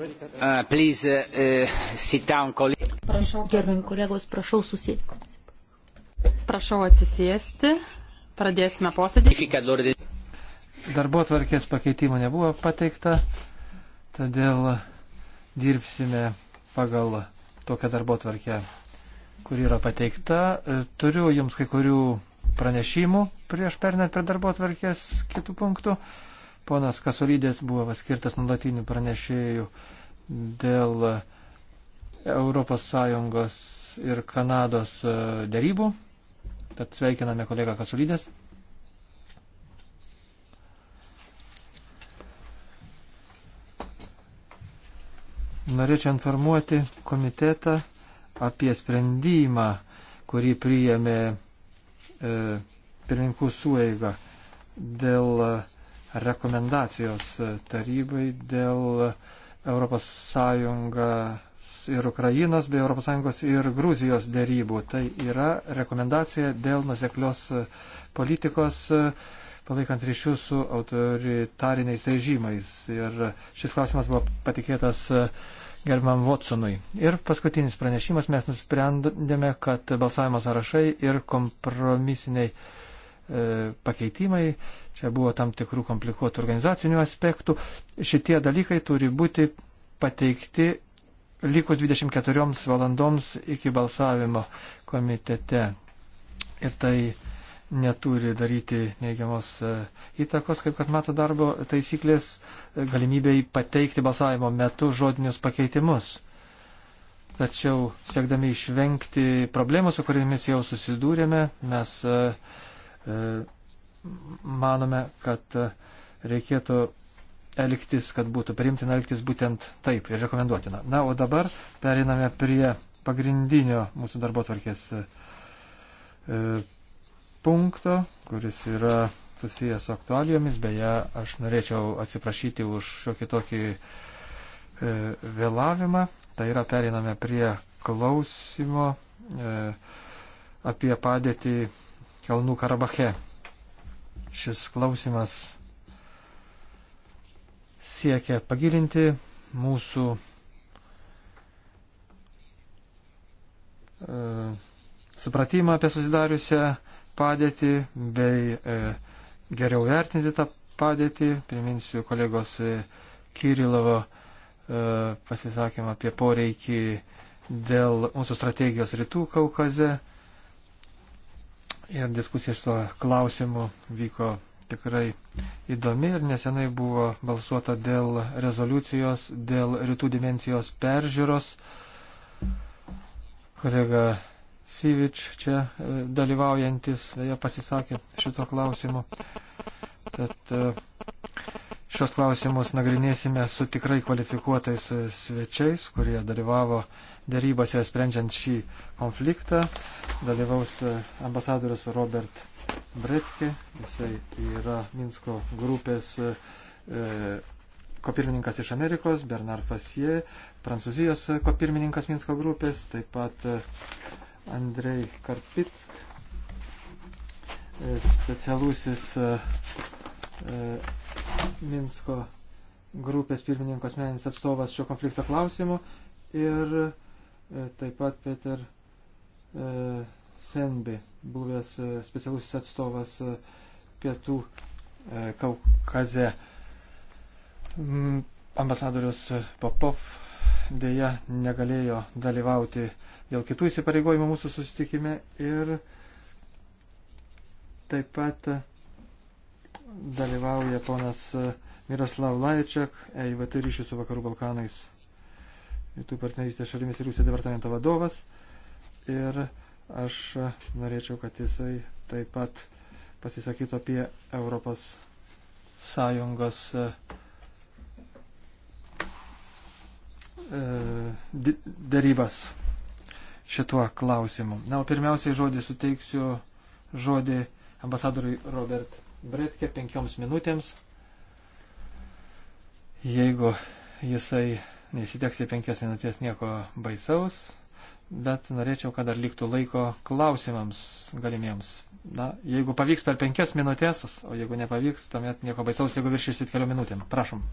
Uh, please, uh, uh down, prašau, gerbimi kolegos, prašau susėsti. Prašau atsisėsti. Pradėsime posėdį. Darbo tvarkės pakeitimų nebuvo pateikta, todėl dirbsime pagal tokią darbo tvarkę, kur yra pateikta. E, turiu jums kai kurių pranešimų prieš pernant prie darbo tvarkės kitų punktų. Uh, Ponas Kasolydės buvo paskirtas nulatiniu pranešėju dėl ES ir Kanados e, dėrybų. Tad sveikiname kolegą Kasolydės. Norėčiau informuoti komitetą apie sprendimą, kurį priėmė e, pirmininkų sueiga dėl e, rekomendacijos tarybai dėl ES ir Ukrainos bei ES ir Gruzijos dėrybų. Tai yra rekomendacija dėl nuseklios politikos palaikant ryšius su autoritariniais režimais. Ir šis klausimas buvo patikėtas gerbiam Watsonui. Ir paskutinis pranešimas mes nusprendėme, kad balsavimo sąrašai ir kompromisiniai uh, E, pakeitimai, čia buvo tam tikrų komplikuotų organizacinių aspektų. Šitie dalykai turi būti pateikti likus 24 valandoms iki balsavimo komitete. Ir tai neturi daryti neigiamos e, įtakos, kaip kad mato darbo taisyklės, e, galimybėjai pateikti balsavimo metu žodinius pakeitimus. Tačiau siekdami išvengti problemų, su kuriamis jau susidūrėme, mes uh, E, manome, kad e, reikėtų elgtis, kad būtų priimtina elgtis būtent taip ir rekomenduotina. Na, o dabar periname prie pagrindinio mūsų darbo tvarkės e, punkto, kuris yra susijęs su aktualijomis. Beje, aš norėčiau atsiprašyti už šiokį tokį vėlavimą. Tai yra periname prie klausimo apie padėtį Kalnų Karabache. Šis klausimas siekia pagilinti mūsų e, supratimą apie susidariusią padėtį bei e, geriau vertinti tą padėtį. Priminsiu kolegos e, Kirilovo e, pasisakymą apie poreikį dėl mūsų strategijos rytų Kaukaze. E, ir diskusija šito klausimu vyko tikrai įdomi ir nesenai buvo balsuota dėl rezoliucijos, dėl rytų dimensijos peržiūros. Kolega Sivič čia e, dalyvaujantis, jie pasisakė šito klausimu. Tad e, Šios klausimus nagrinėsime su tikrai kvalifikuotais svečiais, kurie dalyvavo dėrybose sprendžiant šį konfliktą. Dalyvaus ambasadorius Robert Bretke, jisai yra Minsko grupės e, kopirmininkas iš Amerikos, Bernard Fassier, Prancūzijos kopirmininkas Minsko grupės, taip pat e, Andrei Karpitsk, e, specialusis e, E, Minsko grupės pirmininko asmeninis atstovas šio konflikto klausimu ir e, taip pat Peter e, Senbi, buvęs specialusis atstovas Pietų Kaukaze. Mm, ambasadorius Popov dėja negalėjo dalyvauti dėl kitų įsipareigojimų mūsų susitikime ir taip pat dalyvauja ponas e, Miroslav Lajčiak, EIVT ryšių su Vakarų Balkanais, rytų partnerystės šalimis ir Rusijos departamento vadovas. Ir aš e, norėčiau, kad jisai taip pat pasisakytų apie Europos Sąjungos e, darybas šituo klausimu. Na, o pirmiausiai žodį suteiksiu žodį ambasadoriui Robert Bretke penkioms minutėms. Jeigu jisai nesiteks į penkias minutės nieko baisaus, bet norėčiau, kad dar liktų laiko klausimams galimiems. Na, jeigu pavyks per penkias minutės, o jeigu nepavyks, tuomet nieko baisaus, jeigu viršysit kelių minutėm. Prašom.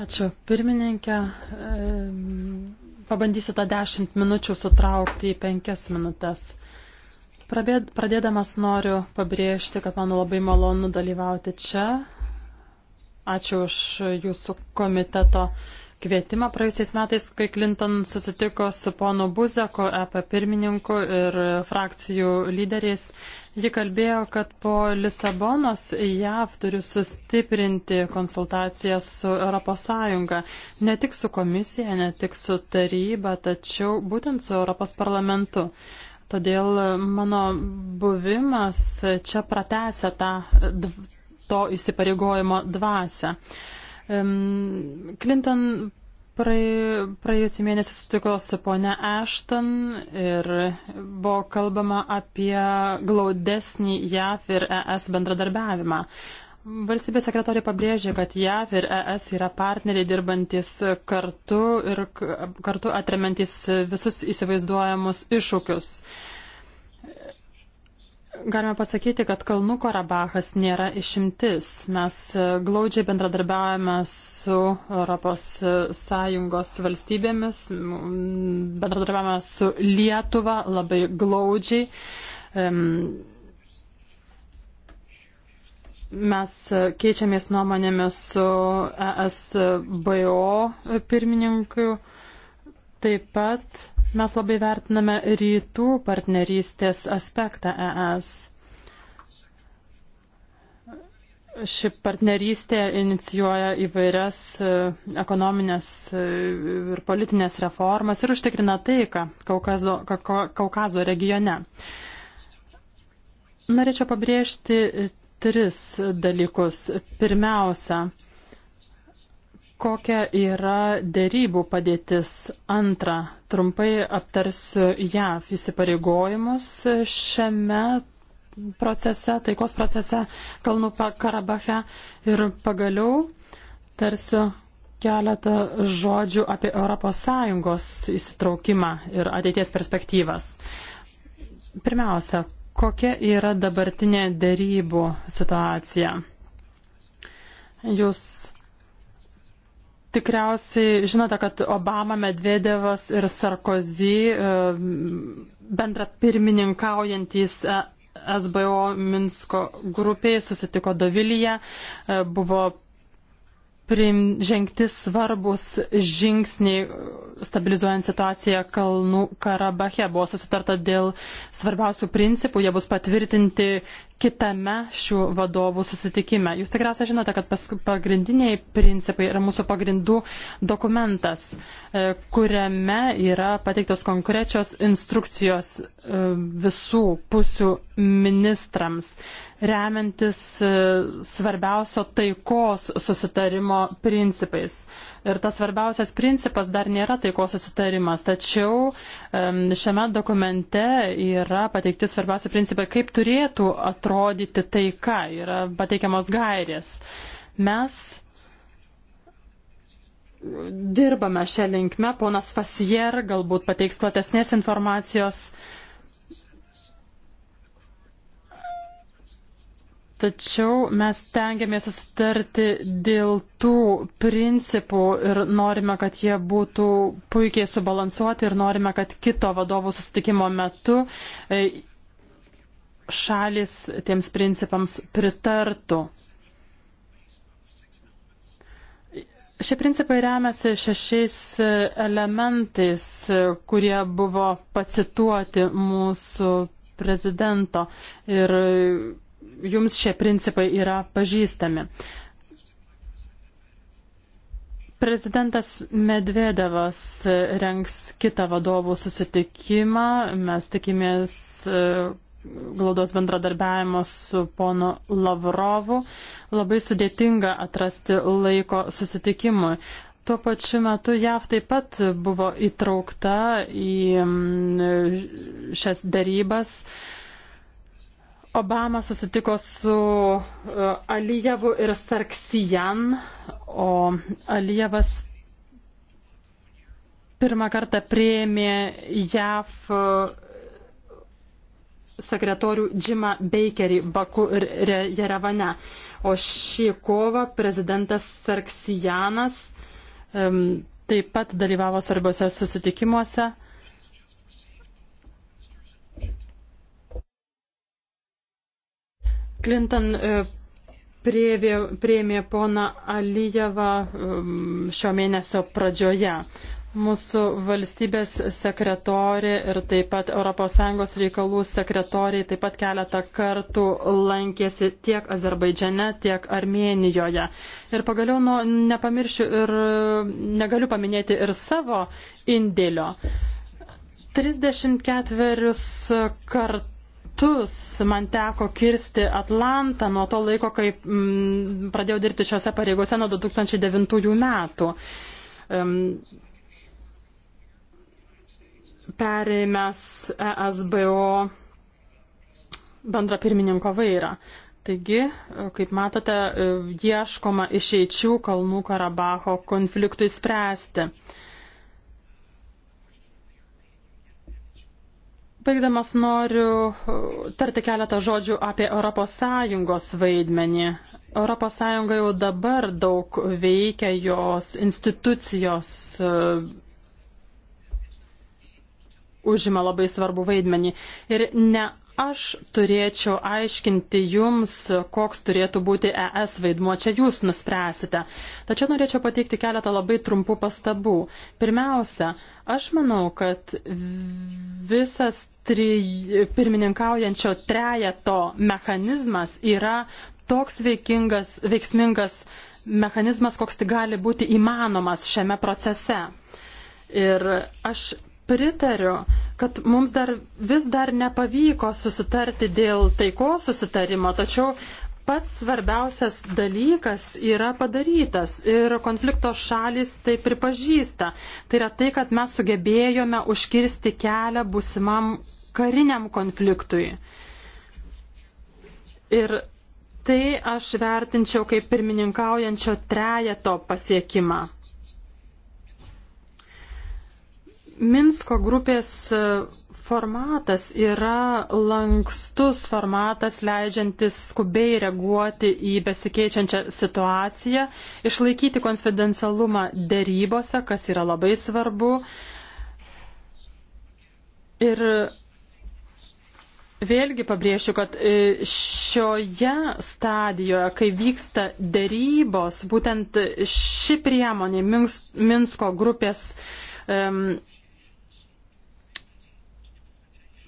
Ačiū, pirmininkė. Pabandysiu tą dešimt minučių sutraukti į penkias minutės. Pradėdamas noriu pabrėžti, kad man labai malonu dalyvauti čia. Ačiū už jūsų komiteto kvietimą praėjusiais metais, kai Clinton susitiko su ponu Buzeku, EP pirmininku ir frakcijų lyderiais. Ji kalbėjo, kad po Lisabonos JAV turi sustiprinti konsultacijas su ES, ne tik su komisija, ne tik su taryba, tačiau būtent su ES parlamentu. Todėl mano buvimas čia pratęsia tą to įsipareigojimo dvasę. Clinton praėjusį mėnesį sutiko su ponia Ashton ir buvo kalbama apie glaudesnį JAF ir ES bendradarbiavimą. Valstybės sekretorė pabrėžė, kad JAV ir ES yra partneriai dirbantis kartu ir kartu atremantis visus įsivaizduojamus iššūkius. Galime pasakyti, kad Kalnų Karabahas nėra išimtis. Mes glaudžiai bendradarbiavame su ES valstybėmis, bendradarbiavame su Lietuva labai glaudžiai. Um, Mes keičiamės nuomonėmis su ESBO pirmininku. Taip pat mes labai vertiname rytų partnerystės aspektą ES. Ši partnerystė inicijuoja įvairias e, ekonominės e, ir politinės reformas ir užtikrina taiką Kaukazo, Kaukazo regione. Norėčiau pabrėžti tris dalykus. Pirmiausia, kokia yra dėrybų padėtis. Antra, trumpai aptarsiu JAV įsipareigojimus šiame procese, taikos procese Kalnų Karabache ir pagaliau tarsiu keletą žodžių apie ES įsitraukimą ir ateities perspektyvas. Pirmiausia, kokia yra dabartinė dėrybų situacija. Jūs tikriausiai žinote, kad Obama, Medvedevas ir Sarkozy e, bendra pirmininkaujantys e, SBO Minsko grupiai susitiko Dovilyje, e, buvo žengti svarbus žingsniai stabilizuojant situaciją Kalnų Karabache. Buvo susitarta dėl svarbiausių principų, jie bus patvirtinti kitame šių vadovų susitikime. Jūs tikriausiai žinote, kad pagrindiniai principai yra mūsų pagrindų dokumentas, e, kuriame yra pateiktos konkrečios instrukcijos e, visų pusių ministrams, remiantis e, svarbiausio taikos susitarimo principais. Ir tas svarbiausias principas dar nėra taikos susitarimas, tačiau šiame dokumente yra pateikti svarbiausi principai, kaip turėtų atrodyti taika, yra pateikiamos gairės. Mes dirbame šią linkmę, ponas Fasier galbūt pateiks platesnės informacijos. Uh, Tačiau mes tengiamės susitarti dėl tų principų ir norime, kad jie būtų puikiai subalansuoti ir norime, kad kito vadovų susitikimo metu e, šalis tiems principams pritartų. Šie principai remiasi šešiais elementais, kurie buvo pacituoti mūsų prezidento ir jums šie principai yra pažįstami. Prezidentas Medvedevas rengs kitą vadovų susitikimą. Mes tikimės e, glaudos bendradarbiavimo su pono Lavrovu. Labai sudėtinga atrasti laiko susitikimui. Tuo pačiu metu JAV taip pat buvo įtraukta į šias darybas. Uh, Obama susitiko su e, Alijevu ir Sarksijan, o Alijevas pirmą kartą prieėmė JAV e, sekretorių Džimą Bakerį Baku ir Jerevane. O šį kovą prezidentas Sarksijanas um, taip pat dalyvavo svarbiose susitikimuose. Clinton e, prieimė, prieimė poną Alijevą um, šio mėnesio pradžioje. Mūsų valstybės sekretorė ir taip pat ES reikalų sekretoriai taip pat keletą kartų lankėsi tiek Azerbaidžiane, tiek Armenijoje. Ir pagaliau nu, nepamiršiu ir negaliu paminėti ir savo indėlio. 34 kartus metus man teko kirsti Atlantą nuo to laiko, kai m, mm, pradėjau dirbti šiose pareigose nuo 2009 metų. Um, perėmęs ESBO bendra pirmininko vairą. Taigi, kaip matote, ieškoma išeičių Kalnų Karabaho konfliktui spręsti. Baigdamas noriu uh, tarti keletą žodžių apie ES vaidmenį. ES jau dabar daug veikia jos institucijos uh, užima labai svarbu vaidmenį. Ir ne aš turėčiau aiškinti jums, koks turėtų būti ES vaidmuo, čia jūs nuspręsite. Tačiau norėčiau pateikti keletą labai trumpų pastabų. Pirmiausia, aš manau, kad visas tri... pirmininkaujančio trejeto mechanizmas yra toks veikingas, veiksmingas mechanizmas, koks tik gali būti įmanomas šiame procese. Ir aš pritariu, kad mums dar vis dar nepavyko susitarti dėl taikos susitarimo, tačiau pats svarbiausias dalykas yra padarytas ir konflikto šalis tai pripažįsta. Tai yra tai, kad mes sugebėjome užkirsti kelią busimam kariniam konfliktui. Ir tai aš vertinčiau kaip pirmininkaujančio trejeto pasiekimą. Minsko grupės formatas yra lankstus formatas, leidžiantis skubiai reaguoti į besikeičiančią situaciją, išlaikyti konfidencialumą dėrybose, kas yra labai svarbu. Ir Vėlgi pabrėšiu, kad e, šioje stadijoje, kai vyksta dėrybos, būtent ši priemonė Minsko grupės um,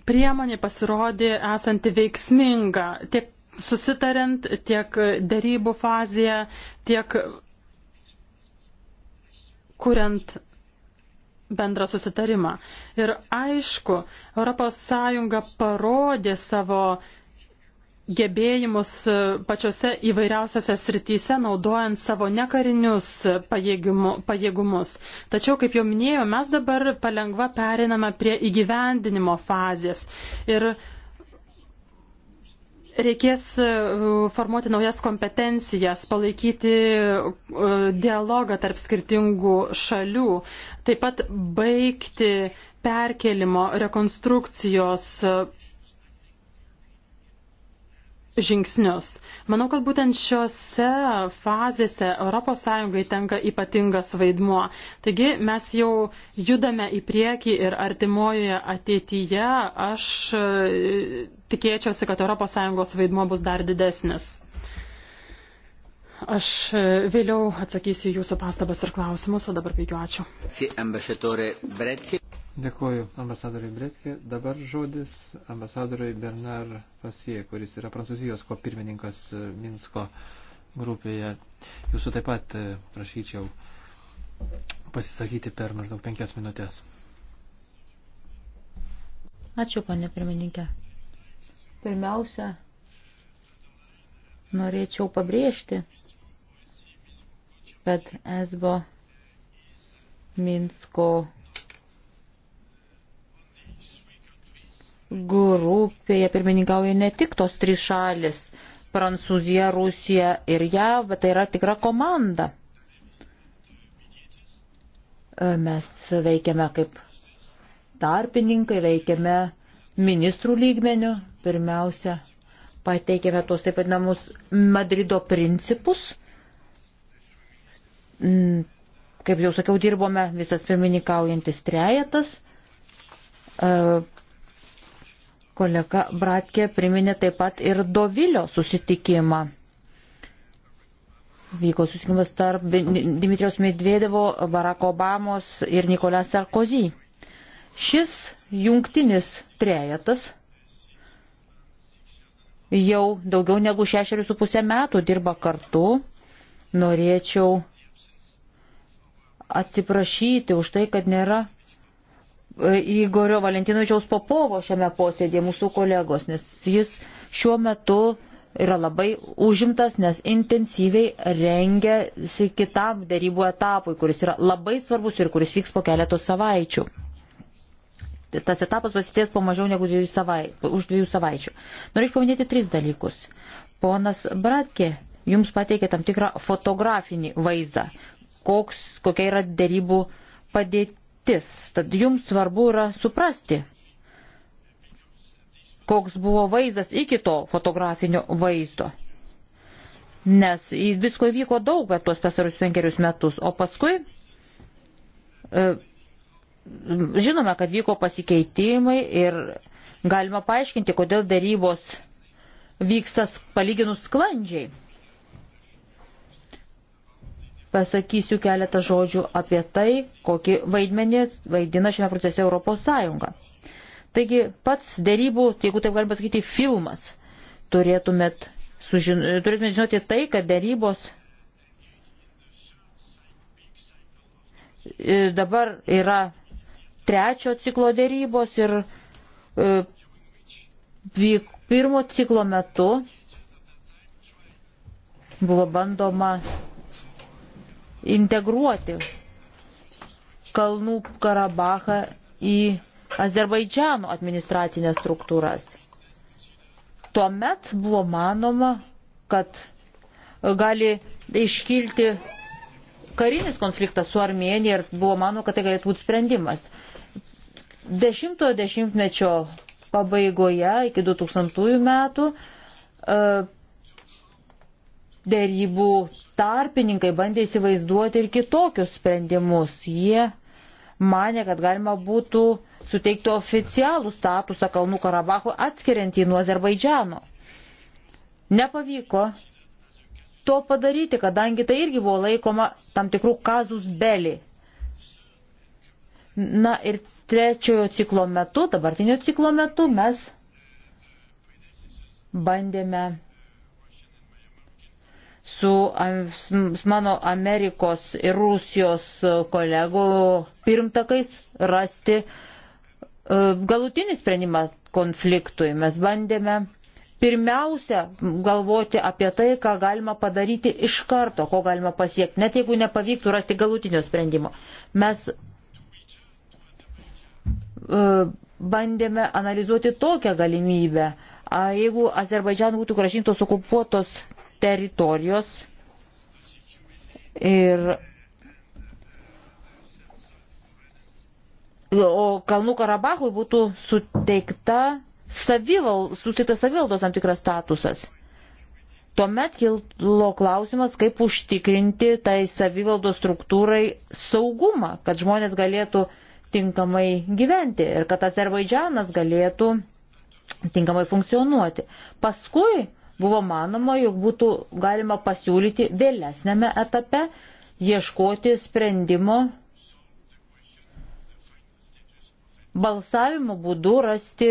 priemonė pasirodė esanti veiksminga tiek susitarint, tiek darybų fazėje, tiek kuriant bendrą susitarimą. Ir aišku, ES parodė savo gebėjimus e, pačiose įvairiausiose srityse, naudojant savo nekarinius pajėgumus. Tačiau, kaip jau minėjau, mes dabar palengva periname prie įgyvendinimo fazės. Ir reikės e, formuoti naujas kompetencijas, palaikyti e, dialogą tarp skirtingų šalių, taip pat baigti perkelimo, rekonstrukcijos žingsnius. Manau, kad būtent šiuose fazėse ES tenka ypatingas vaidmuo. Taigi mes jau judame į priekį ir artimojoje ateityje aš e, tikėčiausi, kad ES vaidmuo bus dar didesnis. Aš e, vėliau atsakysiu jūsų pastabas ir klausimus, o dabar veikiu ačiū. Dėkuoju ambasadoriui Bretke. Dabar žodis ambasadoriui Bernard Pasie, kuris yra Prancūzijos ko pirmininkas e, Minsko grupėje. Jūsų taip pat e, prašyčiau pasisakyti per maždaug penkias minutės. Ačiū, ponė pirmininkė. Pirmiausia, norėčiau pabrėžti, kad esbo Minsko grupėje pirmininkauja ne tik tos trys šalis - Prancūzija, Rusija ir JAV, bet tai yra tikra komanda. E, mes veikiame kaip tarpininkai, veikiame ministrų lygmenių. Pirmiausia, pateikėme tuos taip vadinamus Madrido principus. Mm, kaip jau sakiau, dirbome visas pirmininkaujantis trejetas e, Kolega Bratkė priminė taip pat ir Dovilio susitikimą. Vyko susitikimas tarp Dimitrios Medvedevo, Barako Obamos ir Nikolės Sarkozy. Šis jungtinis trejetas jau daugiau negu šešerius su pusę metų dirba kartu. Norėčiau atsiprašyti už tai, kad nėra Igorio Valentinovičiaus Popovo šiame posėdėje mūsų kolegos, nes jis šiuo metu yra labai užimtas, nes intensyviai rengiasi kitam darybų etapui, kuris yra labai svarbus ir kuris vyks po keletos savaičių. Tas etapas pasitės po mažiau negu dviejų savai, už dviejų savaičių. Norėčiau paminėti tris dalykus. Ponas Bratkė jums pateikė tam tikrą fotografinį vaizdą, koks, kokia yra darybų padėtis patirtis, tad jums svarbu yra suprasti, koks buvo vaizdas iki to fotografinio vaizdo. Nes visko įvyko daug per tuos pasarus penkerius metus, o paskui e, žinome, kad vyko pasikeitimai ir galima paaiškinti, kodėl darybos vyksta palyginus sklandžiai pasakysiu keletą žodžių apie tai, kokį vaidmenį vaidina šiame procese Europos Sąjunga. Taigi pats dėrybų, jeigu taip galima sakyti, filmas turėtumėt, sužin... turėtumėt žinoti tai, kad dėrybos e, dabar yra trečio ciklo dėrybos ir e, pirmo ciklo metu buvo bandoma integruoti Kalnų Karabachą į Azerbaidžiano administracinės struktūras. Tuomet buvo manoma, kad gali iškilti karinis konfliktas su Armėnija ir buvo manoma, kad tai galėtų būti sprendimas. Dešimtojo dešimtmečio pabaigoje iki 2000 metų e, dėrybų tarpininkai bandė įsivaizduoti ir kitokius sprendimus. Jie mane, kad galima būtų suteikti oficialų statusą Kalnų Karabacho atskiriant jį nuo Azerbaidžiano. Nepavyko to padaryti, kadangi tai irgi buvo laikoma tam tikrų kazus belį. Na ir trečiojo ciklo metu, dabartinio ciklo metu mes bandėme su mano Amerikos ir Rusijos kolegų pirmtakais rasti e, galutinį sprendimą konfliktui. Mes bandėme pirmiausia galvoti apie tai, ką galima padaryti iš karto, ko galima pasiekti, net jeigu nepavyktų rasti galutinio sprendimo. Mes e, bandėme analizuoti tokią galimybę, jeigu Azerbaidžian būtų gražintos okupuotos teritorijos ir O Kalnų Karabahui būtų suteikta savival, suteiktas savivaldos tam tikras statusas. Tuomet kilo klausimas, kaip užtikrinti tai savivaldos struktūrai saugumą, kad žmonės galėtų tinkamai gyventi ir kad Azerbaidžianas galėtų tinkamai funkcionuoti. Paskui buvo manoma, jog būtų galima pasiūlyti vėlesnėme etape ieškoti sprendimo balsavimo būdu rasti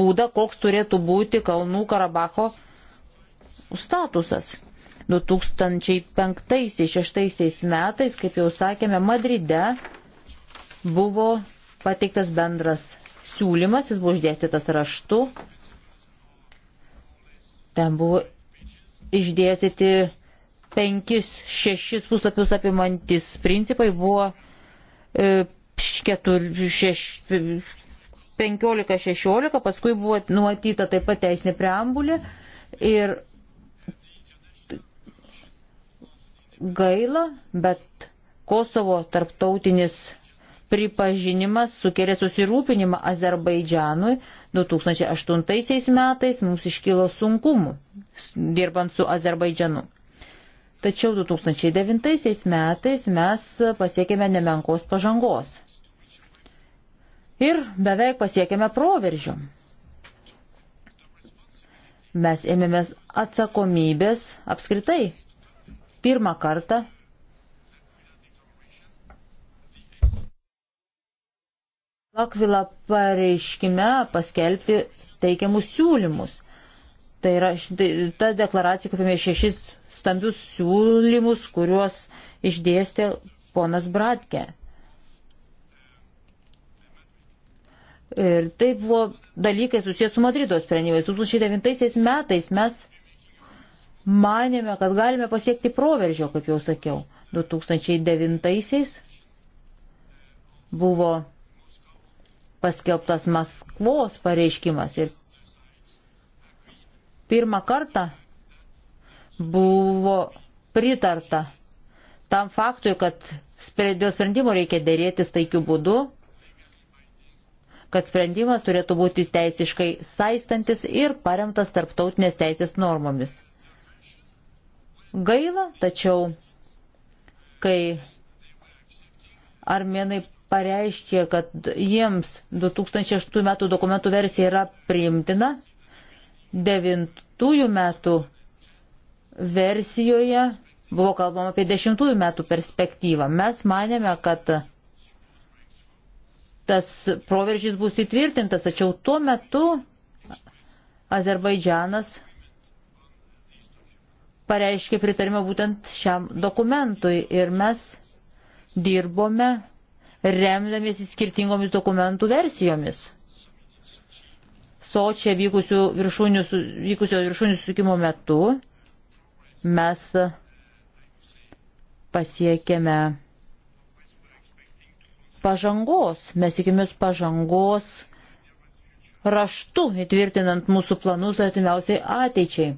būdą, koks turėtų būti Kalnų Karabacho statusas. 2005-2006 metais, kaip jau sakėme, Madride buvo pateiktas bendras siūlymas, jis buvo uždėstytas raštu Ten buvo išdėstyti penkis, šešis puslapius apimantis principai, buvo e, ketur, šeš, 15-16, paskui buvo numatyta taip pat teisinė preambulė ir gaila, bet Kosovo tarptautinis pripažinimas sukėlė susirūpinimą Azerbaidžianui. 2008 metais mums iškilo sunkumų dirbant su Azerbaidžianu. Tačiau 2009 metais mes pasiekėme nemenkos pažangos. Ir beveik pasiekėme proveržio. Mes ėmėmės atsakomybės apskritai. Pirmą kartą Lakvila pareiškime paskelbti teikiamus siūlymus. Tai yra tai- ta deklaracija, kaip mes šešis stambius siūlymus, kuriuos išdėstė ponas Bratke. Ir tai buvo dalykai susijęs su Madrido sprendimais. 2009 metais mes manėme, kad galime pasiekti proveržio, kaip jau sakiau. 2009 buvo paskelbtas Maskvos pareiškimas. Ir pirmą kartą buvo pritarta tam faktui, kad dėl sprendimo reikia dėrėtis taikių būdų, kad sprendimas turėtų būti teisiškai saistantis ir paremtas tarptautinės teisės normomis. Gaila, tačiau, kai armenai pareiškė, kad jiems 2006 metų dokumentų versija yra priimtina. 2009 metų versijoje buvo kalbama apie 10 metų perspektyvą. Mes manėme, kad tas proveržys bus įtvirtintas, tačiau tuo metu Azerbaidžianas pareiškė pritarimą būtent šiam dokumentui ir mes dirbome remdamiesi skirtingomis dokumentų versijomis. Sočia vykusio viršūnių susitikimo metu mes pasiekėme pažangos, mes tikimės pažangos raštu įtvirtinant mūsų planus artimiausiai ateičiai.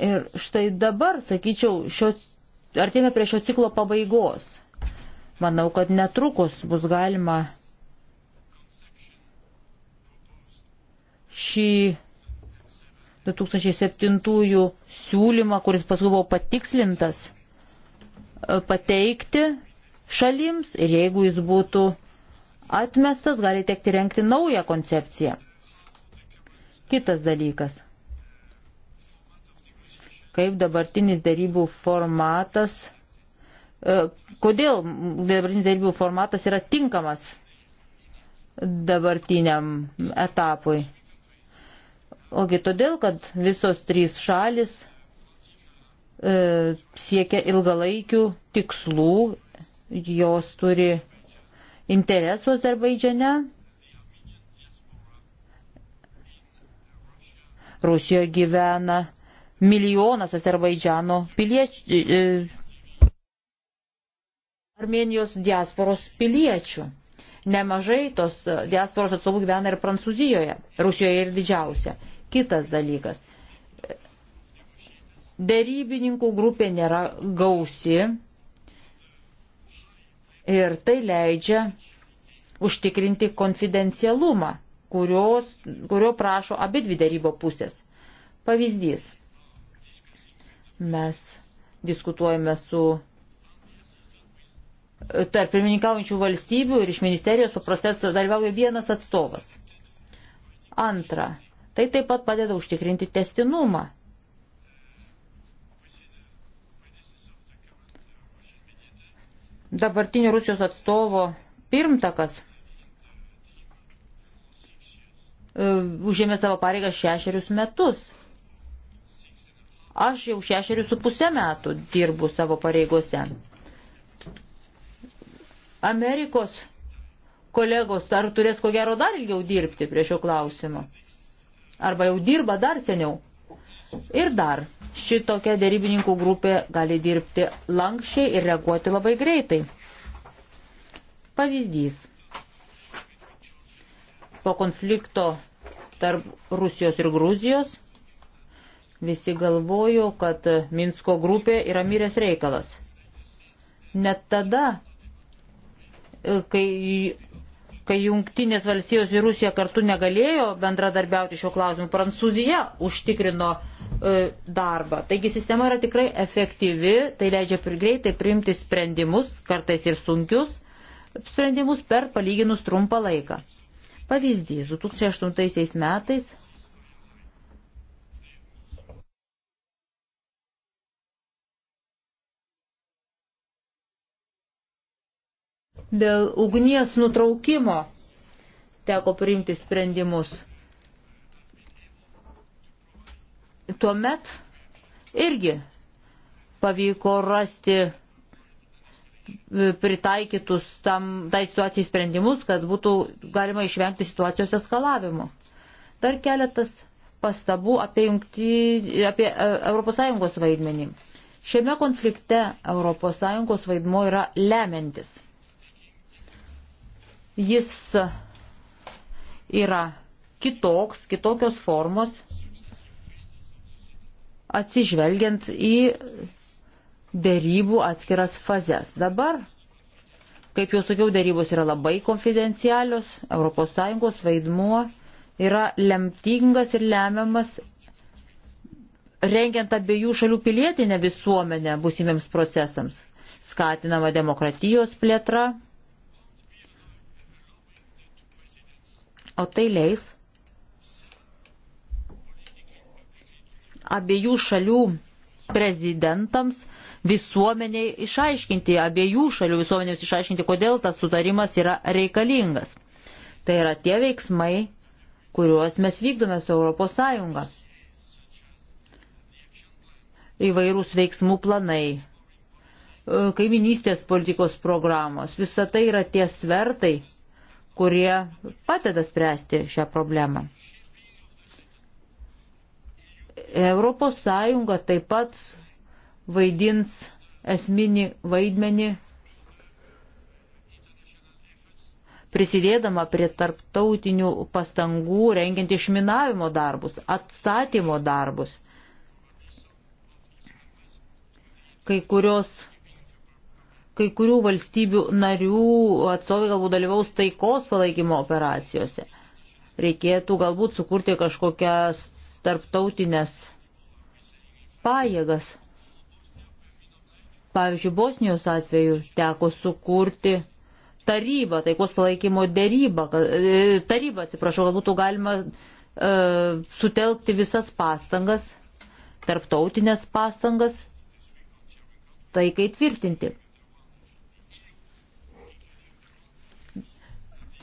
Ir štai dabar, sakyčiau, šio artėme prie šio ciklo pabaigos. Manau, kad netrukus bus galima šį 2007 siūlymą, kuris paskui buvo patikslintas, e, pateikti šalims ir jeigu jis būtų atmestas, gali tekti renkti naują koncepciją. Kitas dalykas kaip dabartinis darybų formatas, e, kodėl dabartinis darybų formatas yra tinkamas dabartiniam etapui. Ogi todėl, kad visos trys šalis e, siekia ilgalaikių tikslų, jos turi interesų Azerbaidžiane, Rusijoje gyvena milijonas Azerbaidžiano piliečių, e, e, Armenijos diasporos piliečių. Nemažai tos diasporos atstovų gyvena ir Prancūzijoje, Rusijoje ir didžiausia. Kitas dalykas. Dėrybininkų grupė nėra gausi ir tai leidžia užtikrinti konfidencialumą, kurios, kurio prašo abi dvi darybo pusės. Pavyzdys. Mes diskutuojame su e, tarp pirmininkaujančių valstybių ir iš ministerijos su procesu dalyvauja vienas atstovas. Antra, tai taip pat padeda užtikrinti testinumą. Dabartinio Rusijos atstovo pirmtakas e, užėmė savo pareigą šešerius metus. Aš jau šešerius su pusę metų dirbu savo pareigose. Amerikos kolegos dar turės ko gero dar ilgiau dirbti prie šio klausimo. Arba jau dirba dar seniau. Ir dar šitokia dėrybininkų grupė gali dirbti lankščiai ir reaguoti labai greitai. Pavyzdys. Po konflikto tarp Rusijos ir Gruzijos Visi galvojo, kad Minsko grupė yra miręs reikalas. Net tada, e, kai, kai jungtinės valstijos ir Rusija kartu negalėjo bendradarbiauti šio klausimu, Prancūzija užtikrino e, darbą. Taigi sistema yra tikrai efektyvi, tai leidžia greitai priimti sprendimus, kartais ir sunkius sprendimus per palyginus trumpą laiką. Pavyzdys, 2008 metais dėl ugnies nutraukimo teko priimti sprendimus. Tuomet irgi pavyko rasti e, pritaikytus tam, tai situacijai sprendimus, kad būtų galima išvengti situacijos eskalavimo. Dar keletas pastabų apie, jungtį, apie ES vaidmenį. Šiame konflikte ES vaidmo yra lemiantis. Jis yra kitoks, kitokios formos, atsižvelgiant į dėrybų atskiras fazes. Dabar, kaip jau sakiau, dėrybos yra labai konfidencialios, ES vaidmuo yra lemtingas ir lemiamas rengiant abiejų šalių pilietinę visuomenę būsimiems procesams. Skatinama demokratijos plėtra, O tai leis abiejų šalių prezidentams visuomeniai išaiškinti, abiejų šalių visuomenėms išaiškinti, kodėl tas sutarimas yra reikalingas. Tai yra tie veiksmai, kuriuos mes vykdome su ES. Įvairūs veiksmų planai, e, kaiminystės politikos programos, visa tai yra tie svertai, kurie padeda spręsti šią problemą. Europos Sąjunga taip pat vaidins esminį vaidmenį prisidėdama prie tarptautinių pastangų rengiant išminavimo darbus, atstatymo darbus. Kai kurios kai kurių valstybių narių atstovai galbūt dalyvaus taikos palaikymo operacijose. Reikėtų galbūt sukurti kažkokias tarptautinės pajėgas. Pavyzdžiui, Bosnijos atveju teko sukurti tarybą, taikos palaikymo dėrybą, e, tarybą, atsiprašau, kad būtų galima e, sutelkti visas pastangas, tarptautinės pastangas taikai tvirtinti.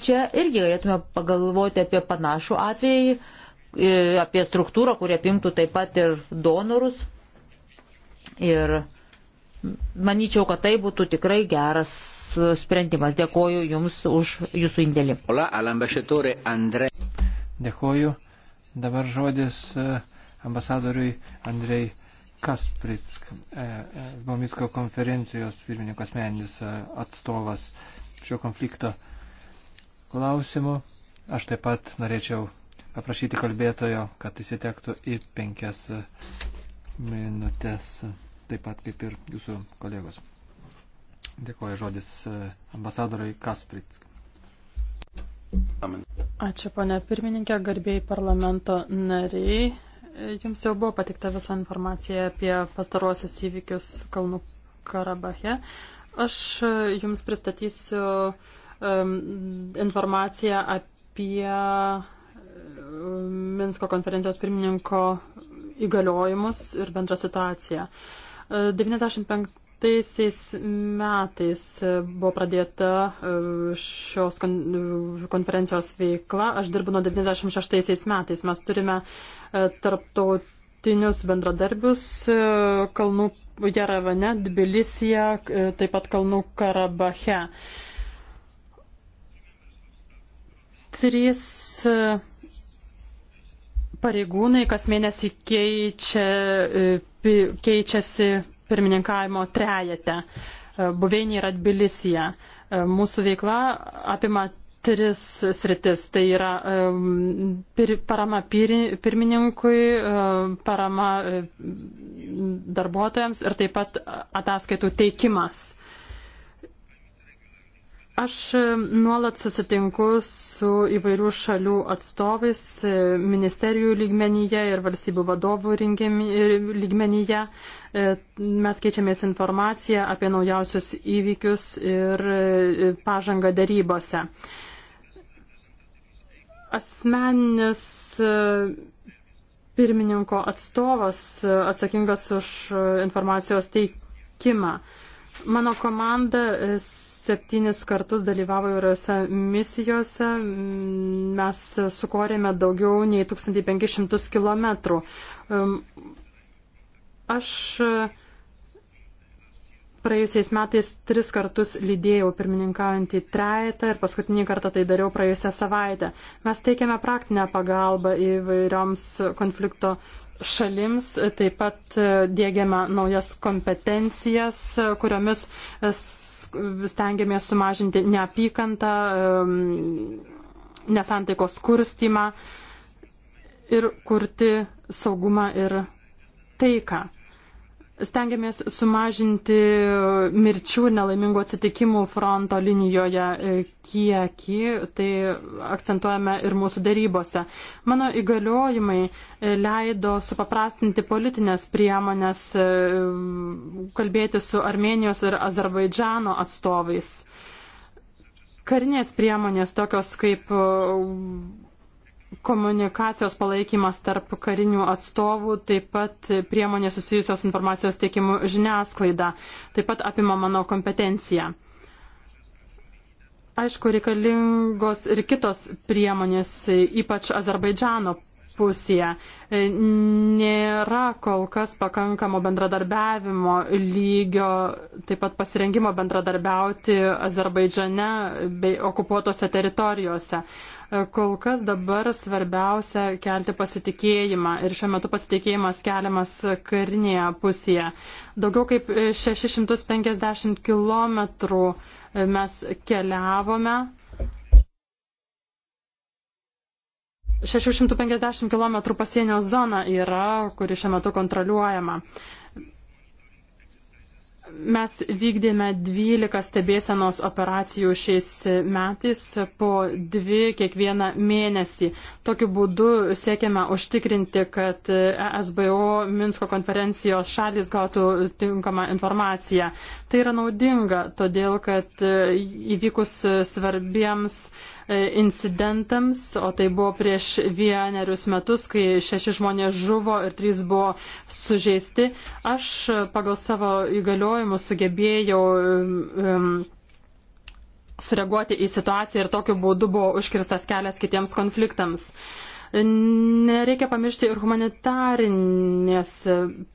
Čia irgi galėtume pagalvoti apie panašų atvejį, e, apie struktūrą, kurie pimtų taip pat ir donorus. Ir manyčiau, kad tai būtų tikrai geras sprendimas. Dėkoju Jums už Jūsų indėlį. Dėkoju. Dabar žodis e, ambasadoriui Andrei Kaspritsk, e, Bomisko konferencijos pirmininkas meninis atstovas šio konflikto klausimų. Aš taip pat norėčiau paprašyti kalbėtojo, kad įsitektų į penkias minutės, taip pat kaip ir jūsų kolegos. Dėkuoju žodis e, ambasadoriai Kasprit. Ačiū, ponia pirmininkė, garbėjai parlamento nariai. Jums jau buvo patikta visa informacija apie pastaruosius įvykius Kalnų Karabache. Aš e, jums pristatysiu uh, Um, informaciją apie um, Minsko konferencijos pirmininko įgaliojimus ir bendrą situaciją. 95 uh, Taisiais metais buvo pradėta uh, šios uh, konferencijos veikla. Aš dirbu nuo 96 metais. Mes turime tarptautinius bendradarbius Kalnų Jaravane, Tbilisija, taip pat Kalnų Karabache. Trys e, pareigūnai kas mėnesį keičia, e, keičiasi pirmininkavimo trejate. E, Buveinė yra Tbilisija. Mūsų veikla apima tris sritis. Tai yra pir, parama pir, pirmininkui, parama darbuotojams ir taip pat ataskaitų teikimas. Aš e, nuolat susitinku su įvairių šalių atstovais, e, ministerijų lygmenyje ir valstybių vadovų e, lygmenyje. Mes keičiamės informaciją apie naujausius įvykius ir pažangą darybose. Asmenis pirmininko atstovas atsakingas už informacijos teikimą. Tai Mano komanda e, septynis kartus dalyvavo įvairiose misijose. Mes sukorėme daugiau nei 1500 km. Aš e, praėjusiais metais tris kartus lydėjau pirmininkaujantį trejetą ir paskutinį kartą tai dariau praėjusią savaitę. Mes teikiame praktinę pagalbą įvairioms konflikto šalims, taip pat e, dėgiame naujas kompetencijas, e, kuriomis e, stengiamės sumažinti neapykantą, nesantaikos kurstymą ir kurti saugumą ir taiką. Stengiamės sumažinti mirčių ir nelaimingų atsitikimų fronto linijoje e, kiekį, tai akcentuojame ir mūsų darybose. Mano įgaliojimai e, leido supaprastinti politinės priemonės, e, kalbėti su Armenijos ir Azerbaidžano atstovais. Karinės priemonės, tokios kaip komunikacijos palaikymas tarp karinių atstovų, taip pat priemonės susijusios informacijos teikimu žiniasklaida, taip pat apima mano kompetenciją. Aišku, reikalingos ir kitos priemonės, ypač Azerbaidžano pusėje. Nėra kol kas pakankamo bendradarbiavimo lygio, taip pat pasirengimo bendradarbiauti Azerbaidžane bei okupuotose teritorijose. E, kol kas dabar svarbiausia kelti pasitikėjimą ir šiuo metu pasitikėjimas keliamas karinėje pusėje. Daugiau kaip 650 km e, mes keliavome 650 km pasienio zona yra, kuri šiuo metu kontroliuojama. Mes vykdėme 12 stebėsenos operacijų šiais metais po dvi kiekvieną mėnesį. Tokiu būdu siekiame užtikrinti, kad ESBO Minsko konferencijos šalis gautų tinkamą informaciją. Tai yra naudinga, todėl kad įvykus svarbiems uh, E, incidentams, o tai buvo prieš vienerius metus, kai šeši žmonės žuvo ir trys buvo sužeisti. Aš e, pagal savo įgaliojimus sugebėjau um, sureaguoti į situaciją ir tokiu būdu buvo užkirstas kelias kitiems konfliktams. Nereikia pamiršti ir humanitarinės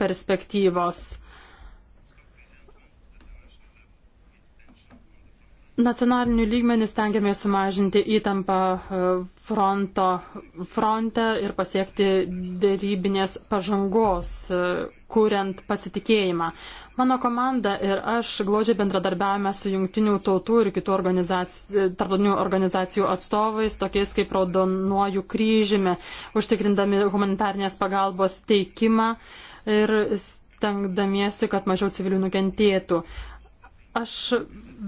perspektyvos. Nacionaliniu lygmeniu stengiamės sumažinti įtampą e, fronto, fronte ir pasiekti dėrybinės pažangos, e, kuriant pasitikėjimą. Mano komanda ir aš glaudžiai bendradarbiavame su jungtinių tautų ir kitų organizacijų, tarptautinių organizacijų atstovais, tokiais kaip Raudonuoju kryžiumi, užtikrindami humanitarnės pagalbos teikimą ir stengdamiesi, kad mažiau civilių nukentėtų. Aš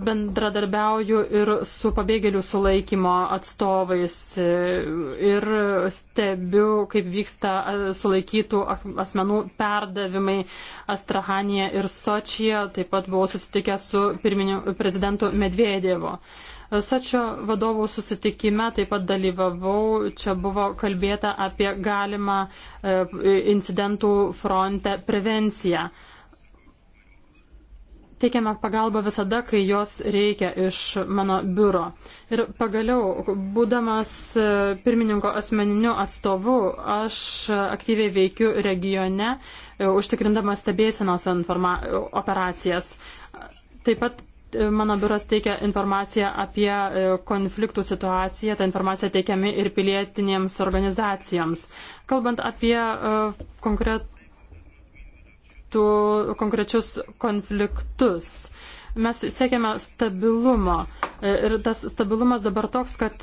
bendradarbiauju ir su pabėgėlių sulaikymo atstovais e, ir stebiu, kaip vyksta e, sulaikytų asmenų perdavimai Astrahanėje ir Sočyje. Taip pat buvau susitikęs su prezidentu Medvedievu. E, Sočio vadovų susitikime taip pat dalyvavau, čia buvo kalbėta apie galimą incidentų fronte prevenciją. Teikiame pagalbą visada, kai jos reikia iš mano biuro. Ir pagaliau, būdamas e, pirmininko asmeniniu atstovu, aš aktyviai veikiu regione, e, užtikrindamas stebėsenos operacijas. Taip pat e, mano biuras teikia informaciją apie konfliktų situaciją, ta informacija teikiami ir pilietinėms organizacijoms. Kalbant apie konkretų konkretų, konkrečius konfliktus. Mes siekiame stabilumo ir tas stabilumas dabar toks, kad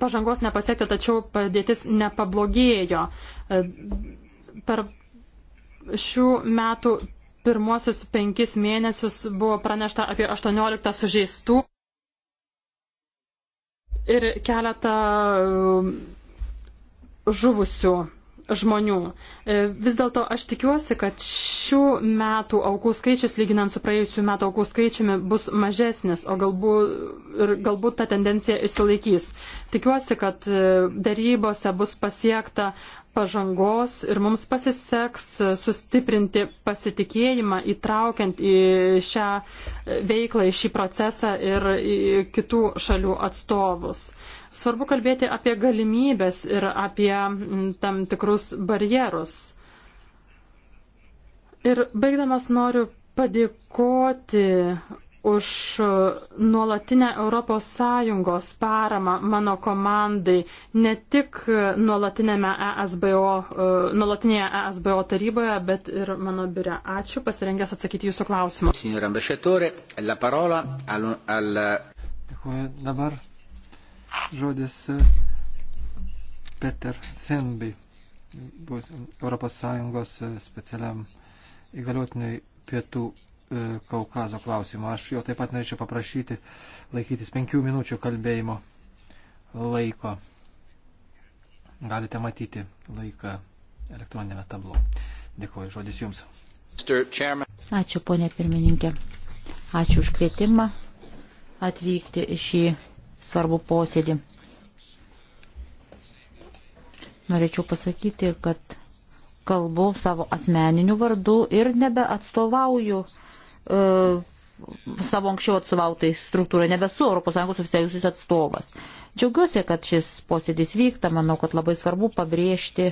pažangos nepasiekti, tačiau padėtis nepablogėjo. Per šių metų pirmuosius penkis mėnesius buvo pranešta apie 18 sužeistų ir keletą žuvusių žmonių. E, vis dėlto aš tikiuosi, kad šių metų aukų skaičius, lyginant su praėjusių metų aukų skaičiumi, bus mažesnis, o galbūt, ir galbūt ta tendencija išsilaikys. Tikiuosi, kad e, darybose bus pasiekta pažangos ir mums pasiseks e, sustiprinti pasitikėjimą, įtraukiant į šią veiklą, į šį procesą ir kitų šalių atstovus. Svarbu kalbėti apie galimybės ir apie mm, tam tikrus barjerus. Ir baigdamas noriu padėkoti už nuolatinę ES paramą mano komandai, ne tik nuolatinėme ESBO, e, nuolatinėje ESBO taryboje, bet ir mano biure. Ačiū, pasirengęs atsakyti jūsų klausimą. Dėkuoju dabar žodis e, Peter Senby, ES e, specialiam įgaliotiniui pietų e, Kaukazo klausimą. Aš jo taip pat norėčiau paprašyti laikytis penkių minučių kalbėjimo laiko. Galite matyti laiką elektroninėme tablo. Dėkuoju, žodis Jums. Ačiū, ponė pirmininkė. Ačiū už kvietimą atvykti į šį svarbų posėdį. Norėčiau pasakyti, kad kalbu savo asmeniniu vardu ir nebeatstovauju e, savo anksčiau atstovautai struktūrai, nebesu ES oficialiusis atstovas. Džiaugiuosi, kad šis posėdis vyksta, manau, kad labai svarbu pabrėžti,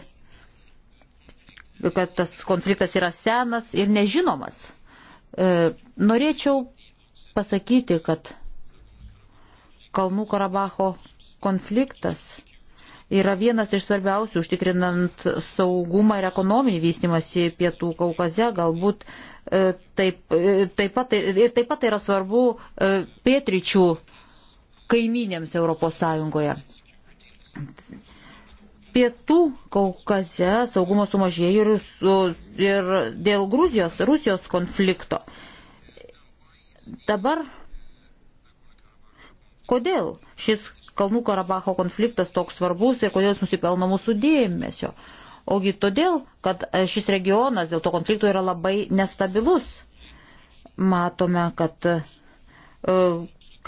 kad tas konfliktas yra senas ir nežinomas. E, norėčiau pasakyti, kad Kalnų Karabacho konfliktas yra vienas iš svarbiausių užtikrinant saugumą ir ekonominį vystimąsi pietų Kaukaze, galbūt e, taip, e, taip pat, ir taip pat tai yra svarbu e, pietryčių kaiminėms Europos Sąjungoje. Pietų Kaukaze saugumo sumažėjo ir, ir dėl Gruzijos, Rusijos konflikto. Dabar Kodėl šis Kalnų Karabacho konfliktas toks svarbus ir kodėl jis nusipelno mūsų dėmesio? Ogi todėl, kad e, šis regionas dėl to konflikto yra labai nestabilus. Matome, kad e,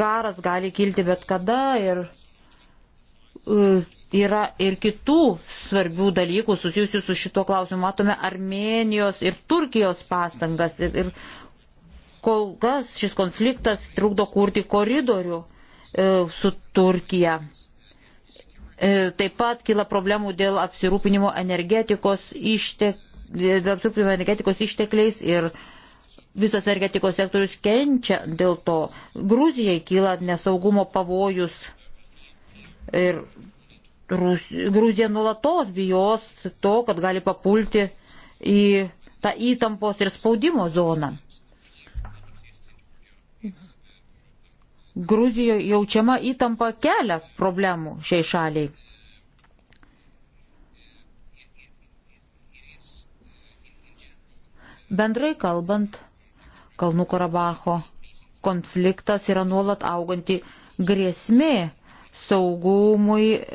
karas gali kilti bet kada ir e, yra ir kitų svarbių dalykų susijusių su šito klausimu. Matome Armenijos ir Turkijos pastangas ir, ir kol kas šis konfliktas trukdo kurti koridorių E, su Turkija. E, taip pat kyla problemų dėl apsirūpinimo energetikos, ištek, e, dėl apsirūpinimo energetikos ištekliais ir visas energetikos sektorius kenčia dėl to. Gruzijai kyla nesaugumo pavojus ir Rus, Gruzija nulatos bijos to, kad gali papulti į tą įtampos ir spaudimo zoną. Gruzijoje jaučiama įtampa kelia problemų šiai šaliai. Bendrai kalbant, Kalnų Karabacho konfliktas yra nuolat auganti grėsmė saugumui e,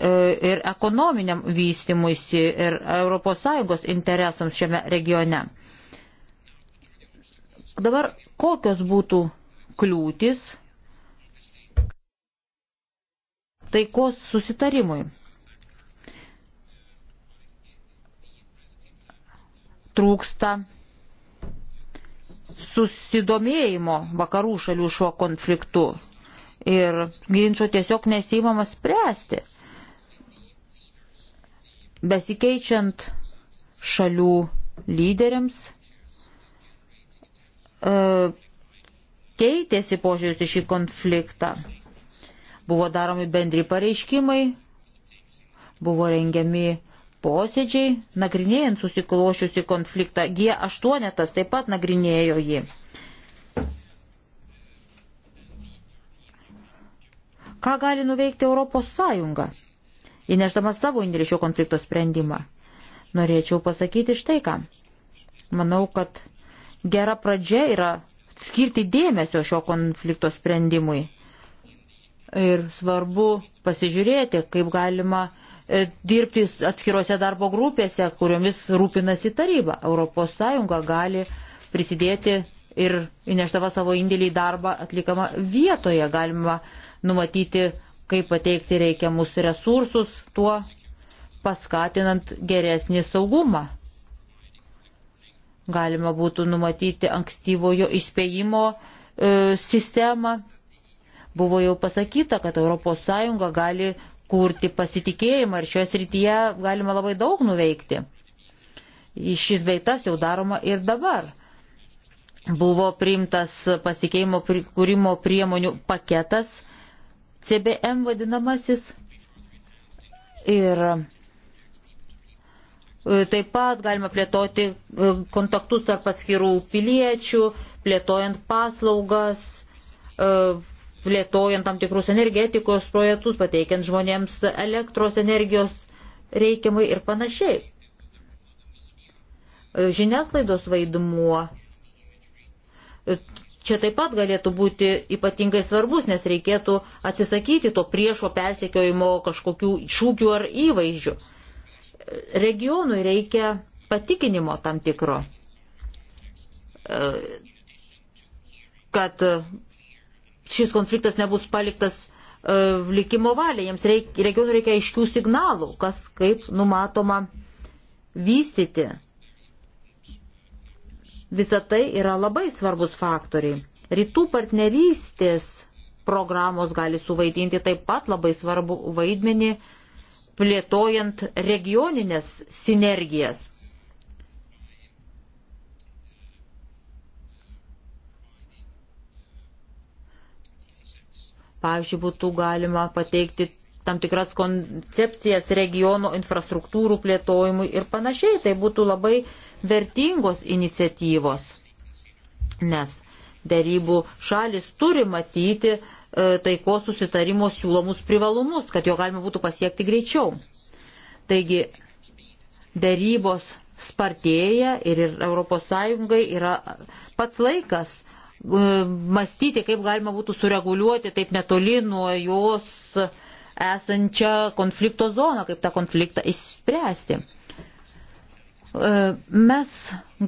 ir ekonominiam vystimuisi ir ES interesams šiame regione. Dabar kokios būtų kliūtis taikos susitarimui. Trūksta susidomėjimo vakarų šalių šiuo konfliktu ir ginčio tiesiog nesimama spręsti. Besikeičiant šalių lyderiams e, keitėsi požiūris į šį konfliktą. Buvo daromi bendri pareiškimai, buvo rengiami posėdžiai, nagrinėjant susiklošiusi konfliktą. G8 taip pat nagrinėjo jį. Ką gali nuveikti Europos Sąjunga, įneždama savo indėlį šio konflikto sprendimą? Norėčiau pasakyti štai ką. Manau, kad gera pradžia yra skirti dėmesio šio konflikto sprendimui. Ir svarbu pasižiūrėti, kaip galima e, dirbti atskiruose darbo grupėse, kuriomis rūpinasi taryba. ES gali prisidėti ir įneštava savo indėlį į darbą atlikamą vietoje. Galima numatyti, kaip pateikti reikiamus resursus, tuo paskatinant geresnį saugumą. Galima būtų numatyti ankstyvojo įspėjimo e, sistemą Buvo jau pasakyta, kad ES gali kurti pasitikėjimą ir šioje srityje galima labai daug nuveikti. Šis beitas jau daroma ir dabar. Buvo priimtas pasitikėjimo kūrimo priemonių paketas, CBM vadinamasis. Ir e, Taip pat galima plėtoti e, kontaktus tarp atskirų piliečių, plėtojant paslaugas, e, plėtojant tam tikrus energetikos projektus, pateikiant žmonėms elektros energijos reikiamai ir panašiai. E, žiniasklaidos vaidmuo e, čia taip pat galėtų būti ypatingai svarbus, nes reikėtų atsisakyti to priešo persekiojimo kažkokių šūkių ar įvaizdžių. E, regionui reikia patikinimo tam tikro, kad šis konfliktas nebus paliktas e, likimo valiai. Jiems reikia, regionų reikia aiškių signalų, kas kaip numatoma vystyti. Visą tai yra labai svarbus faktoriai. Rytų partnerystės programos gali suvaidinti taip pat labai svarbu vaidmenį plėtojant regioninės sinergijas. Pavyzdžiui, būtų galima pateikti tam tikras koncepcijas regiono infrastruktūrų plėtojimui ir panašiai. Tai būtų labai vertingos iniciatyvos, nes dėrybų šalis turi matyti e, taikos susitarimo siūlomus privalumus, kad jo galima būtų pasiekti greičiau. Taigi dėrybos spartėja ir ES yra pats laikas E, mąstyti, kaip galima būtų sureguliuoti taip netoli nuo jos esančią konflikto zoną, kaip tą konfliktą išspręsti. E, mes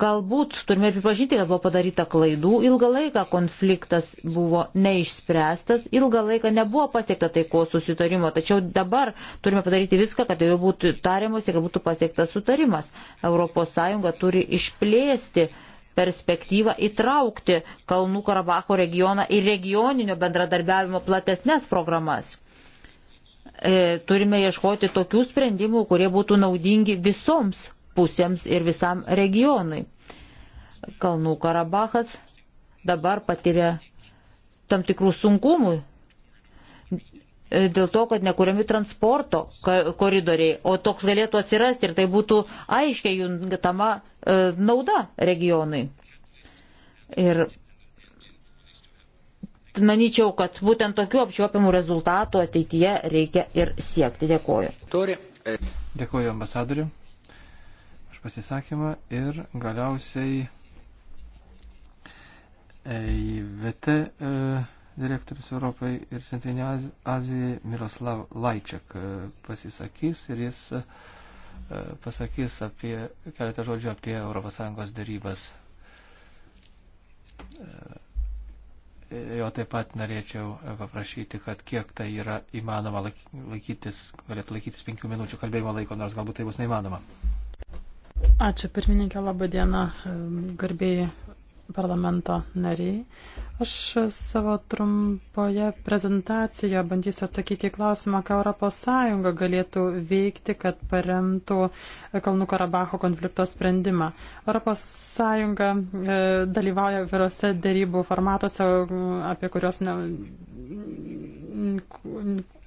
galbūt turime pripažinti, kad buvo padaryta klaidų, ilgą laiką konfliktas buvo neišspręstas, ilgą laiką nebuvo pasiekta taikos susitarimo, tačiau dabar turime padaryti viską, kad jau būtų tariamas ir būtų pasiektas sutarimas. ES turi išplėsti uh, perspektyvą įtraukti Kalnų Karabacho regioną į regioninio bendradarbiavimo platesnės programas. E, turime ieškoti tokių sprendimų, kurie būtų naudingi visoms pusėms ir visam regionui. Kalnų Karabachas dabar patiria tam tikrų sunkumų E, dėl to, kad nekuriami transporto koridoriai, o toks galėtų atsirasti ir tai būtų aiškiai juntama e, nauda regionui. Ir manyčiau, kad būtent tokių apčiuopiamų rezultatų ateityje reikia ir siekti. Dėkoju. Turi. E. Dėkoju ambasadoriu už pasisakymą ir galiausiai EIVT. E, direktorius Europai ir Centrinė Azijai Miroslav Laičiak e, pasisakys ir jis e, pasakys apie, keletą žodžių apie ES darybas. E, jo taip pat norėčiau paprašyti, kad kiek tai yra įmanoma laikytis, galėtų laikytis penkių minučių kalbėjimo laiko, nors galbūt tai bus neįmanoma. Ačiū pirmininkė, laba diena, garbiai parlamento nariai. Aš savo trumpoje prezentacijoje bandysiu atsakyti į klausimą, ką ES galėtų veikti, kad paremtų Kalnų Karabaho konflikto sprendimą. ES e, dalyvauja vyrose dėrybų formatuose, apie kuriuos ne,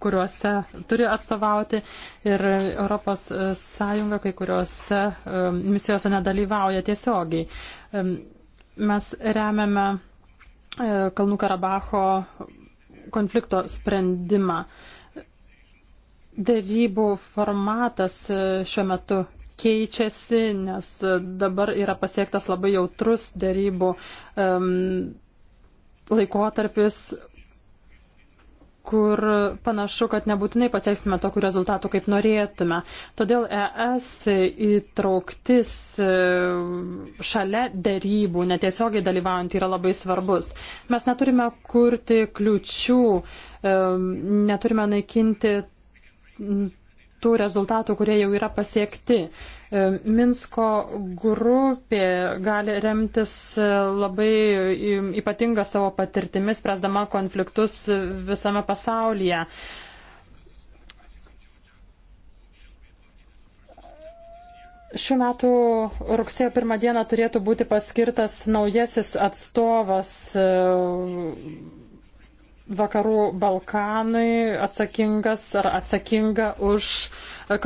kuriuose turi atstovauti ir ES kai kuriuose e, misijose nedalyvauja tiesiogiai. Mes remiame e, Kalnų Karabacho konflikto sprendimą. Darybų formatas e, šiuo metu keičiasi, nes e, dabar yra pasiektas labai jautrus darybų um, laikotarpis kur panašu, kad nebūtinai pasieksime tokių rezultatų, kaip norėtume. Todėl ES įtrauktis e, šalia dėrybų, netiesiogiai dalyvaujant, yra labai svarbus. Mes neturime kurti kliučių, e, neturime naikinti tų rezultatų, kurie jau yra pasiekti. E, Minsko grupė gali remtis e, labai ypatinga savo patirtimi, spręsdama konfliktus visame pasaulyje. Šiuo metu rugsėjo pirmą dieną turėtų būti paskirtas naujasis atstovas e, vakarų Balkanai atsakingas ar atsakinga už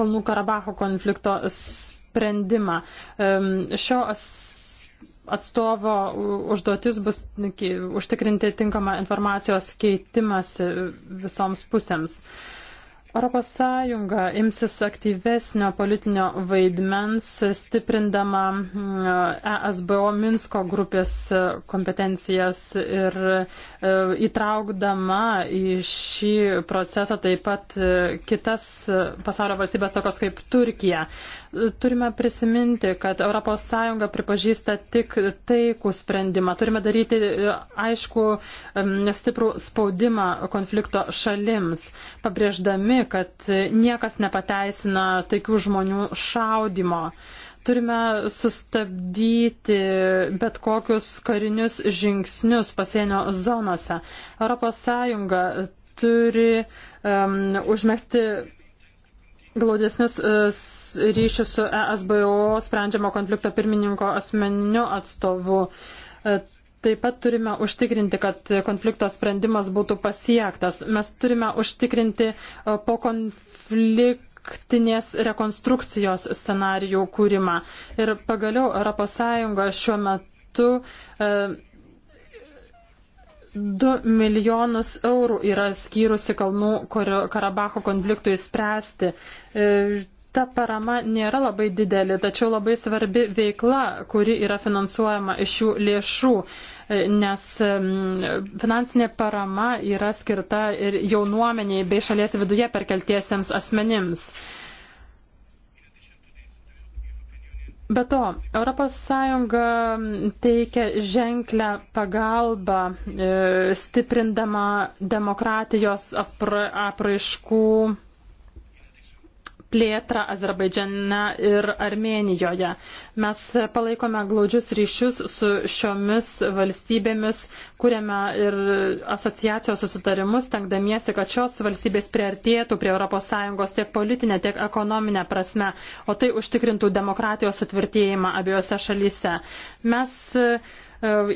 Kalnų Karabacho konflikto sprendimą. Šio atstovo užduotis bus užtikrinti tinkamą informacijos keitimąsi visoms pusėms. Europos Sąjunga imsis aktyvesnio politinio vaidmens, stiprindama mm, ESBO Minsko grupės e, kompetencijas ir e, įtraukdama į šį procesą taip pat e, kitas pasaulio valstybės, tokios kaip Turkija. Turime prisiminti, kad ES pripažįsta tik taikų sprendimą. Turime daryti e, aišku stiprų spaudimą konflikto šalims, pabrėždami, kad niekas nepateisina taikių žmonių šaudimo. Turime sustabdyti bet kokius karinius žingsnius pasienio zonose. ES turi um, užmėgsti glaudesnius e, ryšius su ESBO sprendžiamo konflikto pirmininko asmeniniu atstovu. E, taip pat turime užtikrinti, kad konflikto sprendimas būtų pasiektas. Mes turime užtikrinti e, po konfliktinės rekonstrukcijos scenarijų kūrimą. Ir pagaliau ES šiuo metu 2 milijonus eurų yra skyrusi Kalnų Karabacho konfliktui spręsti. E, ta parama nėra labai didelė, tačiau labai svarbi veikla, kuri yra finansuojama iš šių lėšų, e, nes finansinė parama yra skirta ir jaunuomeniai bei šalies viduje perkeltiesiems asmenims. Be to, ES teikia ženklę pagalbą e, stiprindama demokratijos apraiškų plėtrą Azerbaidžiane ir Armenijoje. Mes palaikome glaudžius ryšius su šiomis valstybėmis, kuriame ir asociacijos susitarimus, tenkdamiesi, kad šios valstybės priartėtų prie ES tiek politinė, tiek ekonominė prasme, o tai užtikrintų demokratijos sutvirtėjimą abiejose šalyse. Mes e,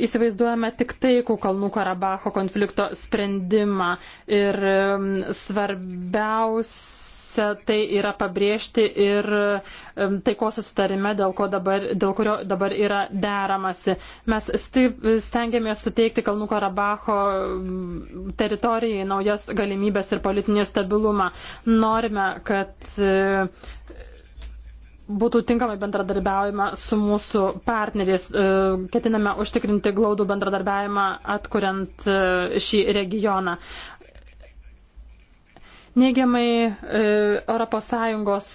įsivaizduojame tik taikų Kalnų Karabacho konflikto sprendimą ir svarbiausia teisę tai yra pabrėžti ir taikos susitarime, dėl, ko dabar, dėl kurio dabar yra deramasi. Mes stengiamės suteikti Kalnų Karabacho teritorijai naujas galimybės ir politinį stabilumą. Norime, kad e, būtų tinkamai bendradarbiaujama su mūsų partneriais. E, ketiname užtikrinti glaudų bendradarbiavimą atkuriant e, šį regioną. Neigiamai ES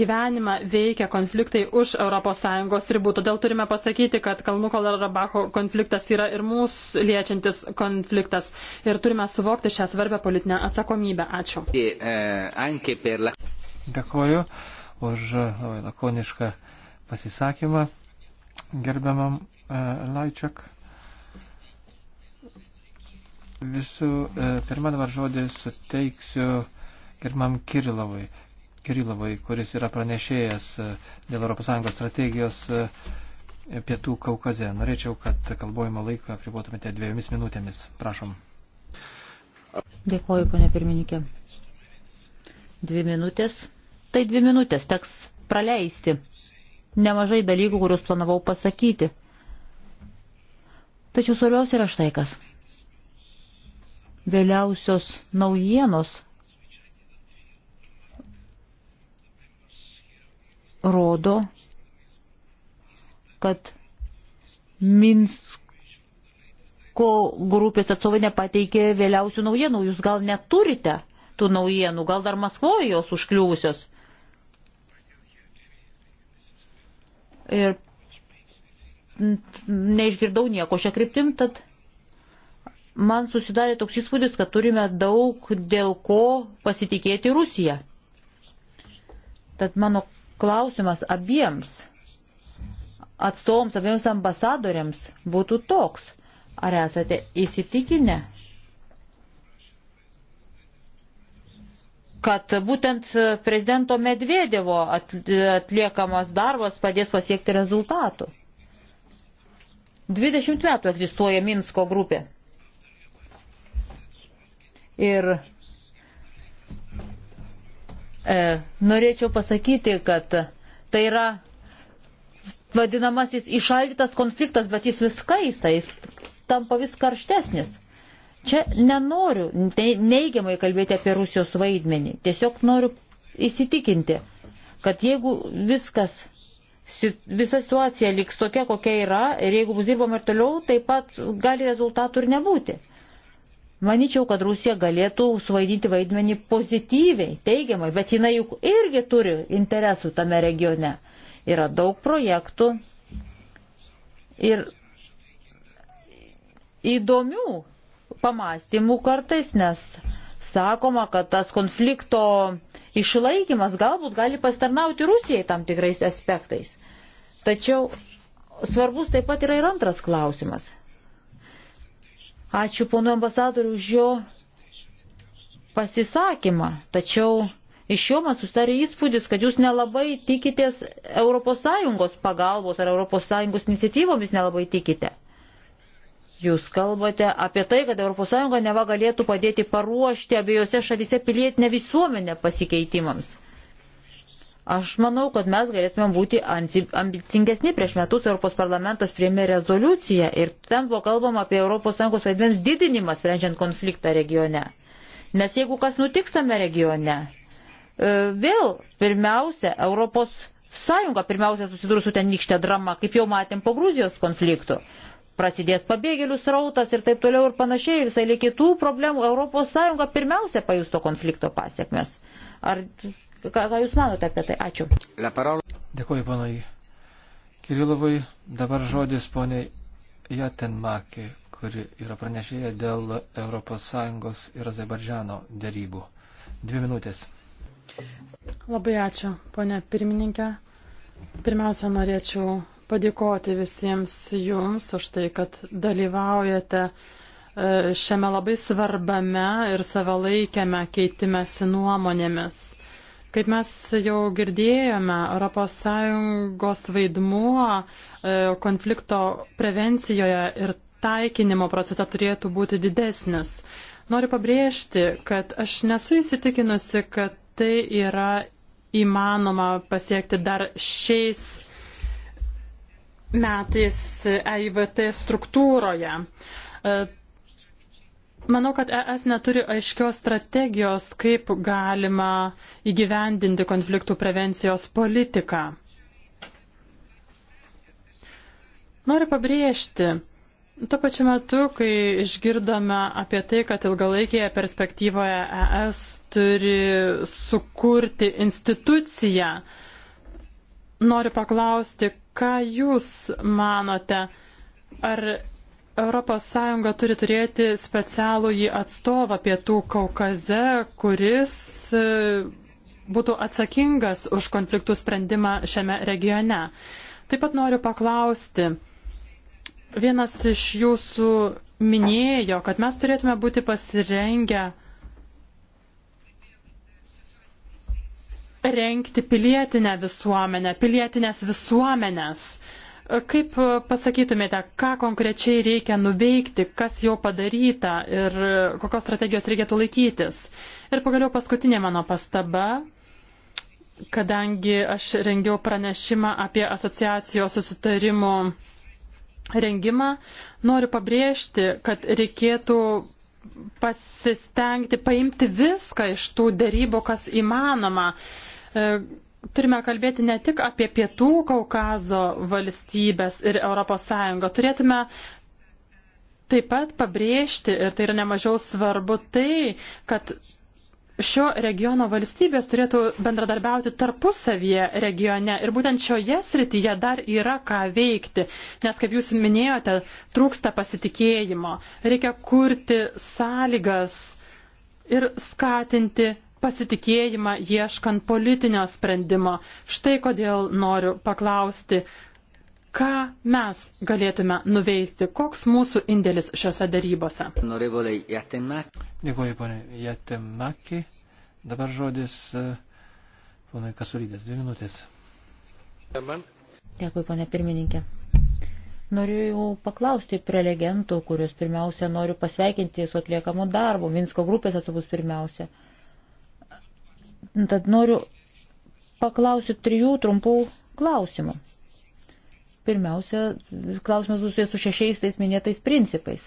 gyvenimą veikia konfliktai už ES ribų, todėl turime pasakyti, kad Kalnų Kolarabacho konfliktas yra ir mūsų liečiantis konfliktas ir turime suvokti šią svarbę politinę atsakomybę. Ačiū. E, e, Dėkuoju už labai lakonišką pasisakymą gerbiamam e, Laičiak. Visų e, pirma dabar žodį suteiksiu germam Kirilovui, Kirilovui, kuris yra pranešėjas e, dėl ES strategijos e, Pietų Kaukaze. Norėčiau, kad kalbojimo laiką pribuotumėte dviejomis minutėmis. Prašom. Dėkuoju, ponė pirmininkė. Dvi minutės. Tai dvi minutės teks praleisti. Nemažai dalykų, kuriuos planavau pasakyti. Tačiau svarbiausia yra štai kas vėliausios naujienos rodo, kad Minsko grupės atstovai nepateikė vėliausių naujienų. Jūs gal neturite tų naujienų, gal dar Maskvoje jos užkliūvusios. Ir neišgirdau nieko šią kryptim, tad man susidarė toks įspūdis, kad turime daug dėl ko pasitikėti Rusiją. Tad mano klausimas abiems atstovams, abiems ambasadoriams būtų toks. Ar esate įsitikinę, kad būtent prezidento Medvedevo atliekamas darbas padės pasiekti rezultatų? 20 metų egzistuoja Minsko grupė. Ir e, norėčiau pasakyti, kad tai yra vadinamasis išaldytas konfliktas, bet jis vis kaista, jis tampa vis karštesnis. Čia nenoriu neigiamai kalbėti apie Rusijos vaidmenį, tiesiog noriu įsitikinti, kad jeigu viskas, visa situacija liks tokia, kokia yra, ir jeigu bus dirbama ir toliau, taip pat gali rezultatų ir nebūti. Maničiau, kad Rusija galėtų suvaidinti vaidmenį pozityviai, teigiamai, bet jinai juk irgi turi interesų tame regione. Yra daug projektų ir įdomių pamastymų kartais, nes sakoma, kad tas konflikto išlaikymas galbūt gali pastarnauti Rusijai tam tikrais aspektais. Tačiau svarbus taip pat yra ir antras klausimas – Ačiū ponu ambasadoriu už jo pasisakymą, tačiau iš jo man sustarė įspūdis, kad jūs nelabai tikitės ES pagalbos ar ES iniciatyvomis nelabai tikite. Jūs kalbate apie tai, kad ES neva galėtų padėti paruošti abiejose šalyse pilietinę visuomenę pasikeitimams. Aš manau, kad mes galėtumėm būti ambicingesni. Prieš metus Europos parlamentas priėmė rezoliuciją ir ten buvo kalbama apie ES vaidmens didinimą sprendžiant konfliktą regione. Nes jeigu kas nutiks tame regione, e, vėl pirmiausia Europos Sąjunga pirmiausia susidurs su tenykštė drama, kaip jau matėm po Gruzijos konfliktų prasidės pabėgėlių srautas ir taip toliau ir panašiai, ir visai kitų problemų ES pirmiausia pajusto konflikto pasiekmes. Ar Ką, ką Jūs manote apie tai? Ačiū. Dėkuoju, panai Kirilovai. Dabar žodis poniai Jatenmakė, kuri yra pranešėja dėl ES ir Azerbaidžiano dėrybų. Dvi minutės. Labai ačiū, ponė pirmininkė. Pirmiausia, norėčiau padėkoti visiems jums už tai, kad dalyvaujate e, šiame labai svarbame ir savalaikiame keitimėsi nuomonėmis. Kaip mes jau girdėjome, ES vaidmuo e, konflikto prevencijoje ir taikinimo procese turėtų būti didesnis. Noriu pabrėžti, kad aš nesu įsitikinusi, kad tai yra įmanoma pasiekti dar šiais metais EIVT struktūroje. E, manau, kad ES neturi aiškios strategijos, kaip galima uh, įgyvendinti konfliktų prevencijos politiką. Noriu pabrėžti, Tuo pačiu metu, kai išgirdome apie tai, kad ilgalaikėje perspektyvoje ES turi sukurti instituciją, noriu paklausti, ką Jūs manote, ar ES turi turėti specialų į atstovą pietų Kaukaze, kuris būtų atsakingas už konfliktų sprendimą šiame regione. Taip pat noriu paklausti, vienas iš jūsų minėjo, kad mes turėtume būti pasirengę renkti pilietinę visuomenę, pilietinės visuomenės. Kaip pasakytumėte, ką konkrečiai reikia nuveikti, kas jau padaryta ir kokios strategijos reikėtų laikytis? Ir pagaliau paskutinė mano pastaba kadangi aš rengiau pranešimą apie asociacijos susitarimo rengimą, noriu pabrėžti, kad reikėtų pasistengti paimti viską iš tų dėrybų, kas įmanoma. E, turime kalbėti ne tik apie Pietų Kaukazo valstybės ir ES. Turėtume taip pat pabrėžti, ir tai yra nemažiau svarbu, tai, kad šio regiono valstybės turėtų bendradarbiauti tarpusavyje regione ir būtent šioje srityje dar yra ką veikti, nes, kaip jūs minėjote, trūksta pasitikėjimo. Reikia kurti sąlygas ir skatinti pasitikėjimą ieškant politinio sprendimo. Štai kodėl noriu paklausti, ką mes galėtume nuveikti, koks mūsų indėlis šiuose darybose. Dėkuoju, ponė Jatemaki. Dabar žodis e, ponui Kasulydės, dvi minutės. Dėkuoju, ponė pirmininkė. Noriu paklausti prelegentų, kuriuos pirmiausia noriu pasveikinti su atliekamu darbu, Minsko grupės atsavus pirmiausia. Tad noriu paklausyti trijų trumpų klausimų. Pirmiausia, klausimas susijęs su šešiais tais minėtais principais.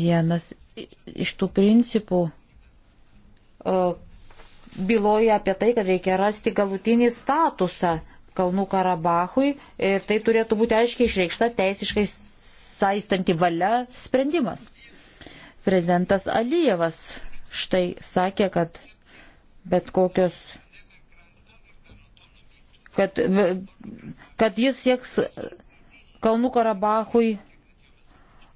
Vienas iš tų principų e, byloja apie tai, kad reikia rasti galutinį statusą Kalnų Karabahui ir tai turėtų būti aiškiai išreikšta teisiškai saistanti valia sprendimas. Prezidentas Alijevas štai sakė, kad bet kokios kad kad jis sieks Kalnų Karabahui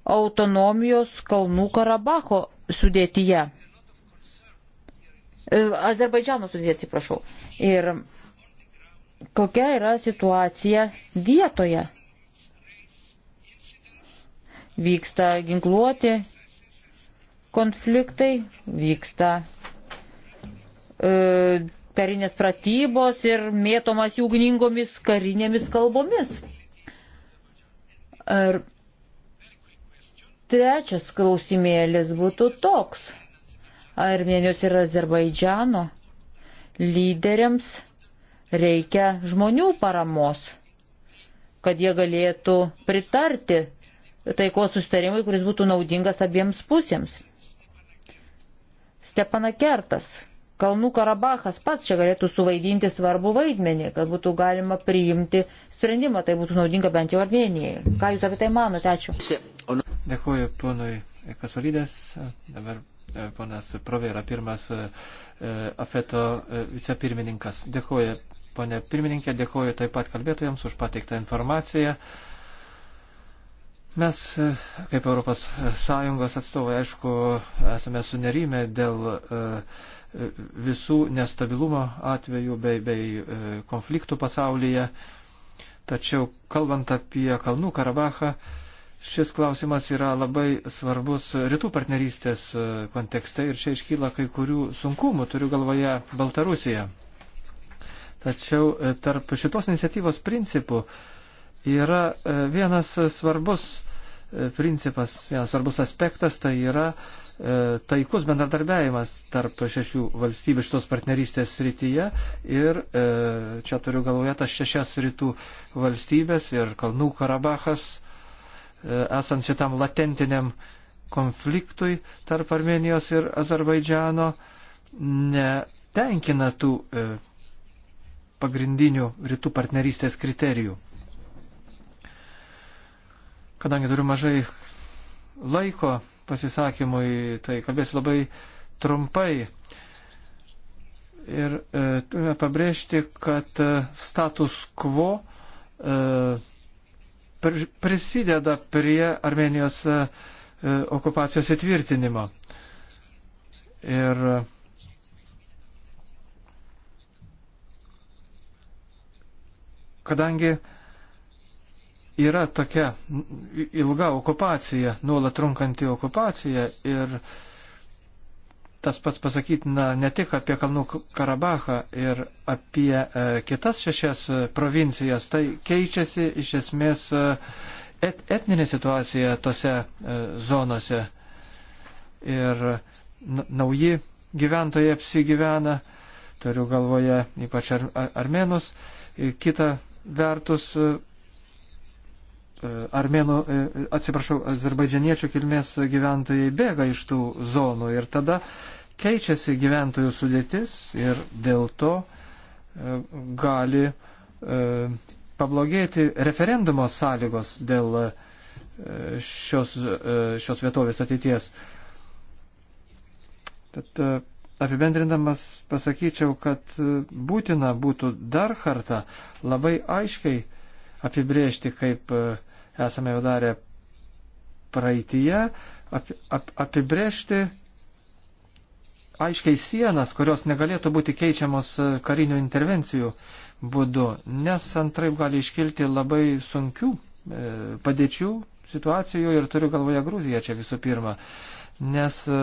autonomijos Kalnų Karabaho sudėtyje. E, Azerbaidžiano sudėtyje, atsiprašau. Ir kokia yra situacija vietoje? Vyksta ginkluoti konfliktai, vyksta e, karinės pratybos ir mėtomas jų gningomis karinėmis kalbomis. Ir trečias klausimėlis būtų toks. Armenijos ir Azerbaidžiano lyderiams reikia žmonių paramos, kad jie galėtų pritarti taikos sustarimui, kuris būtų naudingas abiems pusėms. Stepanakertas Kalnų Karabachas pats čia galėtų suvaidinti svarbu vaidmenį, kad būtų galima priimti sprendimą, tai būtų naudinga bent jau Armenijai. Ką Jūs apie tai manote? Ačiū. Dėkuoju ponui Kasolydės. Dabar e, ponas Provera, pirmas e, e, Afeto vicepirmininkas. Dėkuoju, ponė pirmininkė, dėkuoju taip pat kalbėtojams už pateiktą informaciją. Mes, e, kaip ES atstovai, aišku, esame sunerime dėl e, e, visų nestabilumo atvejų bei, bei konfliktų pasaulyje. Tačiau, kalbant apie Kalnų Karabachą, šis klausimas yra labai svarbus rytų partnerystės kontekste ir čia iškyla kai kurių sunkumų, turiu galvoje Baltarusiją. Tačiau tarp šitos iniciatyvos principų uh, yra e, vienas svarbus e, principas, vienas svarbus aspektas, tai yra e, taikus bendradarbiavimas tarp šešių valstybių šitos partnerystės srityje ir čia turiu galvoje tas šešias rytų valstybės ir Kalnų Karabachas, esant šitam latentiniam konfliktui tarp Armenijos ir Azerbaidžiano, netenkina tų pagrindinių rytų partnerystės kriterijų. Kadangi turiu mažai laiko pasisakymui, tai kalbėsiu labai trumpai. Ir e, turime pabrėžti, kad e, status quo e, prisideda prie Armenijos e, e, okupacijos įtvirtinimo. Ir kadangi e, yra tokia ilga okupacija, nuolat trunkanti okupacija ir tas pats pasakytina ne tik apie Kalnų Karabachą ir apie e, kitas šešias e, provincijas, tai keičiasi iš esmės e, et, etninė situacija tose e, zonose ir nauji gyventojai apsigyvena, turiu galvoje ypač ar, ar, armenus, e, kita vertus E, armėnų, e, atsiprašau, azerbaidžianiečių kilmės gyventojai bėga iš tų zonų ir tada keičiasi gyventojų sudėtis ir dėl to e, gali pablogėti referendumo sąlygos dėl šios, šios vietovės ateities. Tad apibendrindamas pasakyčiau, kad būtina būtų dar kartą labai aiškiai apibrėžti kaip uh, esame jau darę praeitie, ap, ap, apibrėžti aiškiai sienas, kurios negalėtų būti keičiamos e, karinių intervencijų būdu, nes antraip gali iškilti labai sunkių e, padėčių situacijų ir turiu galvoje Gruziją čia visų pirma, nes e,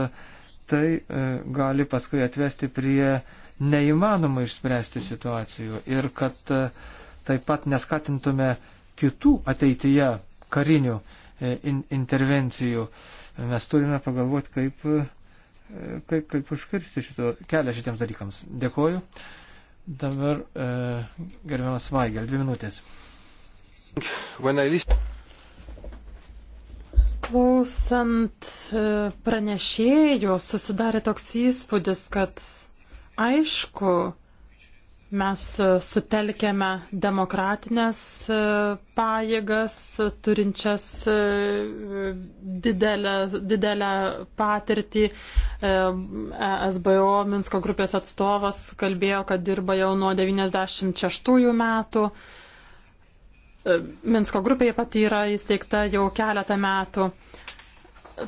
tai e, gali paskui atvesti prie neįmanomų išspręsti situacijų ir kad e, taip pat neskatintume e, kitų ateityje karinių e, in, intervencijų. Mes turime pagalvoti, kaip, e, kaip, kaip užkirsti šito kelią šitiems dalykams. Dėkoju. Dabar e, gerbiamas Vaigel, dvi minutės. Klausant e, pranešėjo, susidarė toks įspūdis, kad aišku, Mes e, sutelkėme demokratinės e, pajėgas, turinčias e, didelę, didelę patirtį. SBO Minsko grupės atstovas kalbėjo, kad dirba jau nuo 96 metų. Minsko grupė pati yra įsteigta jau keletą metų.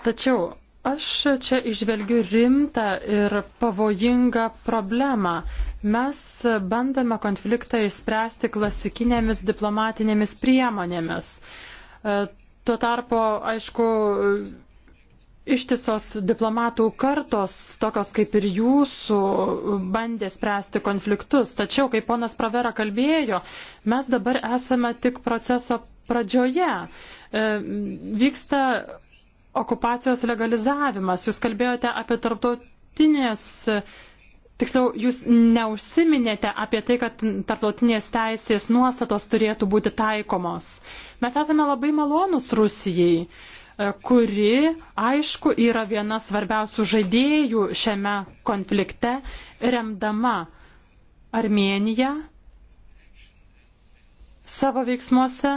Tačiau Aš čia išvelgiu rimtą ir pavojingą problemą. Mes bandome konfliktą išspręsti klasikinėmis diplomatinėmis priemonėmis. E, tuo tarpu, aišku, ištisos diplomatų kartos, tokios kaip ir jūsų, bandė spręsti konfliktus. Tačiau, kaip ponas Pravera kalbėjo, mes dabar esame tik proceso pradžioje. E, vyksta okupacijos legalizavimas. Jūs kalbėjote apie tarptautinės Tiksliau, jūs neužsiminėte apie tai, kad tarptautinės teisės nuostatos turėtų būti taikomos. Mes esame labai malonus Rusijai, e, kuri, aišku, yra viena svarbiausių žaidėjų šiame konflikte, remdama Armeniją savo veiksmuose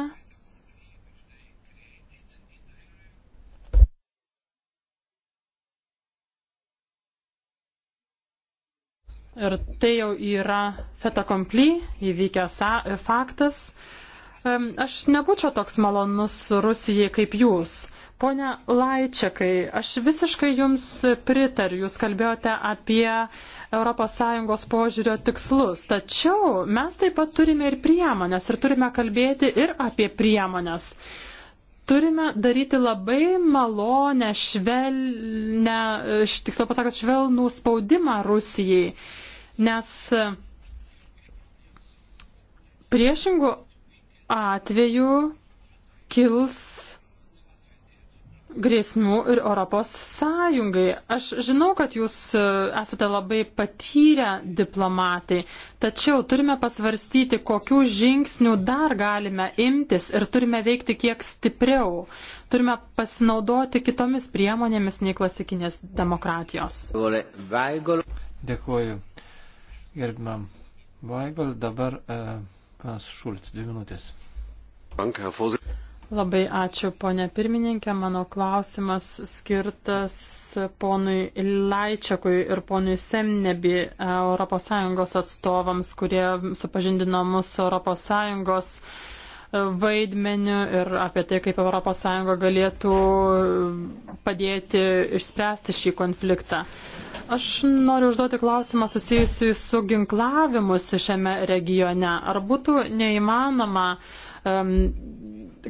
ir tai jau yra fetakomply įvykęs faktas. Aš nebūčiau toks malonus Rusijai kaip jūs. Pone Laičiakai, aš visiškai Jums pritariu. Jūs kalbėjote apie ES požiūrio tikslus. Tačiau mes taip pat turime ir priemonės ir turime kalbėti ir apie priemonės. Turime daryti labai malonę, švelnę, tiksliau pasakot, švelnų spaudimą Rusijai. Uh, nes e, priešingų atveju kils grėsmių ir Europos Sąjungai. Aš žinau, kad jūs e, esate labai patyrę diplomatai, tačiau turime pasvarstyti, kokių žingsnių dar galime imtis ir turime veikti kiek stipriau. Turime pasinaudoti kitomis priemonėmis nei klasikinės demokratijos. Dėkuoju gerbiam Vaigal, dabar panas e, Šulc, dvi minutės. Labai ačiū, ponė pirmininkė. Mano klausimas skirtas ponui Laičiakui ir ponui Semnebi, ES atstovams, kurie supažindino mus ES e, vaidmeniu ir apie tai, kaip ES galėtų e, padėti išspręsti šį konfliktą. Aš noriu užduoti klausimą susijusiu su ginklavimuose šiame regione. Ar būtų neįmanoma um,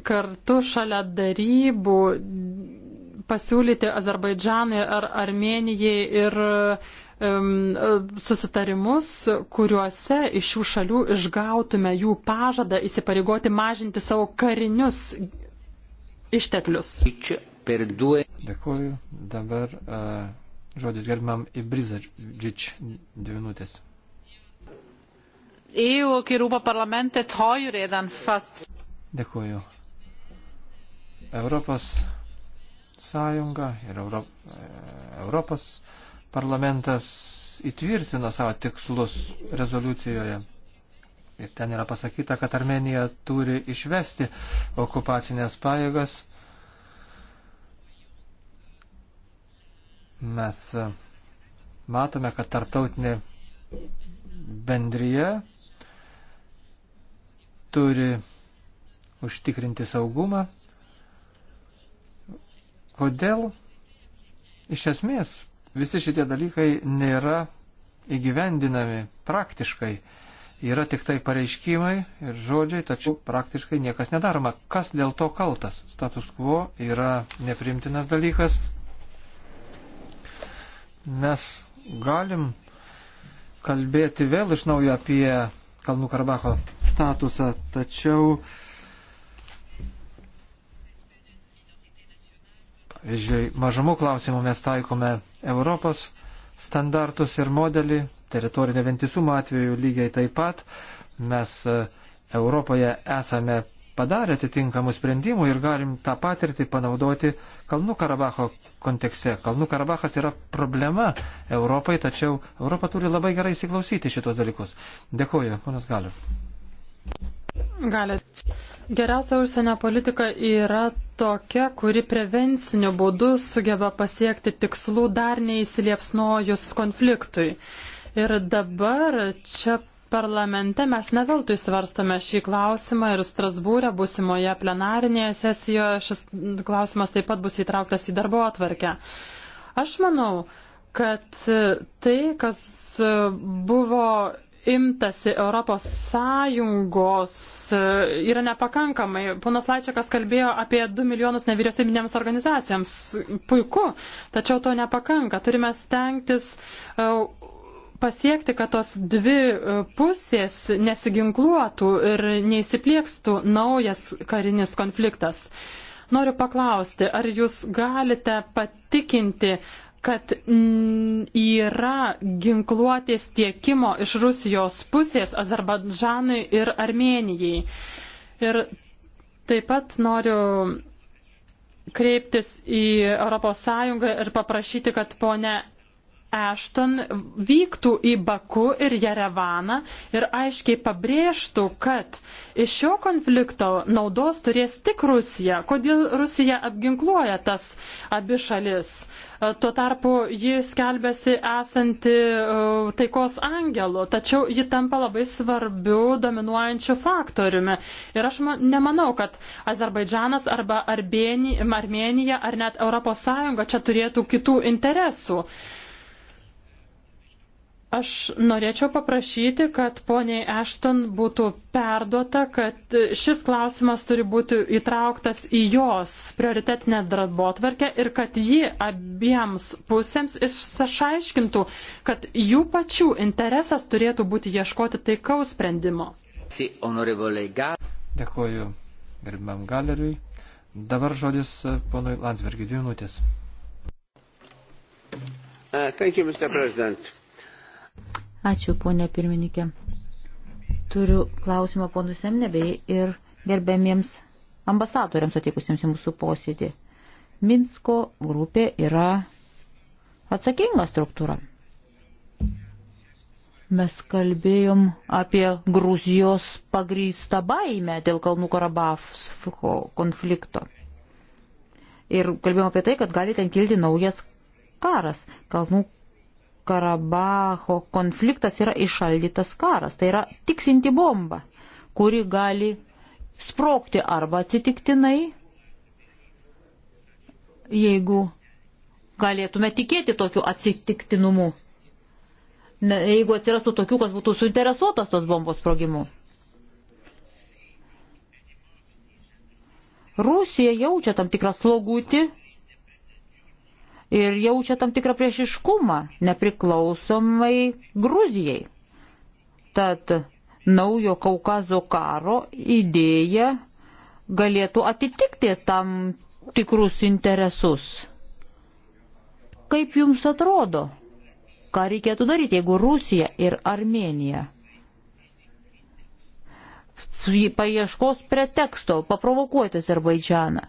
kartu šalia darybų pasiūlyti Azerbaidžanui ar Armenijai ir um, susitarimus, kuriuose iš šių šalių išgautume jų pažadą įsipareigoti mažinti savo karinius išteklius? Dėkuoju. Dabar. Uh Žodis gerbiam Ibrizadžič, dvi minutės. EU, ki rūpa parlamente, toju redan fast. Dėkuoju. Europos sąjunga ir Euro, e, Europos parlamentas įtvirtino savo tikslus rezoliucijoje. Ir ten yra pasakyta, kad Armenija turi išvesti okupacinės pajėgas Mes e, matome, kad tarptautinė bendryje turi užtikrinti saugumą. Kodėl iš esmės visi šitie dalykai nėra įgyvendinami praktiškai? Yra tik tai pareiškimai ir žodžiai, tačiau praktiškai niekas nedaroma. Kas dėl to kaltas? Status quo yra neprimtinas dalykas, mes galim kalbėti vėl iš naujo apie Kalnų Karabacho statusą, tačiau, pavyzdžiui, mažamų klausimų mes taikome Europos standartus ir modelį, teritorinio ventisumo atveju lygiai taip pat mes e, Europoje esame padarę atitinkamų sprendimų ir galim tą patirtį panaudoti Kalnų Karabacho kontekste. Kalnų Karabachas yra problema Europai, tačiau Europa turi labai gerai įsiklausyti šitos dalykus. Dėkuoju, ponas Galiu. Galit. Geriausia užsienio politika yra tokia, kuri prevenciniu būdu sugeba pasiekti tikslų dar neįsiliepsnojus konfliktui. Ir dabar čia parlamente mes neveltui svarstame šį klausimą ir Strasbūrė busimoje plenarinėje sesijoje šis klausimas taip pat bus įtrauktas į darbo atvarkę. Aš manau, kad tai, kas buvo imtasi Europos Sąjungos yra nepakankamai. Ponas Laičiakas kalbėjo apie 2 milijonus nevyriausybinėms organizacijams. Puiku, tačiau to nepakanka. Turime stengtis e, pasiekti, kad tos dvi e, pusės nesiginkluotų ir neįsipliekstų naujas karinis konfliktas. Noriu paklausti, ar jūs galite patikinti, kad yra ginkluotės tiekimo iš Rusijos pusės Azerbaidžanui ir Armenijai. Ir taip pat noriu kreiptis į ES ir paprašyti, kad ponia Ashton vyktų į Baku ir Jerevaną ir aiškiai pabrėžtų, kad iš šio konflikto naudos turės tik Rusija. Kodėl Rusija apginkluoja tas abi šalis? Tuo tarpu ji skelbėsi esanti e, taikos angelu, tačiau ji tampa labai svarbiu dominuojančiu faktoriumi. Ir aš nemanau, kad Azerbaidžanas arba Armenija ar net ES čia turėtų kitų interesų. Aš norėčiau paprašyti, kad poniai Ešton būtų perduota, kad šis klausimas turi būti įtrauktas į jos prioritetinę darbotvarkę ir kad ji abiems pusėms išsiaiškintų, kad jų pačių interesas turėtų būti ieškoti taikaus sprendimo. Dėkuoju gerbiam galeriui. Dabar žodis e, ponui Landsbergiui dvi minutės. Uh, thank you, Mr. President. Ačiū, ponė pirmininkė. Turiu klausimą ponui Semnebei ir gerbėmiems ambasadoriams atvykusiems į mūsų posėdį. Minsko grupė yra atsakinga struktūra. Mes kalbėjom apie Gruzijos pagrįstą baimę dėl Kalnų Karabafo konflikto. Ir kalbėjom apie tai, kad gali ten kilti naujas karas. Kalnų Karabaho konfliktas yra išaldytas karas, tai yra tiksinti bomba, kuri gali sprokti arba atsitiktinai, jeigu galėtume tikėti tokiu atsitiktinumu, ne, jeigu atsirastų tokių, kas būtų suinteresuotas tos bombos sprogimu. Rusija jaučia tam tikrą slogutį ir jaučia tam tikrą priešiškumą nepriklausomai Gruzijai. Tad naujo Kaukazo karo idėja galėtų atitikti tam tikrus interesus. Kaip jums atrodo, ką reikėtų daryti, jeigu Rusija ir Armenija paieškos preteksto paprovokuoti Azerbaidžianą?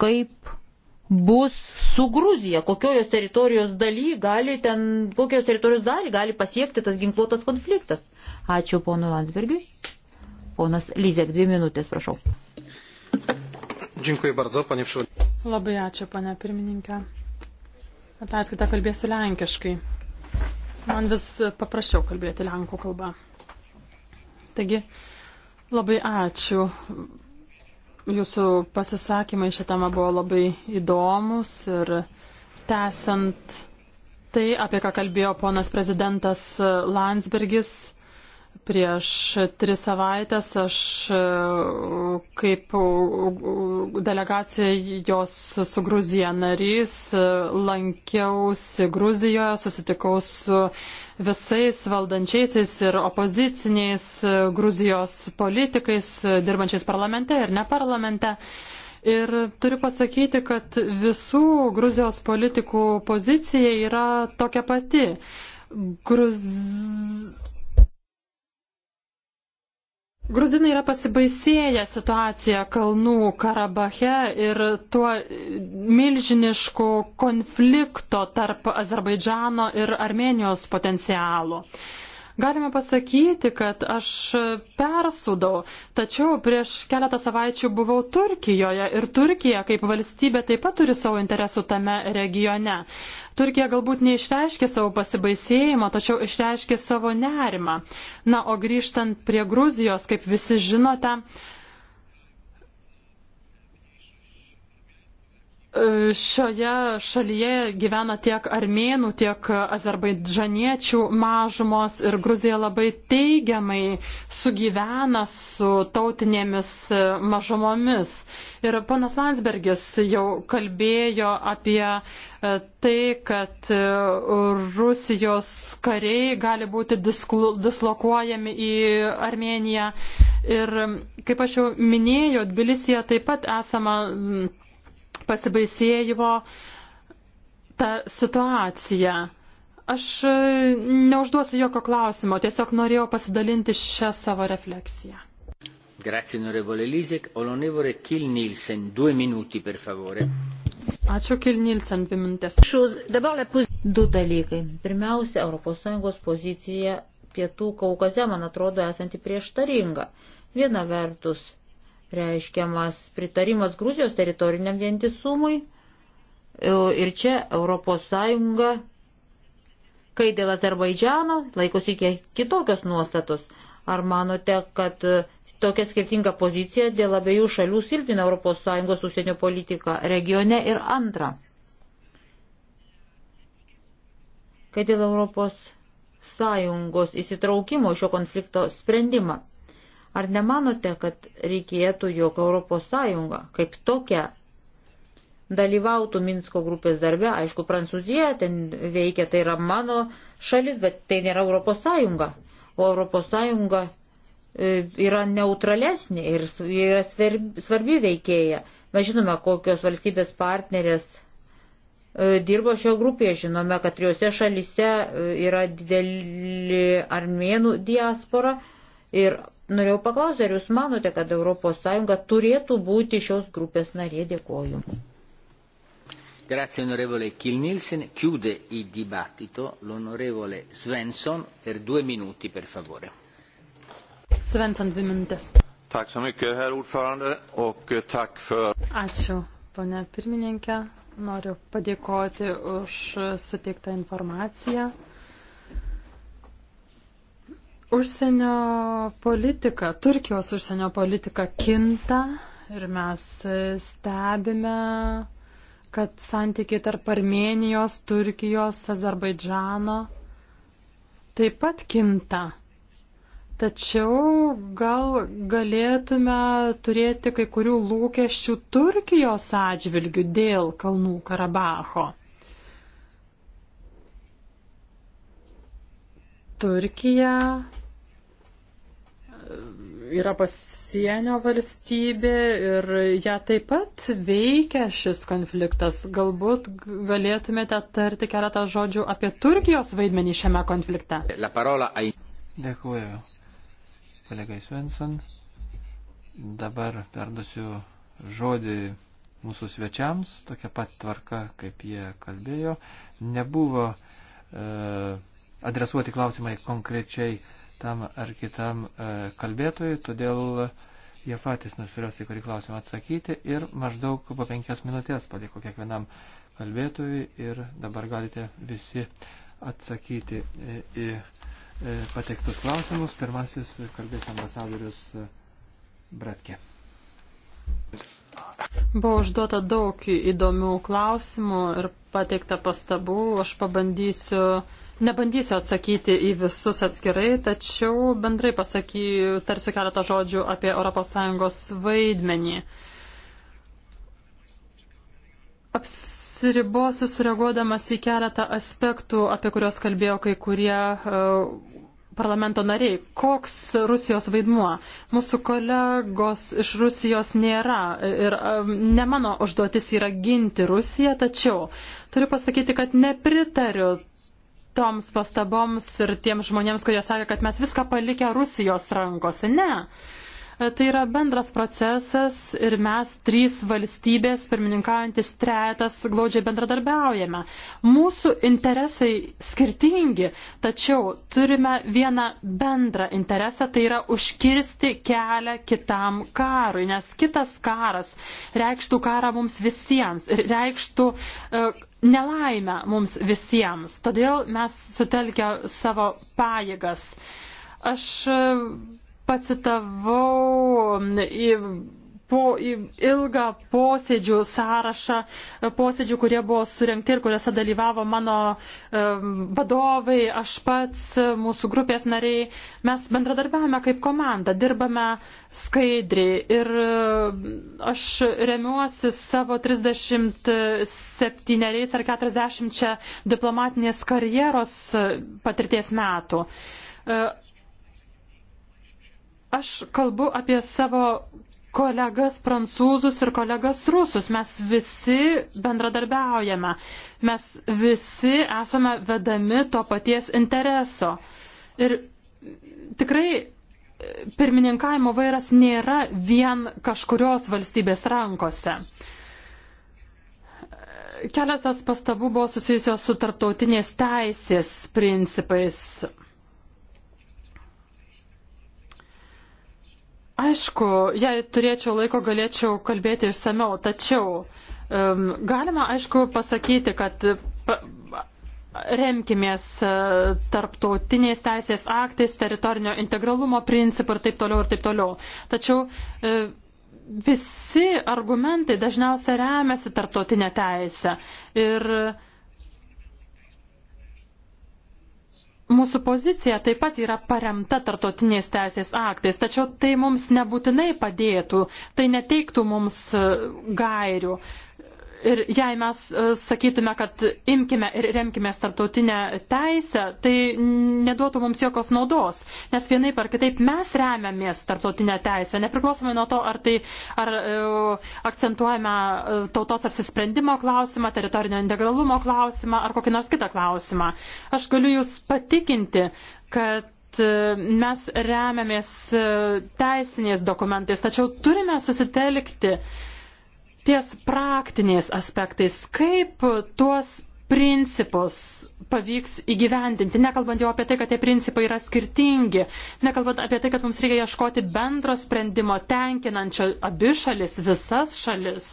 kaip bus su Gruzija, kokios teritorijos daly gali ten, kokios teritorijos dalį gali pasiekti tas ginkluotas konfliktas. Ačiū ponu Landsbergiui. Ponas Lyzek, dvi minutės, prašau. Dziękuję bardzo, panie przewodniczący. Labai ačiū, pane pirmininkė. Ataskaitą kalbėsiu lenkiškai. Man vis paprasčiau kalbėti lenkų kalbą. Taigi, labai ačiū Jūsų pasisakymai šią temą buvo labai įdomus ir tęsant tai, apie ką kalbėjo ponas prezidentas Landsbergis prieš tris savaitės, aš kaip delegacija jos su Gruzija narys lankiausi Gruzijoje, susitikau su visais valdančiaisiais ir opoziciniais e, Gruzijos politikais, e, dirbančiais parlamente ir ne parlamente. Ir turiu pasakyti, kad visų Gruzijos politikų pozicija yra tokia pati. Gruz... Gruzinai yra pasibaisėję situaciją Kalnų Karabache ir tuo milžinišku konflikto tarp Azerbaidžano ir Armenijos potencialu galime pasakyti, kad aš persudau, tačiau prieš keletą savaičių buvau Turkijoje ir Turkija kaip valstybė taip pat turi savo interesų tame regione. Turkija galbūt neišreiškė savo pasibaisėjimo, tačiau išreiškė savo nerimą. Na, o grįžtant prie Gruzijos, kaip visi žinote, E, šioje šalyje gyvena tiek armėnų, tiek azerbaidžaniečių mažumos ir Gruzija labai teigiamai sugyvena su tautinėmis mažumomis. Ir ponas Landsbergis jau kalbėjo apie e, tai, kad e, Rusijos kariai gali būti dislokuojami į Armėniją. Ir kaip aš jau minėjau, Tbilisija taip pat esama pasibaisėjimo tą situaciją. Aš neužduosiu jokio klausimo, tiesiog norėjau pasidalinti šią savo refleksiją. Grazie onorevole Lisek. Onorevole Kil Nielsen, due minuti per favore. Ačiū Kil Nielsen, dvi minutės. Du dalykai. Pirmiausia, ES pozicija pietų Kaukaze, man atrodo, esanti prieštaringa. Viena vertus, reiškiamas pritarimas Gruzijos teritoriniam vientisumui. E, ir čia ES, kai dėl Azerbaidžiano, laikosi kiek kitokios nuostatos. Ar manote, kad e, tokia skirtinga pozicija dėl abiejų šalių silpnina ES užsienio politiką regione ir antra? Kai dėl ES įsitraukimo šio konflikto sprendimą Ar nemanote, kad reikėtų, jog ES kaip tokia dalyvautų Minsko grupės darbe? Aišku, Prancūzija ten veikia, tai yra mano šalis, bet tai nėra ES. O ES e, yra neutralesnė ir yra svarbi veikėja. Mes žinome, kokios valstybės partnerės e, dirbo šio grupėje, žinome, kad trijose šalise e, yra didelį armėnų diaspora ir norėjau paklausti, ar jūs manote, kad ES turėtų būti šios grupės narė? Dėkoju. Grazie onorevole Kilnilsen. Chiude il dibattito l'onorevole Svensson per due minuti per favore. Svensson, dvi minutės. Tack så mycket, herr ordförande, och eh, tack för... Ačiū, ponia pirmininkė. Noriu padėkoti už suteiktą informaciją. Užsienio politika, Turkijos užsienio politika kinta ir mes stebime, kad santykiai tarp Armenijos, Turkijos, Azerbaidžano taip pat kinta. Tačiau gal galėtume turėti kai kurių lūkesčių Turkijos atžvilgių dėl Kalnų Karabaho. Turkija yra pasienio valstybė ir ją taip pat veikia šis konfliktas. Galbūt galėtumėte tarti keletą žodžių apie Turkijos vaidmenį šiame konflikte. Dėkuoju, kolegai Svensson. Dabar perdusiu žodį mūsų svečiams, tokia pat tvarka, kaip jie kalbėjo. Nebuvo e, adresuoti klausimai konkrečiai tam ar kitam e, kalbėtojui, todėl jie patys nuspręs į kurį klausimą atsakyti ir maždaug po penkias minutės paliko kiekvienam kalbėtojui ir dabar galite visi atsakyti e, į e, pateiktus klausimus. Pirmasis kalbės ambasadorius Bratke. Buvo užduota daug įdomių klausimų ir pateikta pastabų. Aš pabandysiu uh, Nebandysiu atsakyti į visus atskirai, tačiau bendrai pasakysiu, tarsiu keletą žodžių apie ES vaidmenį. Apsiribosiu sureaguodamas į keletą aspektų, apie kuriuos kalbėjo kai kurie uh, parlamento nariai. Koks Rusijos vaidmuo? Mūsų kolegos iš Rusijos nėra ir um, ne mano užduotis yra ginti Rusiją, tačiau turiu pasakyti, kad nepritariu toms pastaboms ir tiems žmonėms, kurie sakė, kad mes viską palikę Rusijos rankose. Ne. Tai yra bendras procesas ir mes trys valstybės, pirmininkaujantis trejetas, glaudžiai bendradarbiaujame. Mūsų interesai skirtingi, tačiau turime vieną bendrą interesą, tai yra užkirsti kelią kitam karui, nes kitas karas reikštų karą mums visiems ir reikštų uh, nelaimę mums visiems. Todėl mes sutelkia savo pajėgas. Aš uh, pacitavau į po ilgą posėdžių sąrašą, posėdžių, kurie buvo surinkti ir kuriuose dalyvavo mano vadovai, aš pats, mūsų grupės nariai. Mes bendradarbiavame kaip komanda, dirbame skaidriai ir aš remiuosi savo 37 ar 40 diplomatinės karjeros patirties metų Aš kalbu apie savo kolegas prancūzus ir kolegas rusus. Mes visi bendradarbiaujame. Mes visi esame vedami to paties intereso. Ir tikrai pirmininkavimo vairas nėra vien kažkurios valstybės rankose. Keletas pastabų buvo susijusios su tarptautinės teisės principais. Aišku, jei turėčiau laiko, galėčiau kalbėti išsameu, tačiau um, galima, aišku, pasakyti, kad pa, remkimės e, tarptautiniais teisės aktais, teritorinio integralumo principų ir taip toliau ir taip toliau. Tačiau um, visi argumentai dažniausiai remiasi tarptautinė teisė. Ir um, Mūsų pozicija taip pat yra paremta tartotinės teisės aktais, tačiau tai mums nebūtinai padėtų, tai neteiktų mums e, gairių. Ir jei mes e, sakytume, kad imkime ir remkime tarptautinę teisę, tai neduotų mums jokios naudos, nes vienaip ar kitaip mes remiamės tarptautinę teisę, nepriklausomai nuo to, ar, tai, ar e, akcentuojame e, tautos apsisprendimo klausimą, teritorinio integralumo klausimą ar kokį nors kitą klausimą. Aš galiu Jūs patikinti, kad mes remiamės teisiniais dokumentais, tačiau turime susitelkti uh, ties praktiniais aspektais, kaip tuos principus pavyks įgyvendinti, nekalbant jau apie tai, kad tie principai yra skirtingi, nekalbant apie tai, kad mums reikia ieškoti bendro sprendimo tenkinančio abi šalis, visas šalis.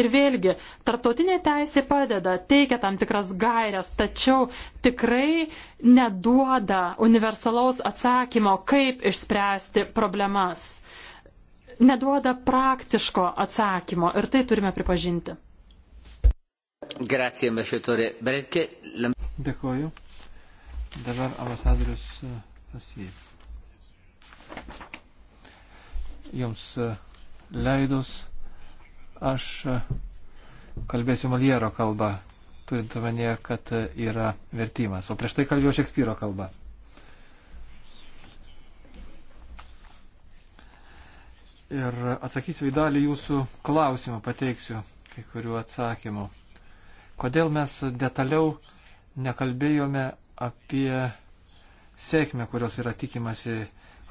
Ir vėlgi, tarptautinė teisė padeda, teikia tam tikras gairias, tačiau tikrai neduoda universalaus atsakymo, kaip išspręsti problemas neduoda praktiško atsakymo ir tai turime pripažinti. Grazie, ambasadorė Bretke. Dėkoju. Dabar ambasadorius eh, Asijai. Jums eh, leidus, aš eh, kalbėsiu Maliero kalbą, turint omenyje, kad yra vertimas. O prieš tai kalbėjau Šekspyro kalbą. ir atsakysiu į dalį jūsų klausimų, pateiksiu kai kurių atsakymų. Kodėl mes detaliau nekalbėjome apie sėkmę, kurios yra tikimasi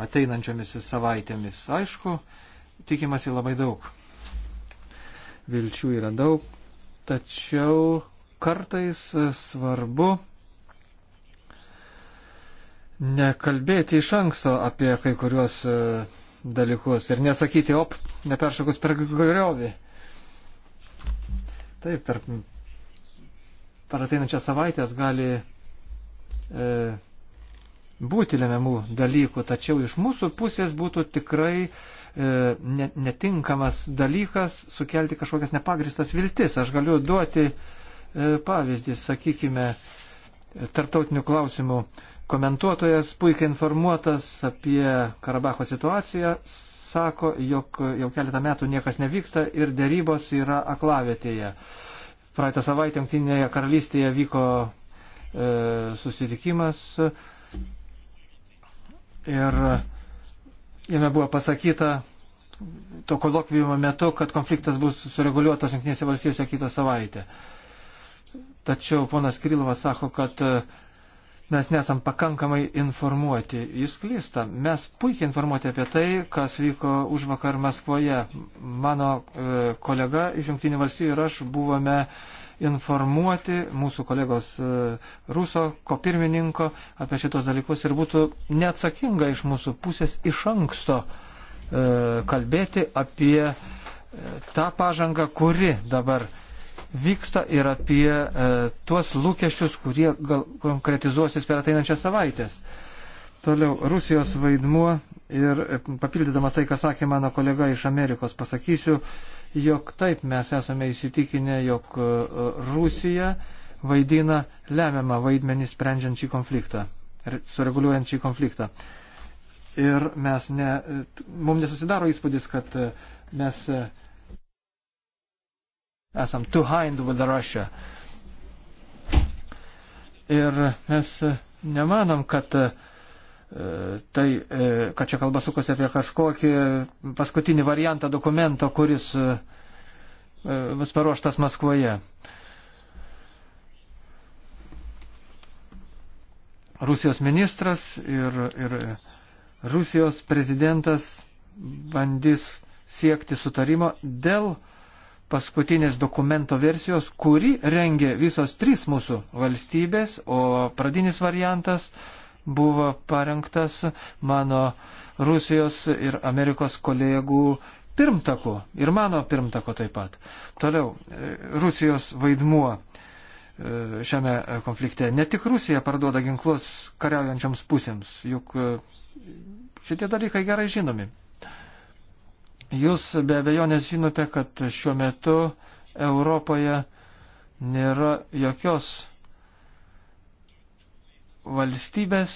ateinančiomis savaitėmis? Aišku, tikimasi labai daug. Vilčių yra daug, tačiau kartais svarbu nekalbėti iš anksto apie kai kuriuos dalykus ir nesakyti, op, neperšokus per griovį. Taip, per, per ateinančią savaitęs gali e, būti lemiamų dalykų, tačiau iš mūsų pusės būtų tikrai e, netinkamas dalykas sukelti kažkokias nepagristas viltis. Aš galiu duoti e, pavyzdį, sakykime, tarptautinių klausimų Komentuotojas puikiai informuotas apie Karabacho situaciją, sako, jog jau keletą metų niekas nevyksta ir dėrybos yra aklavietėje. Praeitą savaitę Junktinėje karalystėje vyko e, susitikimas ir jame buvo pasakyta to kolokvijumo metu, kad konfliktas bus sureguliuotas Junktinėse valstijose kitą savaitę. Tačiau ponas Krylovas sako, kad e, mes nesam pakankamai informuoti. Jis klysta. Mes puikiai informuoti apie tai, kas vyko už vakar Maskvoje. Mano e, kolega iš Junktinių valstybių ir aš buvome informuoti mūsų kolegos e, Ruso, kopirmininko apie šitos dalykus ir būtų neatsakinga iš mūsų pusės iš anksto e, kalbėti apie e, tą pažangą, kuri dabar vyksta ir apie e, tuos lūkesčius, kurie gal konkretizuosis per ateinančias savaitės. Toliau, Rusijos vaidmuo ir e, papildydamas tai, ką sakė mano kolega iš Amerikos, pasakysiu, jog taip mes esame įsitikinę, jog e, Rusija vaidina lemiamą vaidmenį sprendžiant šį konfliktą, sureguliuojant šį konfliktą. Ir mes ne, e, mums nesusidaro įspūdis, kad mes esam behind with Russia. Ir mes e, nemanom, kad e, tai, e, kad čia kalba sukosi apie kažkokį paskutinį variantą dokumento, kuris bus paruoštas Maskvoje. Rusijos ministras ir, ir Rusijos prezidentas bandys siekti sutarimo dėl uh, paskutinės dokumento versijos, kuri rengė visos trys mūsų valstybės, o pradinis variantas buvo parengtas mano Rusijos ir Amerikos kolegų pirmtako ir mano pirmtako taip pat. Toliau, e, Rusijos vaidmuo e, šiame konflikte. Ne tik Rusija parduoda ginklus kariaujančioms pusėms, juk e, šitie dalykai gerai žinomi. Jūs be abejonės žinote, kad šiuo metu Europoje nėra jokios valstybės,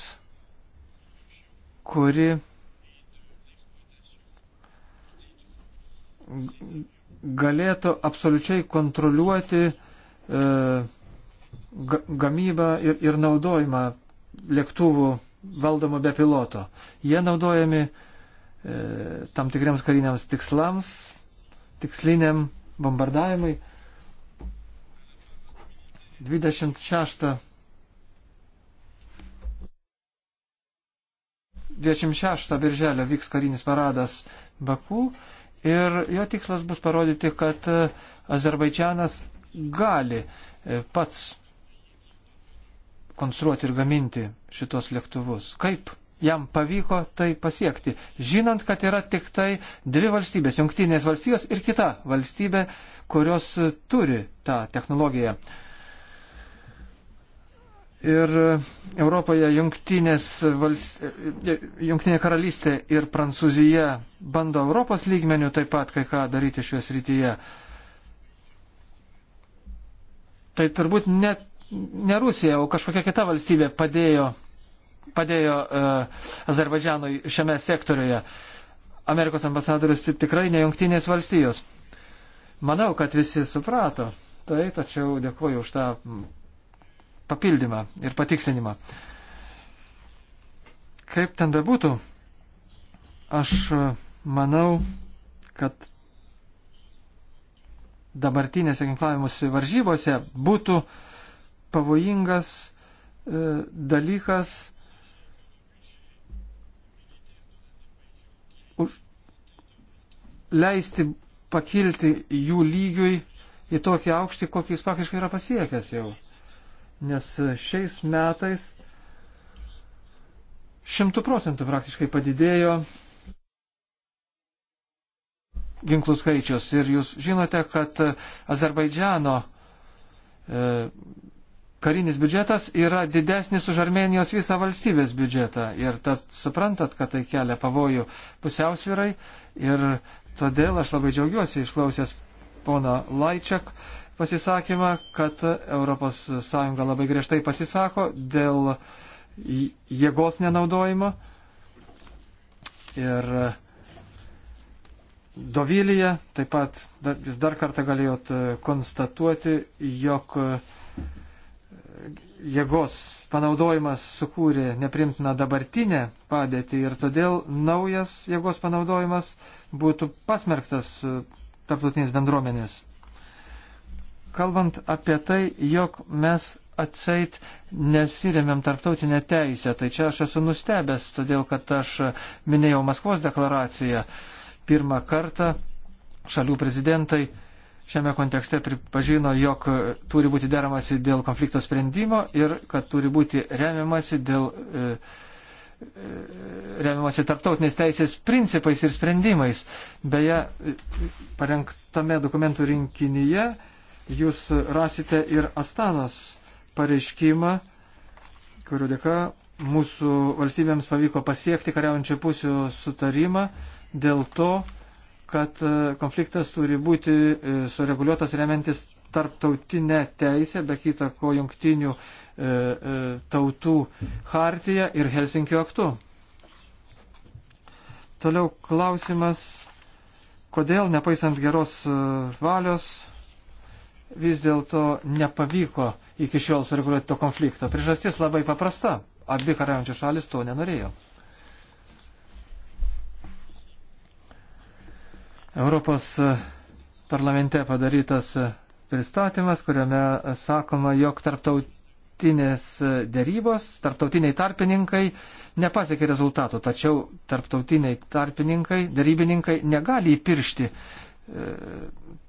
kuri galėtų absoliučiai kontroliuoti e, gamybą ir, ir naudojimą lėktuvų valdomų be piloto. Jie naudojami E, tam tikriams kariniams tikslams, tiksliniam bombardavimui. 26. 26 birželio vyks karinis paradas Baku ir jo tikslas bus parodyti, kad e, Azerbaidžianas gali e, pats konstruoti ir gaminti šitos lėktuvus. Kaip jam pavyko tai pasiekti, žinant, kad yra tik tai dvi valstybės - Junktinės valstijos ir kita valstybė, kurios turi tą technologiją. Ir Europoje jungtinės valst... Jungtinė karalystė ir Prancūzija bando Europos lygmenių taip pat kai ką daryti šioje srityje. Tai turbūt ne, ne Rusija, o kažkokia kita valstybė padėjo padėjo e, Azerbaidžianui šiame sektoriuje. Amerikos ambasadorius tikrai ne jungtinės valstijos. Manau, kad visi suprato tai, tačiau dėkuoju už tą papildymą ir patiksinimą. Kaip ten bebūtų, aš e, manau, kad dabartinėse ginklavimuose varžybose būtų pavojingas e, dalykas leisti pakilti jų lygiui į tokį aukštį, kokį jis faktiškai yra pasiekęs jau. Nes šiais metais šimtų procentų praktiškai padidėjo ginklų skaičius. Ir jūs žinote, kad Azerbaidžiano e, karinis biudžetas yra didesnis už Armenijos visą valstybės biudžetą. Ir tad suprantat, kad tai kelia pavojų pusiausvirai ir Todėl aš labai džiaugiuosi išklausęs pona Laičiak pasisakymą, kad ES labai griežtai pasisako dėl jėgos nenaudojimo. Ir Dovilyje taip pat jūs dar kartą galėjot konstatuoti, jog jėgos panaudojimas sukūrė neprimtiną dabartinę padėtį ir todėl naujas jėgos panaudojimas uh, būtų pasmerktas e, tarptautinės bendruomenės. Kalbant apie tai, jog mes atseit nesiremiam tarptautinę teisę, tai čia aš esu nustebęs, todėl kad aš minėjau Maskvos deklaraciją. Pirmą kartą šalių prezidentai šiame kontekste pripažino, jog turi būti deramasi dėl konflikto sprendimo ir kad turi būti remiamasi dėl. E, remiamasi tarptautinės teisės principais ir sprendimais. Beje, parengtame dokumentų rinkinyje jūs rasite ir Astanos pareiškimą, kurio dėka mūsų valstybėms pavyko pasiekti kariaujančių pusių sutarimą dėl to, kad e, konfliktas turi būti e, sureguliuotas remiantis tarptautinę teisę, be kita ko jungtinių uh, E, e, tautų hartiją ir Helsinkio aktu. Toliau klausimas, kodėl nepaisant geros e, valios vis dėlto nepavyko iki šiol sureguliuoti to konflikto. Priežastis labai paprasta. Abi kariaujančios šalis to nenorėjo. Europos parlamente padarytas pristatymas, kuriame sakoma, jog tarptaut tarptautinės dėrybos, tarptautiniai tarpininkai nepasiekė rezultatų, tačiau tarptautiniai tarpininkai, dėrybininkai negali įpiršti e,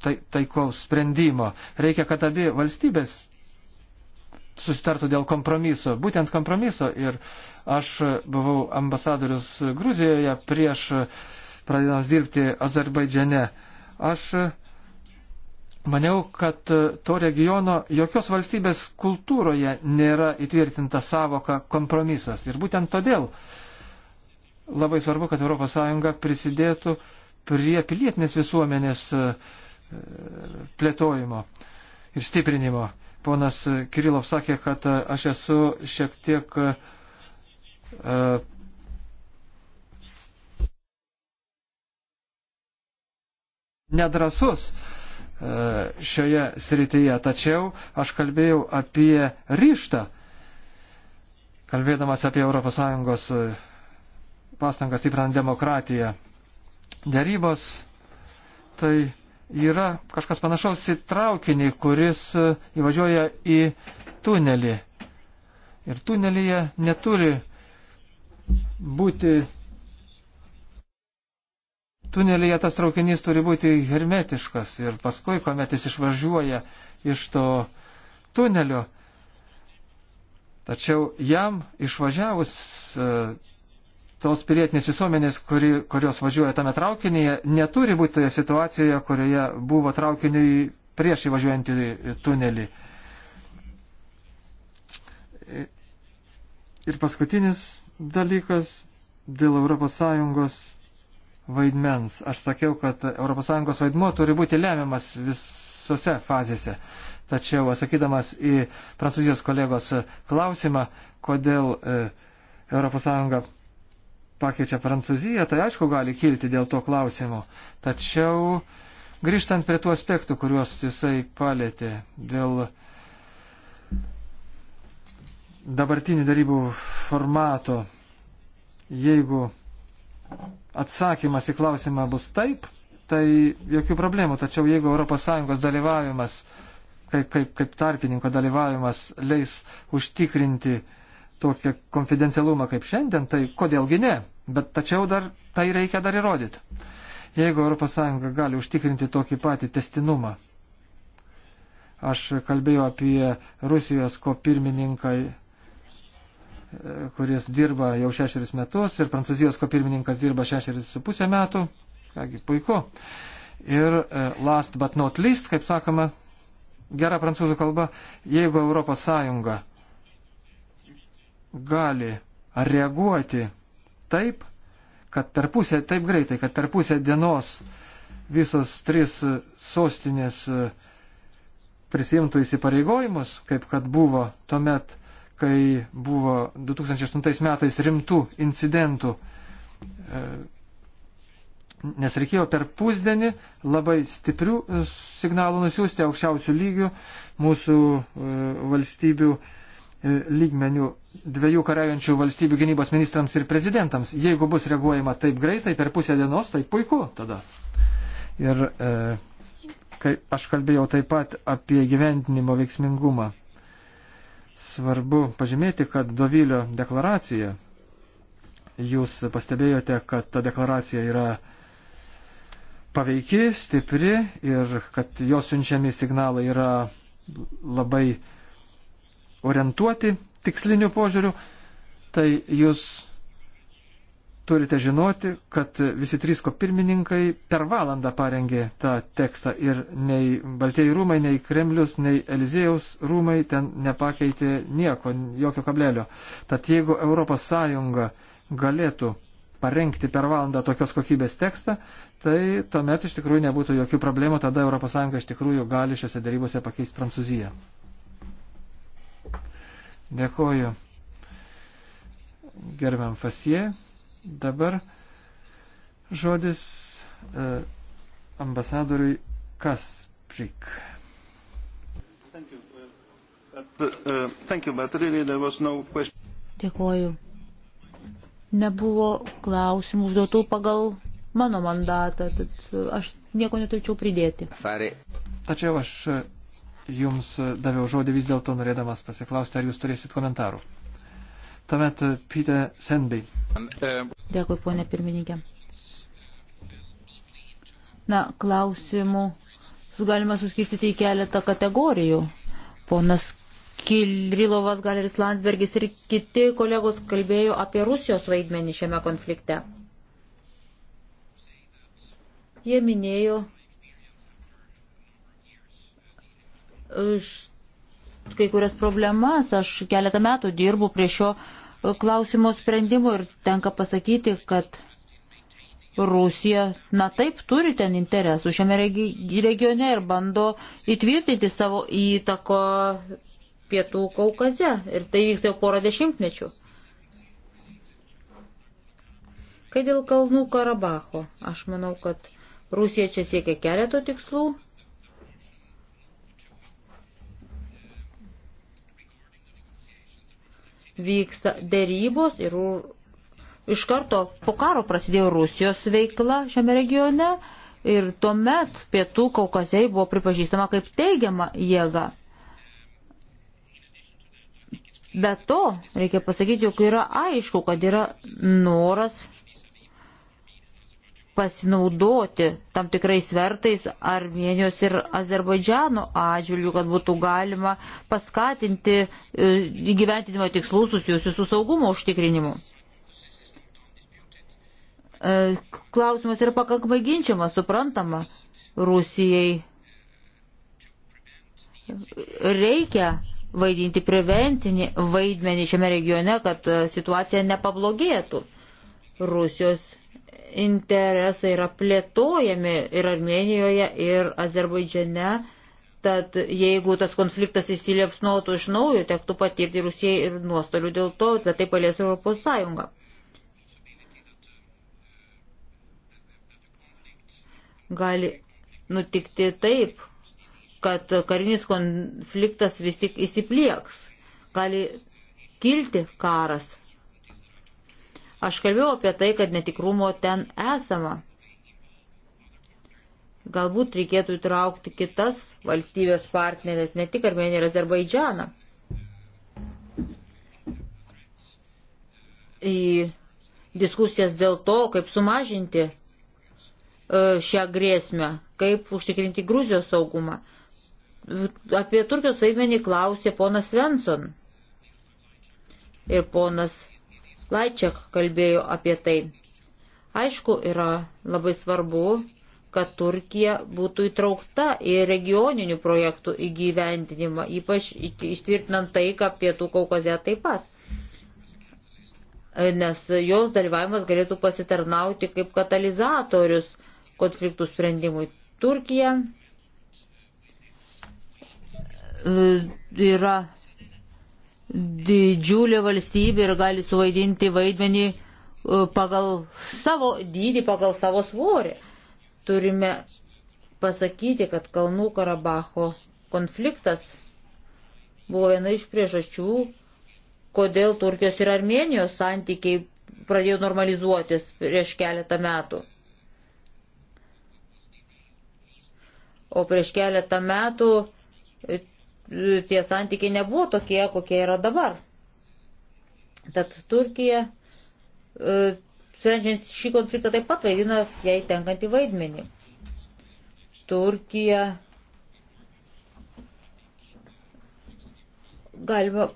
tai, taikaus sprendimo. Reikia, kad abi valstybės susitartų dėl kompromiso, būtent kompromiso. Ir aš buvau ambasadorius Gruzijoje prieš pradėdamas dirbti Azerbaidžiane. Aš maniau, kad to regiono jokios valstybės kultūroje nėra įtvirtinta savoka kompromisas. Ir būtent todėl labai svarbu, kad ES prisidėtų prie pilietinės visuomenės e, plėtojimo ir stiprinimo. Ponas Kirilov sakė, kad aš esu šiek tiek e, nedrasus E, šioje srityje. Tačiau aš kalbėjau apie ryštą, kalbėdamas apie ES e, pastangas stiprinant demokratiją. Dėrybos tai yra kažkas panašaus į traukinį, kuris e, įvažiuoja į tunelį. Ir tunelyje neturi būti tunelyje tas traukinys turi būti hermetiškas ir paskui, kuomet jis išvažiuoja iš to tunelio, tačiau jam išvažiavus e, tos pilietinės visuomenės, kuri, kurios važiuoja tame traukinyje, neturi būti toje situacijoje, kurioje buvo traukiniai prieš įvažiuojant į tunelį. E, ir paskutinis dalykas dėl ES vaidmens. Aš sakiau, kad ES vaidmuo turi būti lemiamas visose fazėse. Tačiau, atsakydamas į prancūzijos kolegos klausimą, kodėl e, ES pakeičia Prancūziją, tai aišku gali kilti dėl to klausimo. Tačiau grįžtant prie tų aspektų, kuriuos jisai palėtė dėl dabartinių darybų formato, jeigu atsakymas į klausimą bus taip, tai jokių problemų. Tačiau jeigu ES dalyvavimas, kaip, kaip, kaip tarpininko dalyvavimas, leis užtikrinti tokį konfidencialumą kaip šiandien, tai kodėlgi ne. Bet tačiau dar tai reikia dar įrodyti. Jeigu ES gali užtikrinti tokį patį testinumą, aš kalbėjau apie Rusijos ko pirmininkai kuris dirba jau šešerius metus ir Prancūzijos kopirmininkas dirba šešerius su pusę metų. Kągi, puiku. Ir e, last but not least, kaip sakoma, gera prancūzų kalba, jeigu ES gali reaguoti taip, kad per pusę, taip greitai, kad per pusę dienos visos trys sostinės e, prisimtų įsipareigojimus, kaip kad buvo tuomet kai buvo 2008 metais rimtų incidentų, e, nes reikėjo per pusdienį labai stiprių e, signalų nusiųsti aukščiausių lygių mūsų e, valstybių lygmenių dviejų kariaujančių valstybių gynybos ministrams ir prezidentams. Jeigu bus reaguojama taip greitai, per pusę dienos, tai puiku tada. Ir e, kai aš kalbėjau taip pat apie gyventinimo veiksmingumą. Svarbu pažymėti, kad Dovilio deklaracija, jūs pastebėjote, kad ta deklaracija yra paveiki, stipri ir kad jos siunčiami signalai yra labai orientuoti tiksliniu požiūriu, tai jūs turite žinoti, kad visi trys kopirmininkai per valandą parengė tą tekstą ir nei Baltieji rūmai, nei Kremlius, nei Elizėjaus rūmai ten nepakeitė nieko, jokio kablelio. Tad jeigu ES galėtų parengti per valandą tokios kokybės tekstą, tai tuomet iš tikrųjų nebūtų jokių problemų, tada ES iš tikrųjų gali šiose darybose pakeisti Prancūziją. Dėkoju. Gerbiam Fasie. Dabar žodis e, ambasadoriui Kasprik. Uh, Dėkuoju. Nebuvo klausimų užduotų pagal mano mandatą, tad aš nieko neturėčiau pridėti. Tačiau aš Jums daviau žodį vis dėlto norėdamas pasiklausti, ar Jūs turėsit komentarų. Tuomet e, Peter Senbei. Dėkui, ponė pirmininkė. Na, klausimų galima suskirstyti į keletą kategorijų. Ponas Kilrilovas, Galeris Landsbergis ir kiti kolegos kalbėjo apie Rusijos vaidmenį šiame konflikte. Jie minėjo e, kai kurias problemas. Aš keletą metų dirbu prie šio klausimo sprendimo ir tenka pasakyti, kad Rusija, na taip, turi ten interesų šiame regione ir bando įtvirtinti savo įtako pietų Kaukaze. Ir tai vyksta jau porą dešimtmečių. Kai dėl Kalnų Karabacho, aš manau, kad Rusija čia siekia keleto tikslų. vyksta dėrybos ir iš karto po karo prasidėjo Rusijos veikla šiame regione ir tuomet pietų Kaukazijai buvo pripažįstama kaip teigiama jėga. Be to, reikia pasakyti, jog yra aišku, kad yra noras pasinaudoti tam tikrais svertais Armenijos ir Azerbaidžiano atžvilgių, kad būtų galima paskatinti e, įgyventinimo tikslų susijusių su saugumo užtikrinimu. E, klausimas yra pakankamai ginčiamas, suprantama, Rusijai reikia vaidinti prevencinį vaidmenį šiame regione, kad e, situacija nepablogėtų. Rusijos interesai yra plėtojami ir Armenijoje, ir Azerbaidžiane. Tad jeigu tas konfliktas įsiliepsnotų iš naujo, tektų patirti Rusijai ir nuostolių dėl to, bet tai palies Europos Sąjungą. Gali nutikti taip, kad karinis konfliktas vis tik įsiplieks. Gali kilti karas Aš kalbėjau apie tai, kad netikrumo ten esama. Galbūt reikėtų įtraukti kitas valstybės partnerės, ne tik Armeniją ir Azerbaidžianą. Į diskusijas dėl to, kaip sumažinti e, šią grėsmę, kaip užtikrinti Gruzijos saugumą. Apie Turkijos vaidmenį klausė ponas Svensson. Ir ponas Laičiak kalbėjo apie tai. Aišku, yra labai svarbu, kad Turkija būtų įtraukta į regioninių projektų įgyvendinimą, ypač ištvirtinant tai, ką Pietų Kaukaze taip pat. Nes jos dalyvavimas galėtų pasitarnauti kaip katalizatorius konfliktų sprendimui. Turkija e, yra didžiulė valstybė ir gali suvaidinti vaidmenį e, pagal savo dydį, pagal savo svorį. Turime pasakyti, kad Kalnų Karabacho konfliktas buvo viena iš priežasčių, kodėl Turkijos ir Armenijos santykiai pradėjo normalizuotis prieš keletą metų. O prieš keletą metų tie santykiai nebuvo tokie, kokie yra dabar. Tad Turkija, e, sprendžiant šį konfliktą, taip pat vaidina jai tenkantį vaidmenį. Turkija galima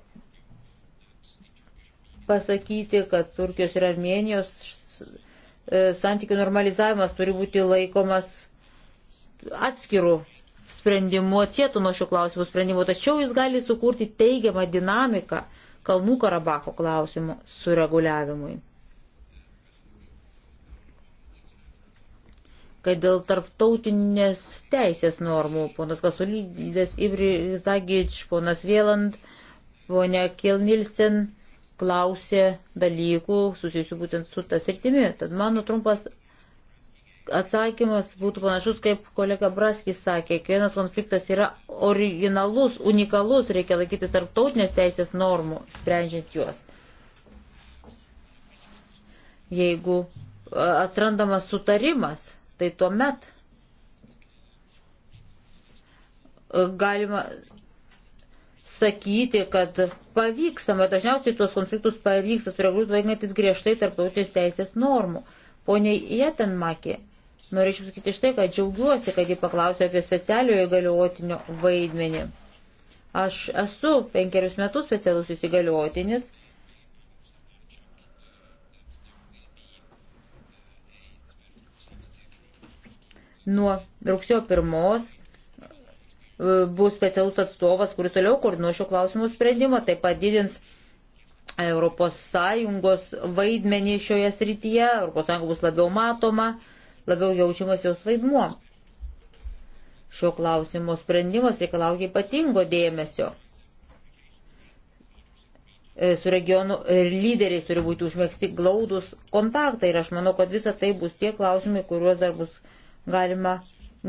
pasakyti, kad Turkijos ir Armenijos e, santykių normalizavimas turi būti laikomas atskirų sprendimu, atsėtų nuo šių klausimų sprendimų, tačiau jis gali sukurti teigiamą dinamiką Kalnų Karabako klausimų sureguliavimui. Kad dėl tarptautinės teisės normų, ponas Kasulydės Ibrizagič, ponas Vėland, ponia Kilnilsen klausė dalykų susijusių būtent su tas rytimi. Tad mano trumpas atsakymas būtų panašus, kaip kolega Braskis sakė, kiekvienas konfliktas yra originalus, unikalus, reikia laikytis tarptautinės teisės normų, sprendžiant juos. Jeigu atrandamas sutarimas, tai tuomet galima sakyti, kad pavykstama, dažniausiai tuos konfliktus pavyksta sureguliuoti laikantis griežtai tarptautinės teisės normų. Pone Jetenmakė, Norėčiau sakyti štai, kad džiaugiuosi, kad jį paklausė apie specialiojo įgaliotinio vaidmenį. Aš esu penkerius metus specialus įsigaliotinis. Nuo rugsėjo pirmos e, bus specialus atstovas, kuris toliau koordinuos šio klausimų sprendimą, taip pat didins ES vaidmenį šioje srityje, ES bus labiau matoma labiau jaučiamas jos vaidmuo. Šio klausimo sprendimas reikalauja ypatingo dėmesio. E, su regionu e, lyderiais turi būti užmėgsti glaudus kontaktai ir aš manau, kad visa tai bus tie klausimai, kuriuos dar bus galima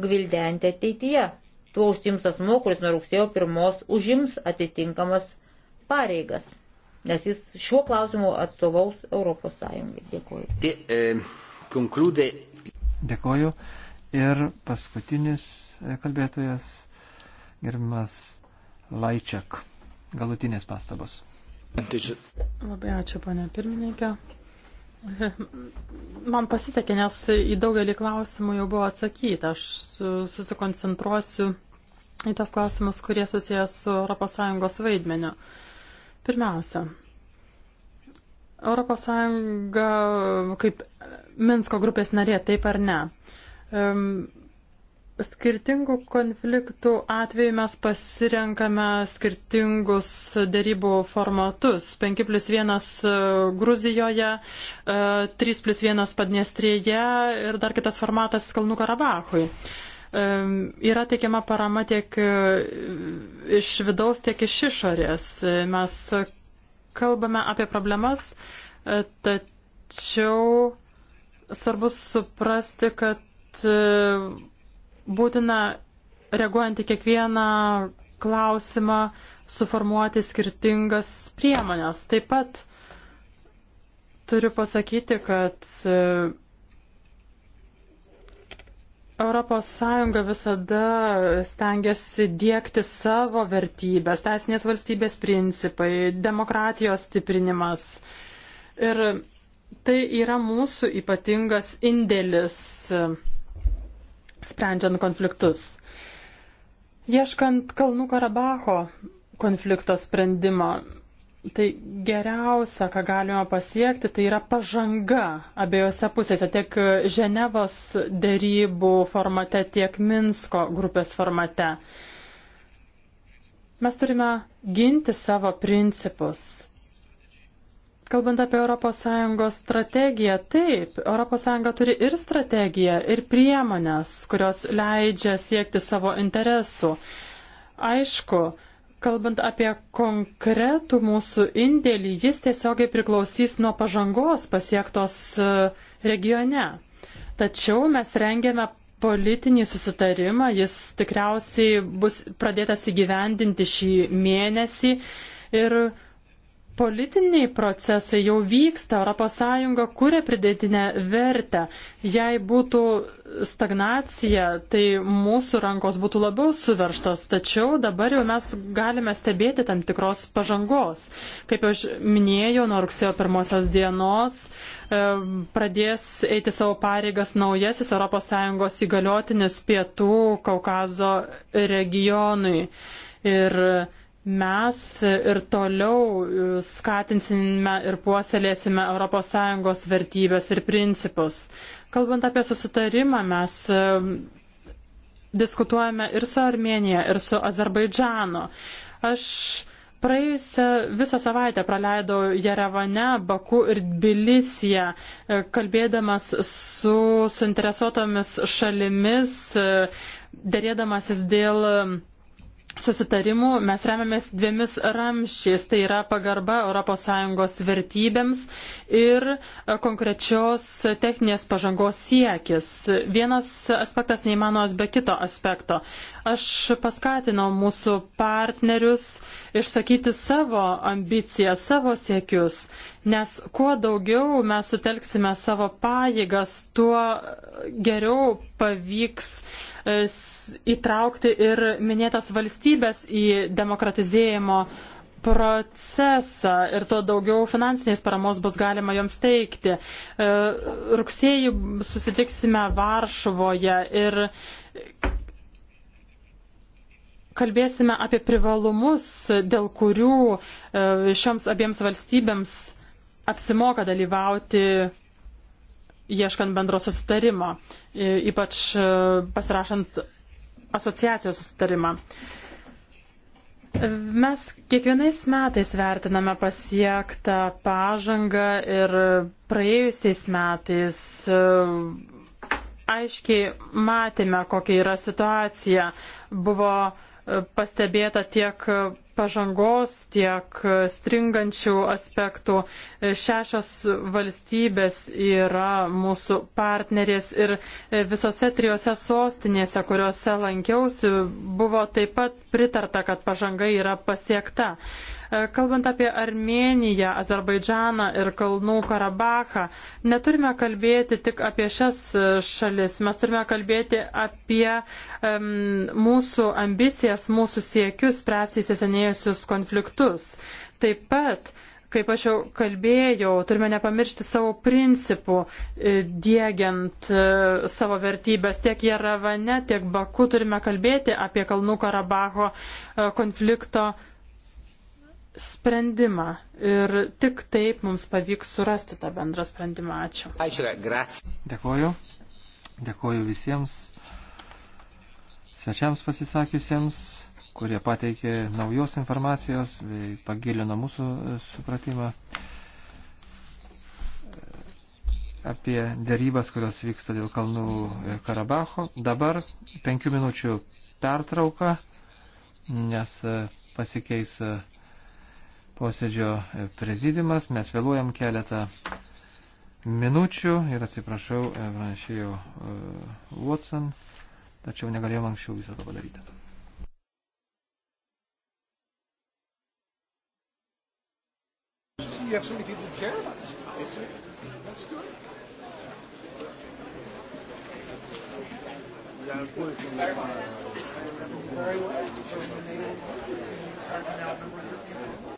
gvildenti ateityje. Tuo užsims asmo, kuris nuo rugsėjo pirmos užims atitinkamas pareigas, nes jis šiuo klausimu atstovaus Europos Sąjungai. Dėkuoju. Te, e, conclude... Dėkoju. Ir paskutinis e, kalbėtojas, gerbimas Laičiak. Galutinės pastabos. Labai ačiū, ponė pirmininkė. Man pasisekė, nes į daugelį klausimų jau buvo atsakyta. Aš susikoncentruosiu į tos klausimus, kurie susijęs su ES vaidmeniu. Pirmiausia, Europos Sąjunga kaip Minsko grupės narė, taip ar ne? Um, skirtingų konfliktų atveju mes pasirenkame skirtingus dėrybų formatus. 5 plus 1 e, Gruzijoje, 3 e, plus 1 Padniestrėje ir dar kitas formatas Kalnų Karabahui. Yra teikiama parama tiek e, iš vidaus, tiek iš išorės. Mes kalbame apie problemas, e, tačiau svarbu suprasti, kad e, būtina reaguojant į kiekvieną klausimą suformuoti skirtingas priemonės. Taip pat turiu pasakyti, kad e, ES visada stengiasi dėkti savo vertybės, teisinės valstybės principai, demokratijos stiprinimas. Ir tai yra mūsų ypatingas indėlis sprendžiant konfliktus. Ieškant Kalnų Karabaho konflikto sprendimo, Tai geriausia, ką galima pasiekti, tai yra pažanga abiejose pusėse, tiek Ženevos dėrybų formate, tiek Minsko grupės formate. Mes turime ginti savo principus. Kalbant apie ES strategiją, taip, ES turi ir strategiją, ir priemonės, kurios leidžia siekti savo interesų. Aišku, Kalbant apie konkretų mūsų indėlį, jis tiesiogiai priklausys nuo pažangos pasiektos e, regione. Tačiau mes rengėme politinį susitarimą, jis tikriausiai bus pradėtas įgyvendinti šį mėnesį ir politiniai procesai jau vyksta, ES kuria pridėtinę vertę. Jei būtų stagnacija, tai mūsų rankos būtų labiau suverštos, tačiau dabar jau mes galime stebėti tam tikros pažangos. Kaip aš minėjau, nuo rugsėjo pirmosios dienos e, pradės eiti savo pareigas naujasis ES įgaliotinis pietų Kaukazo regionui. Ir mes ir toliau e, skatinsime ir puoselėsime ES vertybės ir principus. Kalbant apie susitarimą, mes e, diskutuojame ir su Armenija, ir su Azerbaidžanu. Aš Praėjusią visą savaitę praleidau Jerevane, Baku ir Tbilisyje, e, kalbėdamas su suinteresuotomis šalimis, dėrėdamasis dėl susitarimų mes remiamės dviemis ramščiais - tai yra pagarba ES vertybėms ir e, konkrečios techninės pažangos siekis. Vienas aspektas neįmanomas be kito aspekto. Aš paskatinau mūsų partnerius išsakyti savo ambiciją, savo siekius, nes kuo daugiau mes sutelksime savo pajėgas, tuo geriau pavyks įtraukti ir minėtas valstybės į demokratizėjimo procesą ir to daugiau finansinės paramos bus galima joms teikti. E, rugsėjį susitiksime Varšuvoje ir kalbėsime apie privalumus, dėl kurių e, šioms abiems valstybėms apsimoka dalyvauti ieškant bendro susitarimo, ypač e, pasirašant asociacijos susitarimą. Mes kiekvienais metais vertiname pasiektą pažangą ir praėjusiais metais e, aiškiai matėme, kokia yra situacija. Buvo e, pastebėta tiek pažangos, tiek stringančių aspektų. Šešios valstybės yra mūsų partnerės ir visose trijose sostinėse, kuriuose lankiausi, buvo taip pat pritarta, kad pažanga yra pasiekta. E, kalbant apie Armeniją, Azerbaidžaną ir Kalnų Karabachą, neturime kalbėti tik apie šias šalis, mes turime kalbėti apie um, mūsų ambicijas, mūsų siekius spręsti įsisenėjusius konfliktus. Taip pat kaip aš jau kalbėjau, turime nepamiršti savo principų, e, dėgiant e, savo vertybės. Tiek Jaravane, tiek Baku turime kalbėti apie Kalnų Karabaho konflikto sprendimą ir tik taip mums pavyks surasti tą bendrą sprendimą. Ačiū. Ačiū, gracija. Dėkoju. Dėkoju visiems svečiams pasisakiusiems, kurie pateikė naujos informacijos bei pagilino mūsų supratimą apie dėrybas, kurios vyksta dėl Kalnų Karabacho. Dabar penkių minučių pertrauka, nes pasikeis posėdžio prezidimas. Mes vėluojam keletą minučių ir atsiprašau, e, pranešėjau e, Watson, tačiau negalėjom anksčiau visą to padaryti. You have so many people who care about this policy. That's good. Very well. Terminated. Are now number 13.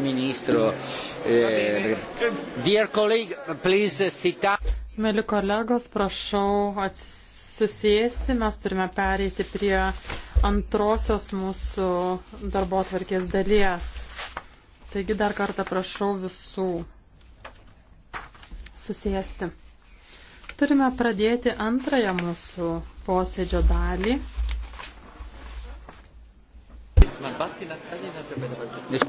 Ministro, eh, dear colleague, please eh, sit down. Mėly kolegos, prašau susėsti, mes turime pereiti prie antrosios mūsų darbo atvarkės dalies. Taigi dar kartą prašau visų susėsti. Turime pradėti antrąją mūsų posėdžio dalį. Man batti la taglia per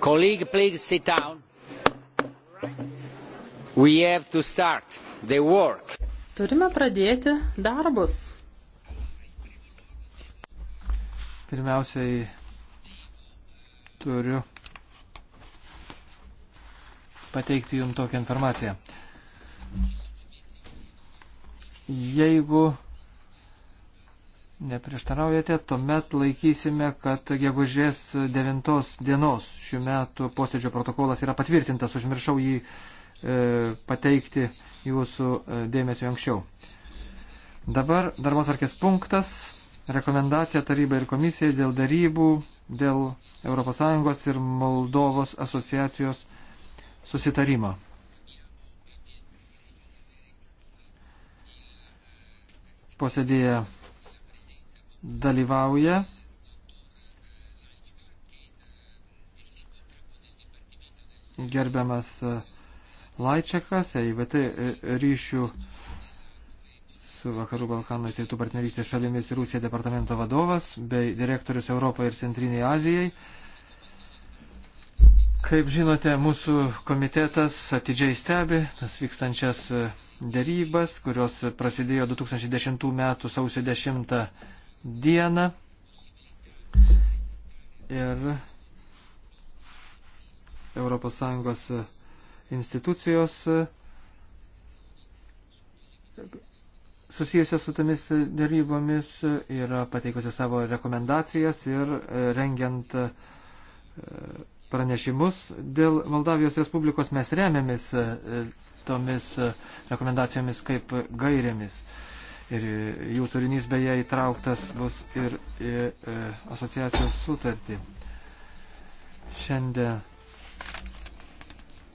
Colleague, please sit down. We have to start the work. Turime pradėti darbus. Pirmiausiai turiu pateikti jums tokią informaciją. Jeigu Neprieštaraujate, tuomet laikysime, kad gegužės 9 dienos šių metų posėdžio protokolas yra patvirtintas. Užmiršau jį e, pateikti jūsų e, dėmesio anksčiau. Dabar darbos arkės punktas - rekomendacija tarybai ir komisijai dėl darybų dėl ES ir Moldovos asociacijos susitarimo. Posėdėje dalyvauja gerbiamas e, Laičiakas, EIVT e, ryšių su Vakarų Balkanais ir tų partnerystės šalimis Rusija departamento vadovas bei direktorius Europai ir Centriniai Azijai. Kaip žinote, mūsų komitetas atidžiai stebi tas vykstančias e, dėrybas, kurios prasidėjo 2010 m. sausio 10 dieną. Ir ES institucijos susijusios su tomis dėrybomis yra pateikusi savo rekomendacijas ir rengiant e, pranešimus dėl Moldavijos Respublikos mes remiamis e, tomis rekomendacijomis kaip gairėmis. Ir e, jų turinys beje įtrauktas bus ir į e, asociacijos sutartį. Šiandien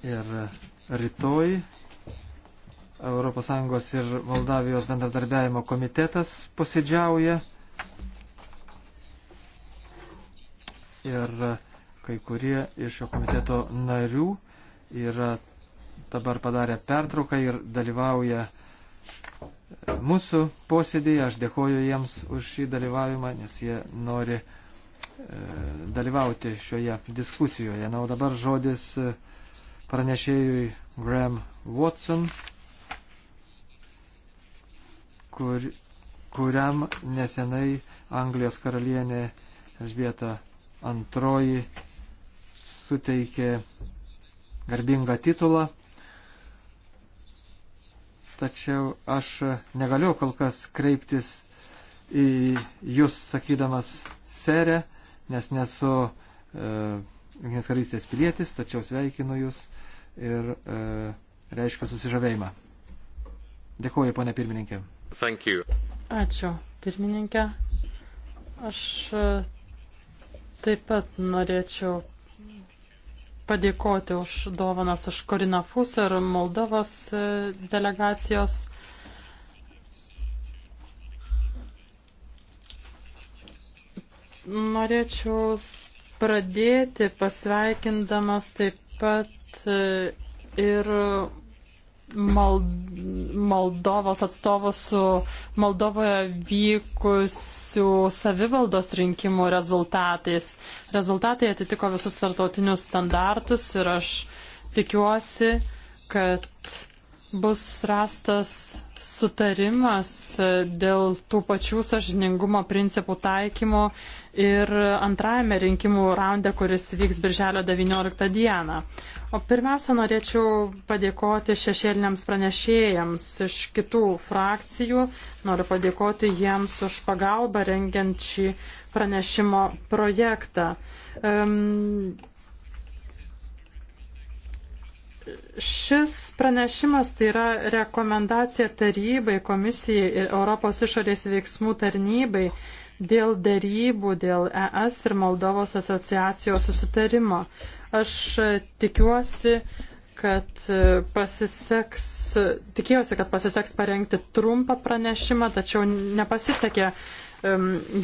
ir rytoj ES ir Moldavijos bendradarbiavimo komitetas posėdžiauja. Ir kai kurie iš šio komiteto narių yra dabar padarę pertrauką ir dalyvauja uh, mūsų posėdėje. Aš dėkoju jiems už šį dalyvavimą, nes jie nori e, dalyvauti šioje diskusijoje. Na, o dabar žodis e, pranešėjui Graham Watson, kur, kuriam nesenai Anglijos karalienė Elžbieta II suteikė garbingą titulą tačiau aš negaliu kol kas kreiptis į jūs sakydamas serę, nes nesu e, Jungtinės e, karalystės pilietis, tačiau sveikinu jūs ir e, reiškiu susižavėjimą. Dėkuoju, ponė pirmininkė. Ačiū, pirmininkė. Aš e, taip pat norėčiau padėkoti už dovanas už Korina Fus ir Moldovos e, delegacijos. Norėčiau pradėti pasveikindamas taip pat e, ir Moldovos atstovų su Moldovoje vykusių savivaldos rinkimų rezultatais. Rezultatai atitiko visus tartautinius standartus ir aš tikiuosi, kad bus rastas sutarimas e, dėl tų pačių sažiningumo principų taikymo ir antrajame rinkimų raunde, kuris vyks birželio 19 dieną. O pirmiausia, norėčiau padėkoti šešėliniams pranešėjams iš kitų frakcijų. Noriu padėkoti jiems už pagalbą rengiant šį pranešimo projektą. Um, Šis pranešimas tai yra rekomendacija tarybai, komisijai ir Europos išorės veiksmų tarnybai dėl dėrybų, dėl ES ir Moldovos asociacijos susitarimo. Aš tikiuosi, kad pasiseks, tikėjausi, kad pasiseks parengti trumpą pranešimą, tačiau nepasisekė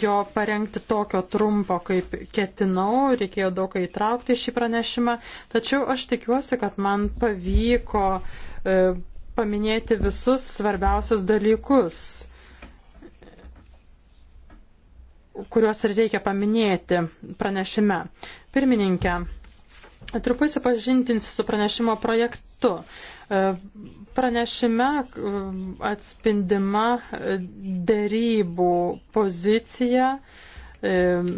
jo parengti tokio trumpo, kaip ketinau, reikėjo daug ką įtraukti šį pranešimą, tačiau aš tikiuosi, kad man pavyko e, paminėti visus svarbiausius dalykus, kuriuos ir reikia paminėti pranešime. Pirmininkė, truputį supažintinsiu su pranešimo projektu. Pranešime e, atspindima e, dėrybų pozicija, e,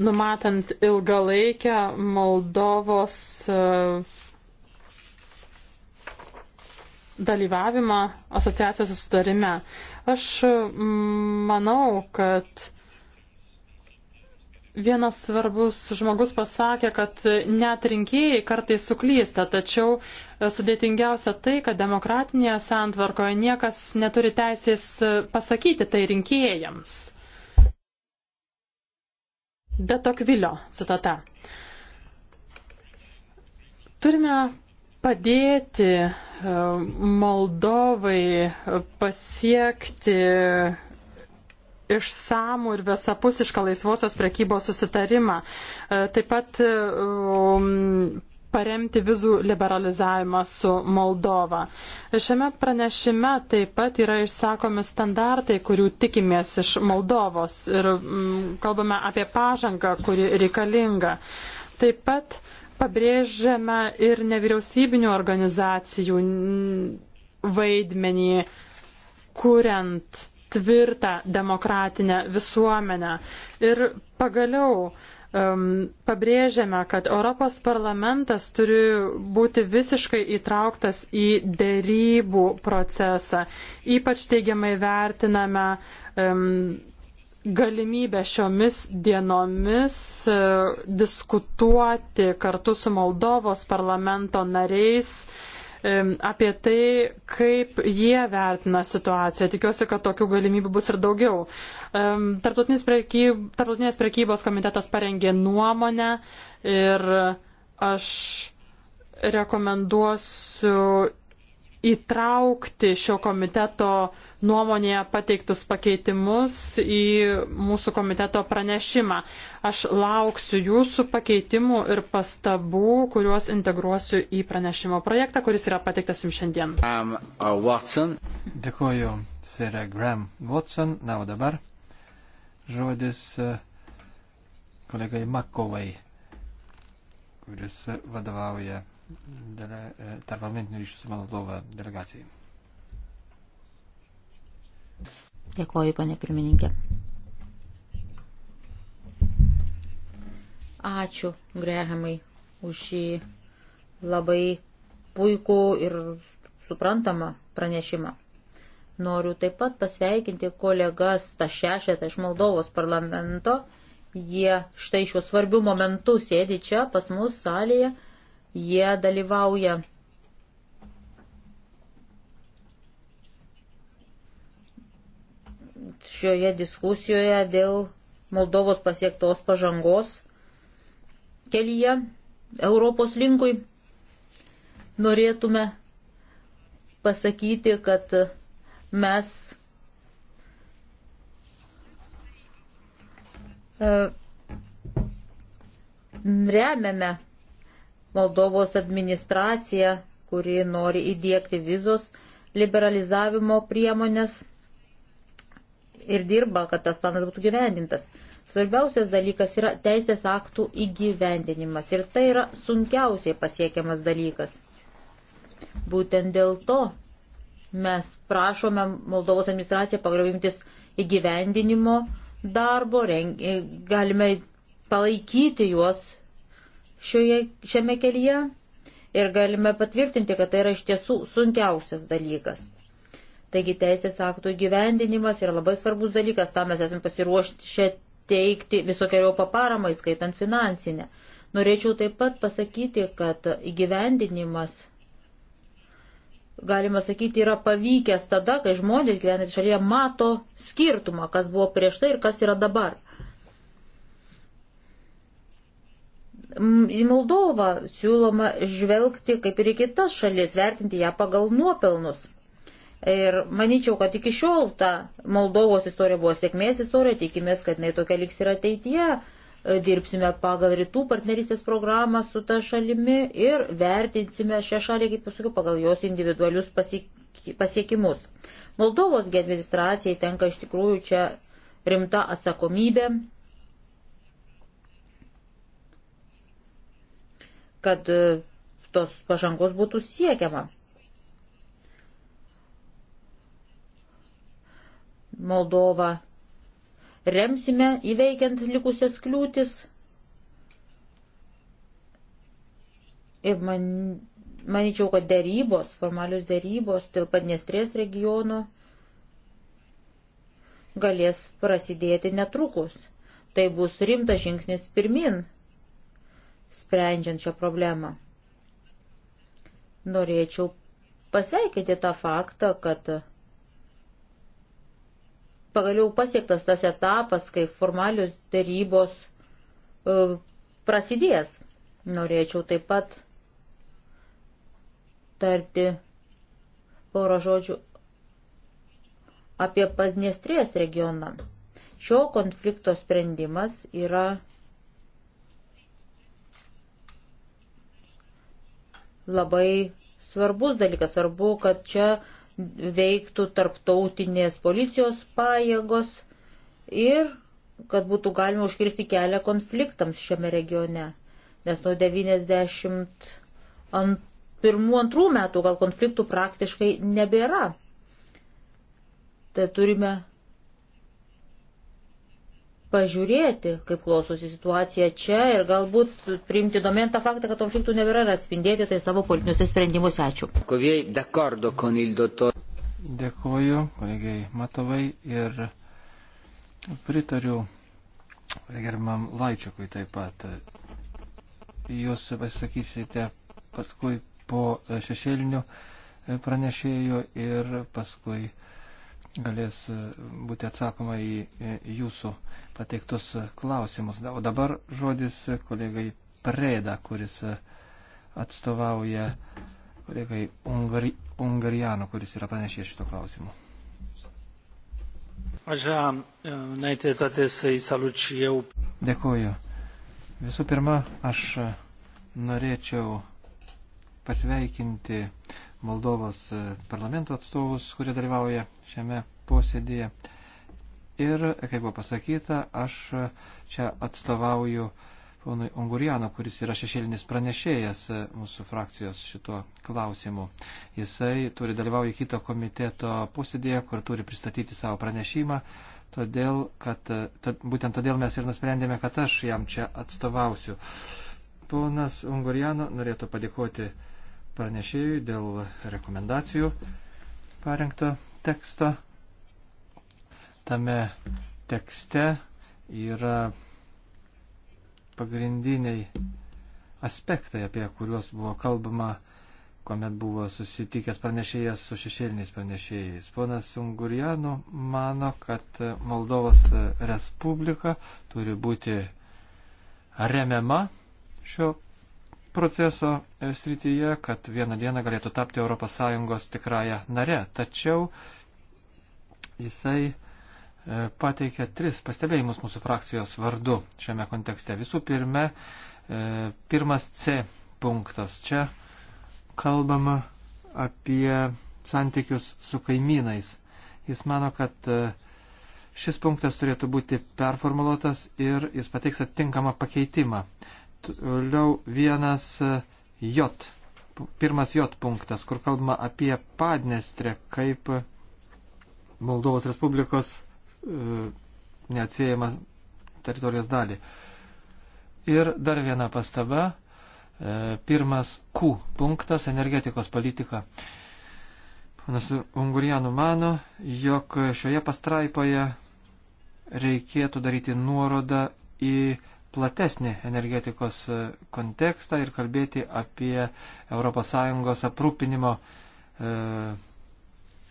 numatant ilgalaikę Moldovos dalyvavimą asociacijos susidarime. Aš manau, kad Vienas svarbus žmogus pasakė, kad net rinkėjai kartai suklysta, tačiau e, sudėtingiausia tai, kad demokratinėje santvarkoje niekas neturi teisės e, pasakyti tai rinkėjams. Detokvilio citata. Turime padėti e, Moldovai pasiekti išsamų ir visapusišką laisvosios prekybos susitarimą. E, taip pat e, um, paremti vizų liberalizavimą su Moldova. Šiame pranešime taip pat yra išsakomi standartai, kurių tikimės iš Moldovos ir mm, kalbame apie pažangą, kuri reikalinga. Taip pat pabrėžiame ir nevyriausybinių organizacijų vaidmenį, kuriant tvirtą demokratinę visuomenę. Ir pagaliau um, pabrėžiame, kad Europos parlamentas turi būti visiškai įtrauktas į dėrybų procesą. Ypač teigiamai vertiname um, galimybę šiomis dienomis uh, diskutuoti kartu su Moldovos parlamento nariais uh, apie tai, kaip jie vertina situaciją. Tikiuosi, kad tokių galimybių bus ir daugiau. Tarptautinės prekybos komitetas parengė nuomonę ir aš rekomenduosiu įtraukti šio komiteto nuomonėje pateiktus pakeitimus į mūsų komiteto pranešimą. Aš lauksiu jūsų pakeitimų ir pastabų, kuriuos integruosiu į pranešimo projektą, kuris yra pateiktas jums šiandien. Um, uh, Watson. Dėkuoju, Sir Graham Watson. Na, o dabar žodis uh, kolegai Makovai, kuris vadovauja dele, tarpamentinių e, ryšių su Moldova delegacijai. Dėkoju, pane pirmininkė. Ačiū, Grehamai, už šį labai puikų ir suprantamą pranešimą. Noriu taip pat pasveikinti kolegas tą šešetą iš Moldovos parlamento. Jie štai šiuo svarbiu momentu sėdi čia pas mus salėje Jie dalyvauja šioje diskusijoje dėl Moldovos pasiektos pažangos kelyje Europos linkui. Norėtume pasakyti, kad mes e, remiame Moldovos administracija, kuri nori įdėkti vizos liberalizavimo priemonės ir dirba, kad tas planas būtų gyvendintas. Svarbiausias dalykas yra teisės aktų įgyvendinimas ir tai yra sunkiausiai pasiekiamas dalykas. Būtent dėl to mes prašome Moldovos administraciją pagrabimtis įgyvendinimo darbo, reng, galime palaikyti juos šioje, šiame kelyje ir galime patvirtinti, kad tai yra iš tiesų sunkiausias dalykas. Taigi teisės aktų gyvendinimas yra labai svarbus dalykas, tam mes esame pasiruošti šią teikti visokiojo paparamą, skaitant finansinę. Norėčiau taip pat pasakyti, kad įgyvendinimas, galima sakyti, yra pavykęs tada, kai žmonės gyvenantys šalyje mato skirtumą, kas buvo prieš tai ir kas yra dabar. į Moldovą siūloma žvelgti kaip ir į kitas šalis, vertinti ją pagal nuopelnus. Ir manyčiau, kad iki šiol ta Moldovos istorija buvo sėkmės istorija, tikimės, kad jinai tokia liks ir ateityje. E, dirbsime pagal rytų partnerystės programą su ta šalimi ir vertinsime šią šalį, kaip jau sakiau, pagal jos individualius pasiekimus. Moldovos administracijai tenka iš tikrųjų čia rimta atsakomybė kad e, tos pažangos būtų siekiama. Moldovą remsime įveikiant likusias kliūtis. Ir man, manyčiau, kad dėrybos, formalius dėrybos dėl Padnestrės regiono galės prasidėti netrukus. Tai bus rimtas žingsnis pirmin sprendžiant šią problemą. Norėčiau pasveikinti tą faktą, kad pagaliau pasiektas tas etapas, kai formalius dėrybos e, prasidės. Norėčiau taip pat tarti porą žodžių apie Padniestrės regioną. Šio konflikto sprendimas yra labai svarbus dalykas. Svarbu, kad čia veiktų tarptautinės policijos pajėgos ir kad būtų galima užkirsti kelią konfliktams šiame regione. Nes nuo 91-2 metų gal konfliktų praktiškai nebėra. Tai turime pažiūrėti, kaip klausosi situacija čia ir galbūt priimti domen tą faktą, kad konfliktų nebėra ir atspindėti tai savo politiniuose sprendimuose. Ačiū. Dėkuoju kolegiai Matovai ir pritariu gerbiam Laičiukui taip pat. Jūs pasisakysite paskui po šešėlinių pranešėjų ir paskui galės e, būti atsakoma į e, jūsų pateiktus klausimus. O dabar žodis kolegai Preda, kuris e, atstovauja kolegai Ungari, Ungarijano, kuris yra pranešęs šito klausimu. Așa, înainte de toate să-i salut și eu. Dėkuoju. Visų pirma, aš norėčiau pasveikinti Moldovos e, parlamento atstovus, kurie dalyvauja šiame posėdėje. Ir, kaip buvo pasakyta, aš e, čia atstovauju ponui Unguriano, kuris yra šešėlinis pranešėjas e, mūsų frakcijos šituo klausimu. Jisai turi dalyvauti kito komiteto posėdėje, kur turi pristatyti savo pranešimą, todėl, kad, tad, būtent todėl mes ir nusprendėme, kad aš jam čia atstovausiu. Ponas Unguriano norėtų padėkoti pranešėjui dėl rekomendacijų parengto teksto. Tame tekste yra pagrindiniai aspektai, apie kuriuos buvo kalbama, kuomet buvo susitikęs pranešėjas su šešėliniais pranešėjais. Ponas Ungurianu mano, kad Moldovos Respublika turi būti remiama šio proceso e, srityje, kad vieną dieną galėtų tapti ES tikrąją nare. Tačiau jisai e, pateikė tris pastebėjimus mūsų frakcijos vardu šiame kontekste. Visų pirma, e, pirmas C punktas. Čia kalbama apie santykius su kaimynais. Jis mano, kad šis punktas turėtų būti performuluotas ir jis pateiks atitinkamą pakeitimą. Toliau vienas e, J, pirmas J punktas, kur kalbama apie Padnestrę kaip Moldovos Respublikos e, neatsiejama teritorijos dalį. Ir dar viena pastaba. E, pirmas Q punktas - energetikos politika. Panas Ungurianų mano, jog šioje pastraipoje reikėtų daryti nuorodą į platesnį energetikos e, kontekstą ir kalbėti apie ES aprūpinimo e,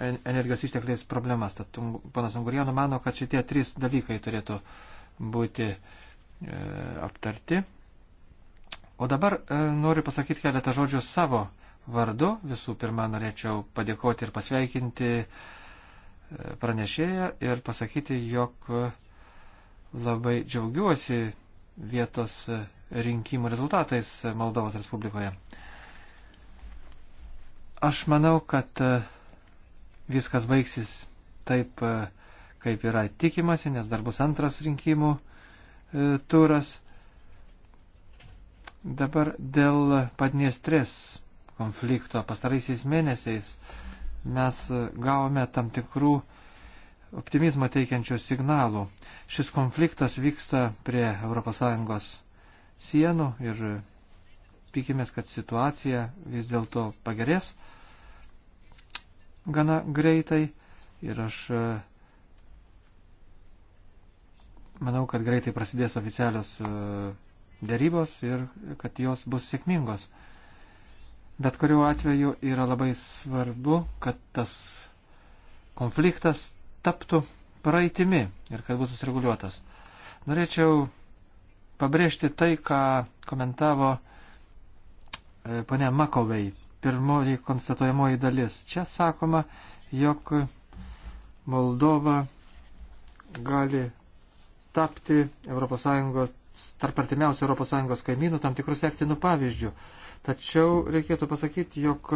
energijos ištekliais problemas. Tad panas Ungurienų mano, kad šitie trys dalykai turėtų būti e, aptarti. O dabar e, noriu pasakyti keletą žodžių savo vardu. Visų pirma, norėčiau padėkoti ir pasveikinti e, pranešėją ir pasakyti, jog e, labai džiaugiuosi vietos rinkimų rezultatais Moldovos Respublikoje. Aš manau, kad e, viskas baigsis taip, e, kaip yra tikimasi, nes dar bus antras rinkimų e, turas. Dabar dėl Padniestrės konflikto pastaraisiais mėnesiais mes gavome tam tikrų optimizmą teikiančių signalų. Šis konfliktas vyksta prie ES sienų ir tikimės, kad situacija vis dėlto pagerės gana greitai ir aš e, manau, kad greitai prasidės oficialios e, dėrybos ir kad jos bus sėkmingos. Bet kuriuo atveju yra labai svarbu, kad tas konfliktas taptų praeitimi ir kad būtų sureguliuotas. Norėčiau pabrėžti tai, ką komentavo e, ponia Makovei, pirmoji konstatuojamoji dalis. Čia sakoma, jog Moldova gali tapti ES, tarp artimiausių ES kaimynų tam tikrų sektinų pavyzdžių. Tačiau reikėtų pasakyti, jog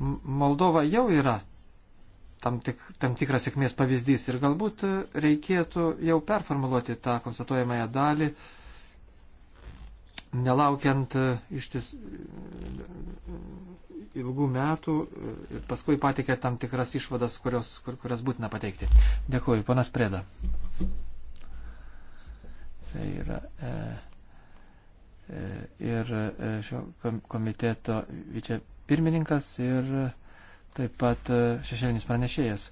Moldova jau yra tam, tik, tam tikras sėkmės pavyzdys. Ir galbūt reikėtų jau performuluoti tą konstatuojamąją dalį, nelaukiant e, ištis e, ilgų metų e, ir paskui patikė tam tikras išvadas, kurios, kur, kurias būtina pateikti. Dėkuoju, panas Preda. Tai yra e, e, ir šio komiteto vicepirmininkas ir e, taip pat e, šešėlinis pranešėjas.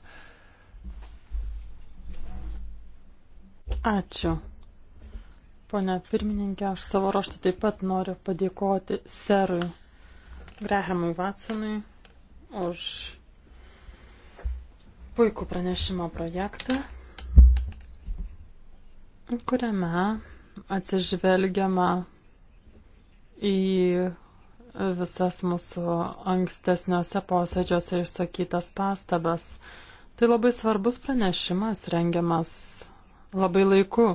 Ačiū. Pone pirmininkė, aš savo raštą taip pat noriu padėkoti serui Grahamui Watsonui už puikų pranešimo projektą, kuriame atsižvelgiama į visas mūsų ankstesniuose posėdžiuose išsakytas pastabas. Tai labai svarbus pranešimas rengiamas labai laiku,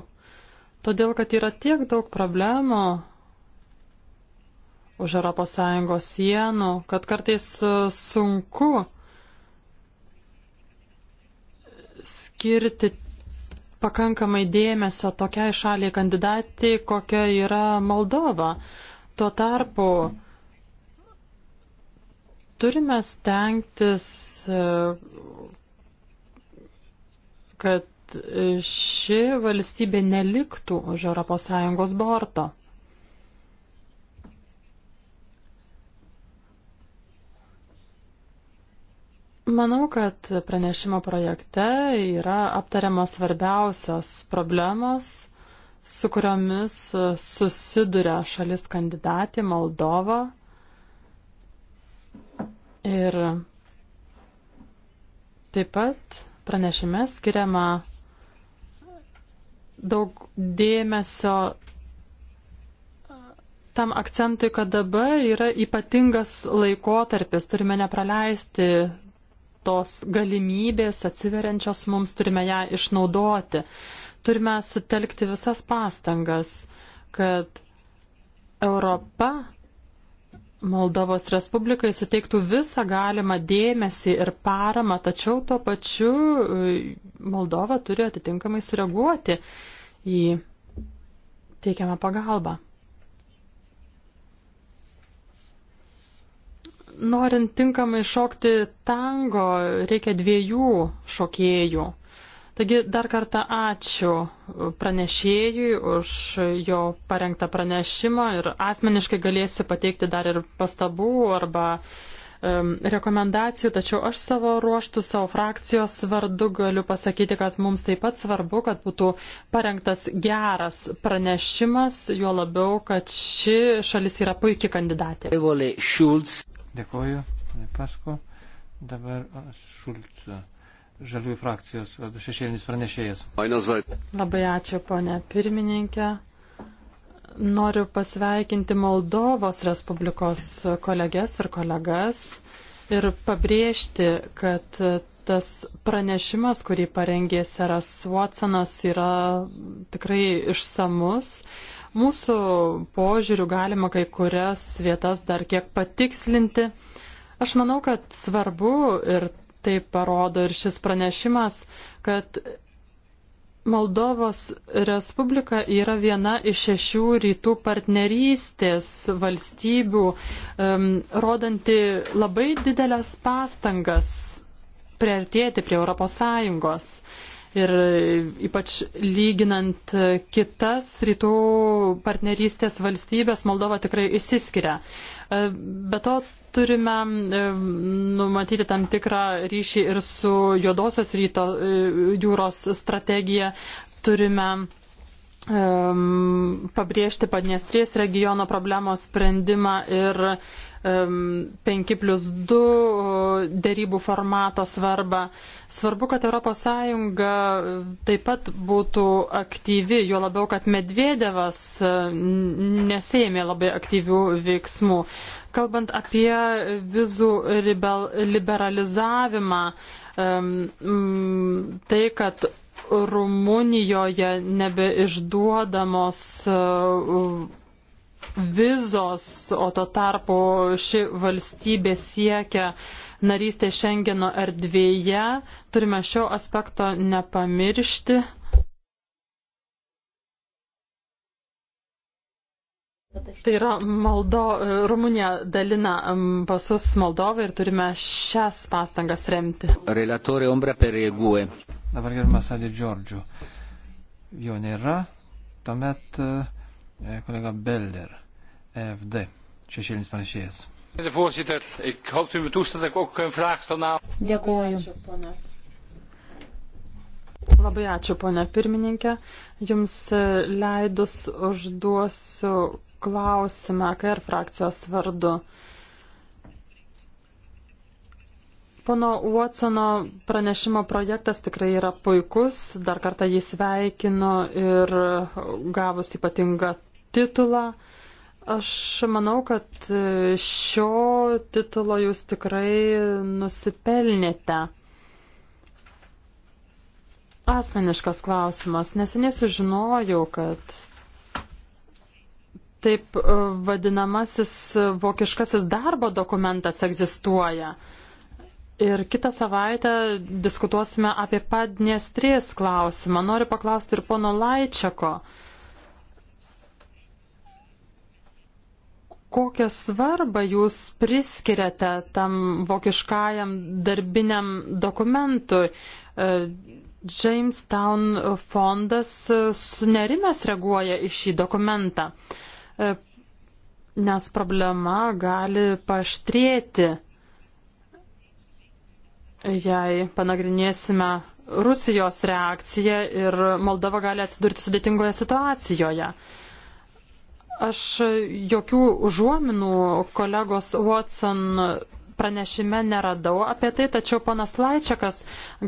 todėl kad yra tiek daug problemų už ES sienų, kad kartais e, sunku skirti pakankamai dėmesio tokiai šaliai kandidatai, kokia yra Moldova. Tuo tarpu mm. Turime stengtis, e, kad ši valstybė neliktų už ES borto. Manau, kad pranešimo projekte yra aptariamos svarbiausios problemos, su kuriomis susiduria šalis kandidatė Moldova. Ir taip pat pranešime skiriama daug dėmesio tam akcentui, kad dabar yra ypatingas laikotarpis, turime nepraleisti tos galimybės atsiveriančios mums, turime ją išnaudoti. Turime sutelkti visas pastangas, kad Europa Moldovos Respublikai suteiktų visą galimą dėmesį ir paramą, tačiau tuo pačiu e, Moldova turi atitinkamai sureaguoti į teikiamą pagalbą. Norint tinkamai šokti tango, reikia dviejų šokėjų. Taigi dar kartą ačiū pranešėjui už jo parengtą pranešimą ir asmeniškai galėsiu pateikti dar ir pastabų arba um, rekomendacijų, tačiau aš savo ruoštų, savo frakcijos vardu galiu pasakyti, kad mums taip pat svarbu, kad būtų parengtas geras pranešimas, juo labiau, kad ši šalis yra puikia kandidatė. Dėkuoju, Pasko. Dabar Šulcas žaliųjų frakcijos vardu šešėlinis pranešėjas. Labai ačiū, ponė pirmininkė. Noriu pasveikinti Moldovos Respublikos kolegės ir kolegas ir pabrėžti, kad tas pranešimas, kurį parengė Seras Watsonas, yra tikrai išsamus. Mūsų požiūrių galima kai kurias vietas dar kiek patikslinti. Aš manau, kad svarbu ir tai parodo ir šis pranešimas, kad Moldovos Respublika yra viena iš šešių rytų partnerystės valstybių, um, rodanti labai didelės pastangas priartėti prie ES. Ir ypač lyginant kitas rytų partnerystės valstybės, Moldova tikrai įsiskiria. Be to, turime e, numatyti tam tikrą ryšį ir su juodosios ryto e, jūros strategija. Turime um, pabrėžti Padniestrės regiono problemos sprendimą ir um, 5 plus 2 e, dėrybų formato svarbą. Svarbu, kad ES taip pat būtų aktyvi, jo labiau, kad Medvedevas nesėmė labai aktyvių veiksmų. Kalbant apie vizų liberalizavimą, tai, kad Rumunijoje nebeišduodamos e, vizos, o tuo tarpu ši valstybė siekia narystė Šengeno erdvėje, turime šio aspekto nepamiršti. Tai yra Moldo, e, Rumunija dalina pasus Moldovai ir turime šias pastangas remti. Relatorė Ombra Peregue. Dabar gerbimas Adi Džordžių. Jo nėra. Tuomet e, e, kolega Belder, EFD, šešėlinis panašėjas. Voorzitter, ik hoop u me toestaat dat ik ook een vraag stel na. Dėkuoju. Labai ačiū, ponia pirmininkė. Jums leidus užduosiu klausimą, kai ir frakcijos vardu. Pono Watsono pranešimo projektas tikrai yra puikus, dar kartą jį sveikinu ir gavus ypatingą titulą. Aš manau, kad šio titulo jūs tikrai nusipelnėte. Asmeniškas klausimas. Neseniai sužinojau, kad taip e, vadinamasis vokiškasis darbo dokumentas egzistuoja. Ir kitą savaitę diskutuosime apie padniestrės klausimą. Noriu paklausti ir pono Laičiako. Kokią svarbą jūs priskiriate tam vokiškajam darbiniam dokumentui? E, Jamestown fondas sunerimęs reaguoja į šį dokumentą. E, nes problema gali paštrėti, jei panagrinėsime Rusijos reakciją ir Moldova gali atsidurti sudėtingoje situacijoje. Aš jokių užuominų kolegos Watson pranešime neradau apie tai, tačiau ponas Laičiakas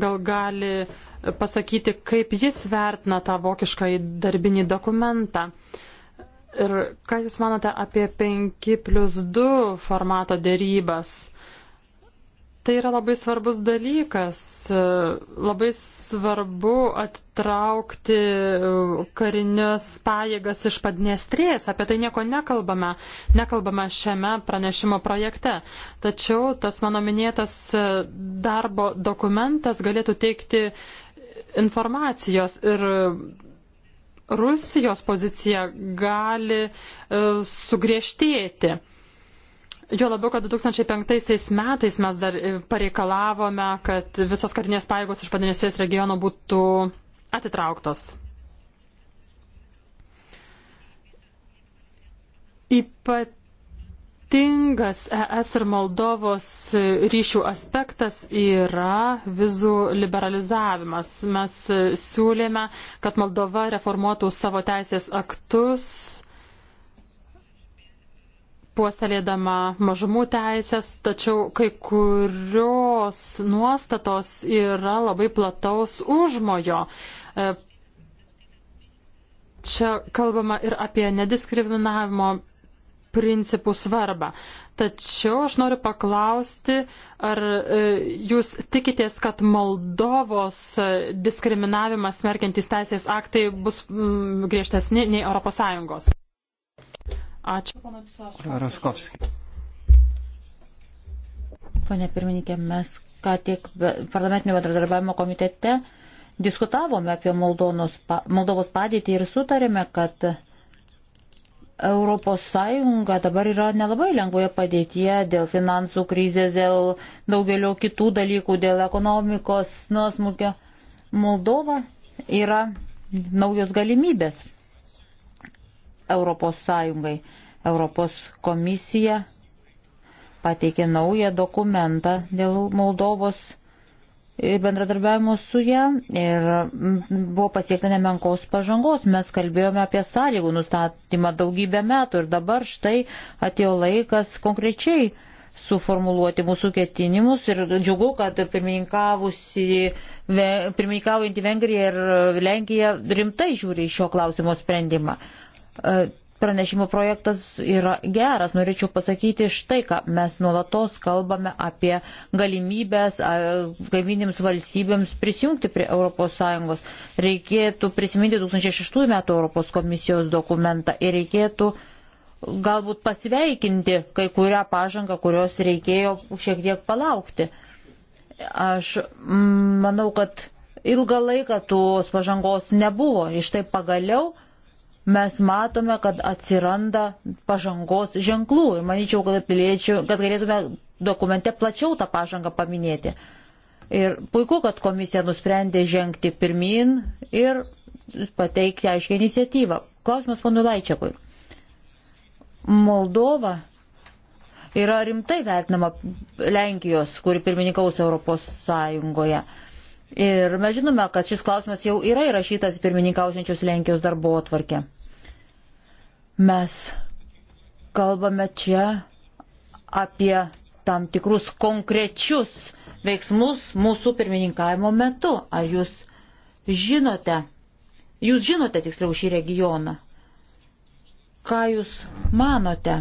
gal gali pasakyti, kaip jis vertina tą vokišką darbinį dokumentą. Uh, Ir ką Jūs manote apie 5 plus 2 formato dėrybas? Tai yra labai svarbus dalykas. Labai svarbu attraukti karinius pajėgas iš padnestrės. Apie tai nieko nekalbame. Nekalbame šiame pranešimo projekte. Tačiau tas mano minėtas darbo dokumentas galėtų teikti informacijos ir Rusijos pozicija gali e, sugriežtėti. Jo labiau, kad 2005 metais mes dar e, pareikalavome, kad visos karinės paėgos iš padinėsės regiono būtų atitrauktos. Ypat Ypatingas ES ir Moldovos ryšių aspektas yra vizų liberalizavimas. Mes siūlėme, kad Moldova reformuotų savo teisės aktus, puoselėdama mažumų teisės, tačiau kai kurios nuostatos yra labai plataus užmojo. E, čia kalbama ir apie nediskriminavimo principų svarbą. Tačiau aš noriu paklausti, ar e, jūs tikitės, kad Moldovos e, diskriminavimas smerkiantys teisės aktai bus mm, griežtesni nei ES? Ačiū, ponas Pane pirmininkė, mes ką tik parlamentinio bendradarbiavimo komitete diskutavome apie Moldonos, Moldovos padėtį ir sutarėme, kad ES dabar yra nelabai lengvoje padėtyje dėl finansų krizės, dėl daugelio kitų dalykų, dėl ekonomikos nuosmukio. Moldova yra naujos galimybės ES. Europos komisija pateikė naują dokumentą dėl Moldovos bendradarbiavimo su ją ir buvo pasiekta nemenkos pažangos. Mes kalbėjome apie sąlygų nustatymą daugybę metų ir dabar štai atėjo laikas konkrečiai suformuluoti mūsų ketinimus ir džiugu, kad pirmininkaujantį Vengriją ir Lenkiją rimtai žiūri šio klausimo sprendimą. E, pranešimų projektas yra geras. Norėčiau pasakyti štai, ką mes nuolatos kalbame apie galimybės kaiminėms valstybėms prisijungti prie ES. Reikėtų prisiminti 2006 metų Europos komisijos dokumentą ir reikėtų galbūt pasveikinti kai kurią pažangą, kurios reikėjo šiek tiek palaukti. Aš manau, kad ilgą laiką tos pažangos nebuvo. Iš tai pagaliau mes matome, kad atsiranda pažangos ženklų ir manyčiau, kad, piliečių, kad galėtume dokumente plačiau tą pažangą paminėti. Ir puiku, kad komisija nusprendė žengti pirmin ir pateikti aiškiai iniciatyvą. Klausimas ponu Laičiakui. Moldova yra rimtai vertinama Lenkijos, kuri pirmininkaus Europos Sąjungoje. Ir mes žinome, kad šis klausimas jau yra įrašytas pirmininkausiančios Lenkijos darbo atvarkė. Mes kalbame čia apie tam tikrus konkrečius veiksmus mūsų pirmininkavimo metu. Ar jūs žinote, jūs žinote tiksliau šį regioną? Ką jūs manote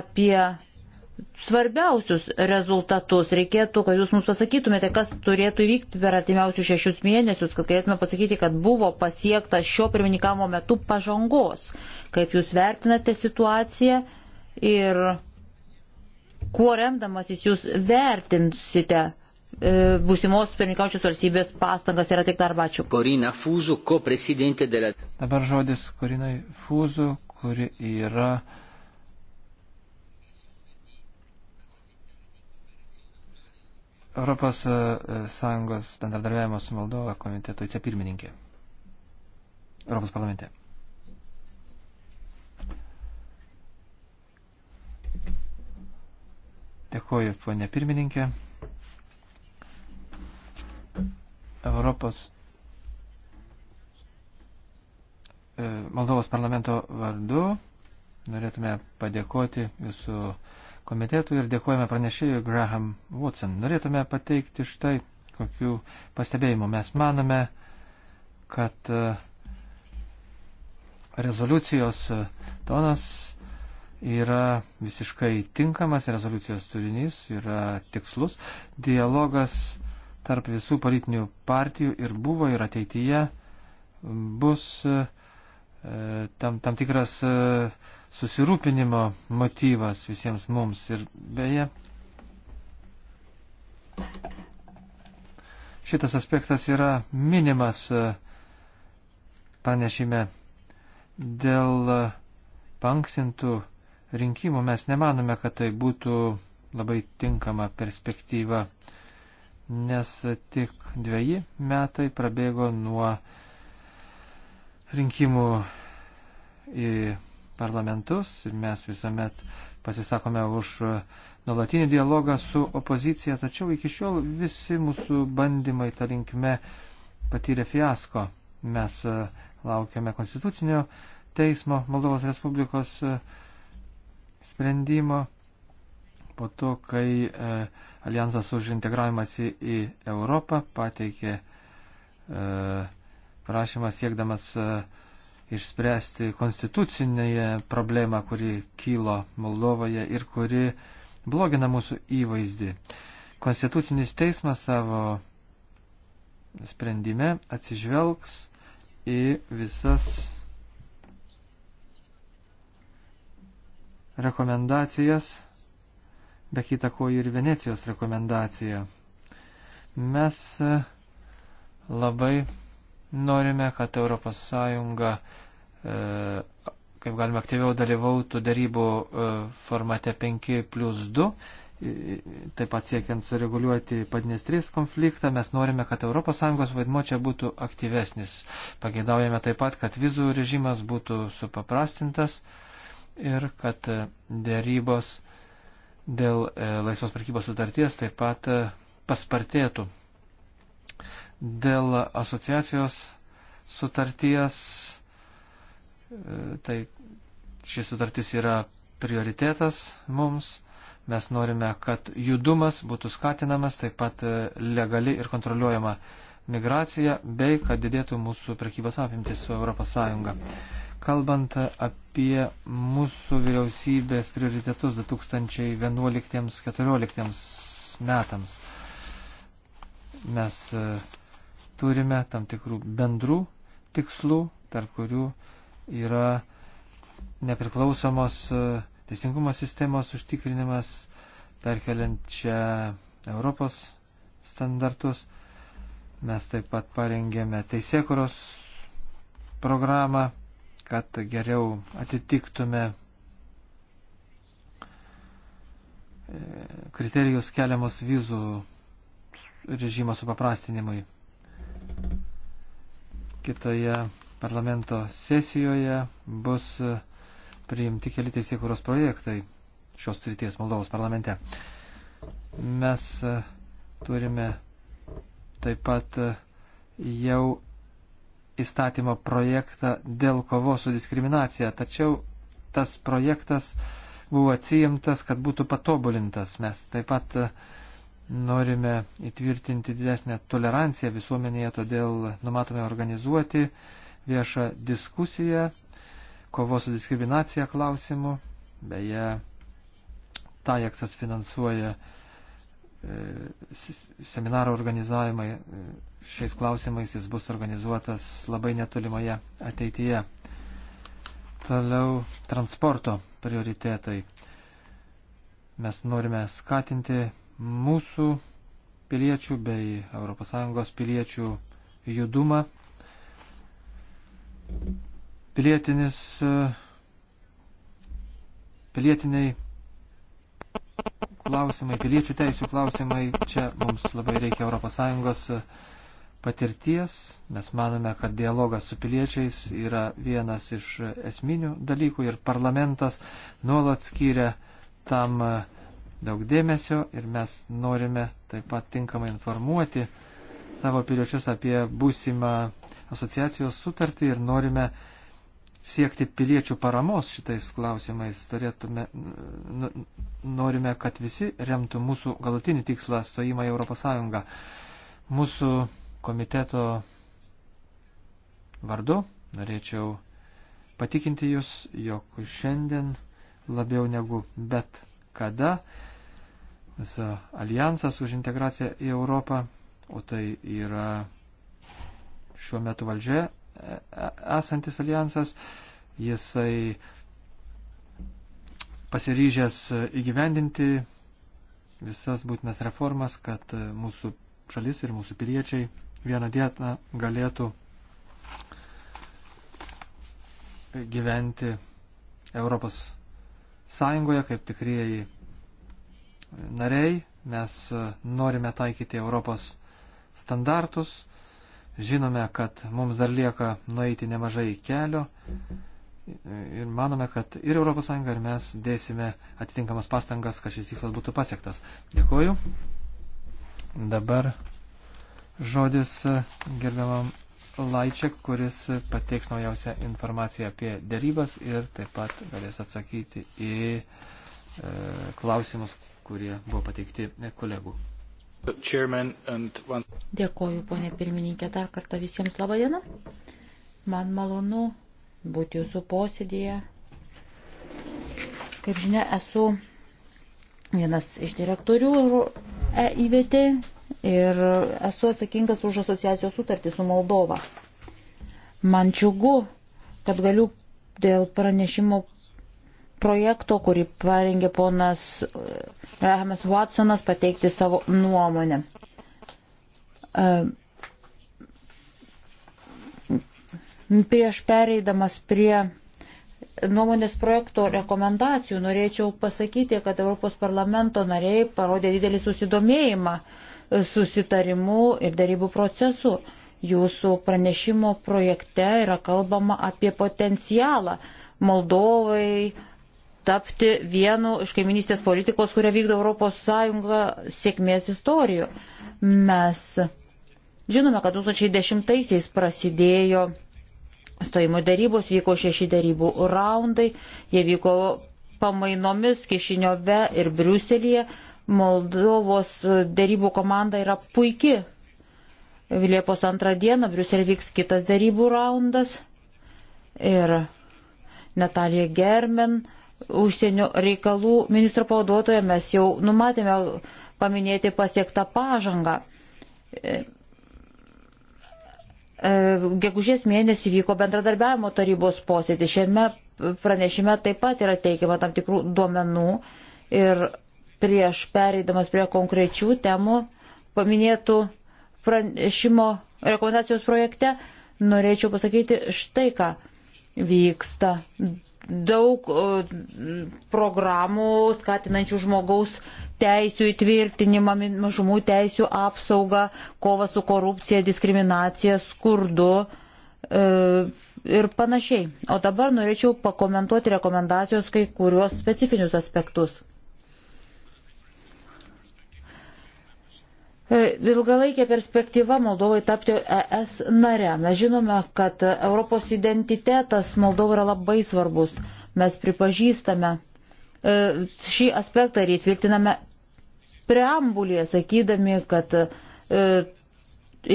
apie svarbiausius rezultatus. Reikėtų, kad jūs mums pasakytumėte, kas turėtų įvykti per artimiausius šešius mėnesius, kad galėtume pasakyti, kad buvo pasiekta šio pirmininkavimo metu pažangos. Kaip jūs vertinate situaciją ir kuo remdamasis jūs vertinsite e, būsimos pirmininkaučios valstybės pastangas ir atliktą arba ačiū. Korina Fūzų, ko prezidentė dėl. Dabar žodis Korinai Fūzų, kuri yra Europos e, e, Sąjungos bendradarbiavimo su Moldova komiteto vicepirmininkė Europos parlamente. Dėkuoju, ponė pirmininkė. Europos e, Moldovos parlamento vardu norėtume padėkoti visų komitetui ir dėkojame pranešėjui Graham Watson. Norėtume pateikti štai kokių pastebėjimų. Mes manome, kad e, rezoliucijos e, tonas yra visiškai tinkamas, rezoliucijos turinys yra tikslus. Dialogas tarp visų politinių partijų ir buvo ir ateityje bus e, tam, tam tikras susirūpinimo motyvas visiems mums. Ir beje, šitas aspektas yra minimas e, panešime dėl e, panksintų rinkimų. Mes nemanome, kad tai būtų labai tinkama perspektyva, nes tik dviejai metai prabėgo nuo rinkimų į parlamentus ir mes visuomet pasisakome už nuolatinį dialogą su opozicija, tačiau iki šiol visi mūsų bandymai tą linkme patyrė fiasko. Mes e, laukiame konstitucinio teismo Moldovos Respublikos e, sprendimo po to, kai e, Alijansas už integravimąsi į Europą pateikė prašymą siekdamas uh, išspręsti konstitucinėje problemą, kuri kylo Moldovoje ir kuri blogina mūsų įvaizdį. Konstitucinis teismas savo sprendime atsižvelgs į visas rekomendacijas, be kitako ir Venecijos rekomendaciją. Mes labai Norime, kad ES e, kaip galima aktyviau dalyvautų darybų e, formate 5 plus 2, taip pat siekiant sureguliuoti Padnestrės konfliktą, mes norime, kad ES vaidmo čia būtų aktyvesnis. Pageidaujame taip pat, kad vizų režimas būtų supaprastintas ir kad e, dėrybos dėl laisvos prekybos sutarties taip pat paspartėtų. Dėl asociacijos sutarties, e, tai ši sutartis yra prioritetas mums. Mes norime, kad judumas būtų skatinamas, taip pat e, legali ir kontroliuojama migracija, bei kad didėtų mūsų prekybos apimtis su ES. Kalbant apie mūsų vyriausybės prioritetus 2011-2014 metams, mes e, turime tam tikrų bendrų tikslų, tarp kurių yra nepriklausomos e, teisingumo sistemos užtikrinimas, perkeliant čia Europos standartus. Mes taip pat parengėme teisėkuros programą, kad geriau atitiktume e, kriterijus keliamus vizų režimo supaprastinimui. Kitoje parlamento sesijoje bus e, priimti keli teisėkūros projektai šios srities Moldovos parlamente. Mes e, turime taip pat e, jau įstatymo projektą dėl kovos su diskriminacija, tačiau tas projektas buvo atsijimtas, kad būtų patobulintas. Mes taip pat uh, norime įtvirtinti didesnę toleranciją visuomenėje, todėl numatome organizuoti viešą diskusiją, kovos su diskriminacija klausimu. Beje, TAJAKSAS finansuoja e, seminaro organizavimą e, šiais klausimais, jis bus organizuotas labai netolimoje ateityje. Toliau transporto prioritetai. Mes norime skatinti mūsų piliečių bei ES piliečių judumą. Pilietinis, pilietiniai klausimai, piliečių teisų klausimai, čia mums labai reikia ES patirties. Mes manome, kad dialogas su piliečiais yra vienas iš esminių dalykų ir parlamentas nuolat skiria tam uh, daug dėmesio ir mes norime taip pat tinkamai informuoti savo piliečius apie būsimą asociacijos sutartį ir norime siekti piliečių paramos šitais klausimais. Turėtume, nu, norime, kad visi remtų mūsų galutinį tikslą stojimą į Europos Sąjungą. Mūsų komiteto vardu norėčiau patikinti Jūs, jog šiandien labiau negu bet kada visą alijansas už integraciją į Europą, o tai yra šiuo metu valdžia e, e, esantis alijansas. Jisai pasiryžęs įgyvendinti visas būtinas reformas, kad mūsų šalis ir mūsų piliečiai vieną dieną galėtų gyventi Europos Sąjungoje kaip tikrieji nariai, mes e, norime taikyti Europos standartus, žinome, kad mums dar lieka nueiti nemažai kelio ir manome, kad ir ES ir mes dėsime atitinkamas pastangas, kad šis tikslas būtų pasiektas. Dėkuoju. Dabar žodis e, gerbiamam Laičiak, kuris pateiks naujausią informaciją apie dėrybas ir taip pat galės atsakyti į e, klausimus, kurie buvo pateikti e, kolegų. Dėkoju, ponė pirmininkė, dar kartą visiems labą dieną. Man malonu būti jūsų posėdėje. Kaip žinia, esu vienas iš direktorių EIVT ir esu atsakingas už asociacijos sutartį su Moldova. Man džiugu, kad galiu dėl pranešimo projekto, kurį parengė ponas Rahamas e, Watsonas, pateikti savo nuomonę. E, prieš pereidamas prie nuomonės projekto rekomendacijų norėčiau pasakyti, kad Europos parlamento nariai parodė didelį susidomėjimą susitarimu ir darybų procesu. Jūsų pranešimo projekte yra kalbama apie potencialą Moldovai, tapti vienu iš kaiminystės politikos, kurią vykdo ES sėkmės istorijų. Mes žinome, kad 2010-aisiais prasidėjo stojimo darybos, vyko šeši darybų raundai, jie vyko pamainomis Kišiniove ir Briuselėje. Moldovos darybų komanda yra puiki. Liepos antrą dieną Briuselė vyks kitas darybų raundas ir Natalija Germen užsienio reikalų ministro pavaduotoje mes jau numatėme paminėti pasiektą pažangą. E, gegužės mėnesį vyko bendradarbiavimo tarybos posėdis. Šiame pranešime taip pat yra teikiama tam tikrų duomenų ir prieš pereidamas prie konkrečių temų paminėtų pranešimo rekomendacijos projekte norėčiau pasakyti štai ką vyksta daug programų skatinančių žmogaus teisų įtvirtinimą, mažumų teisų apsaugą, kovą su korupcija, diskriminacija, skurdu e, ir panašiai. O dabar norėčiau pakomentuoti rekomendacijos kai kuriuos specifinius aspektus. E, ilgalaikė perspektyva Moldovai tapti ES nare. Mes žinome, kad Europos identitetas Moldovai yra labai svarbus. Mes pripažįstame e, šį aspektą ir įtvirtiname preambulėje, sakydami, kad, e,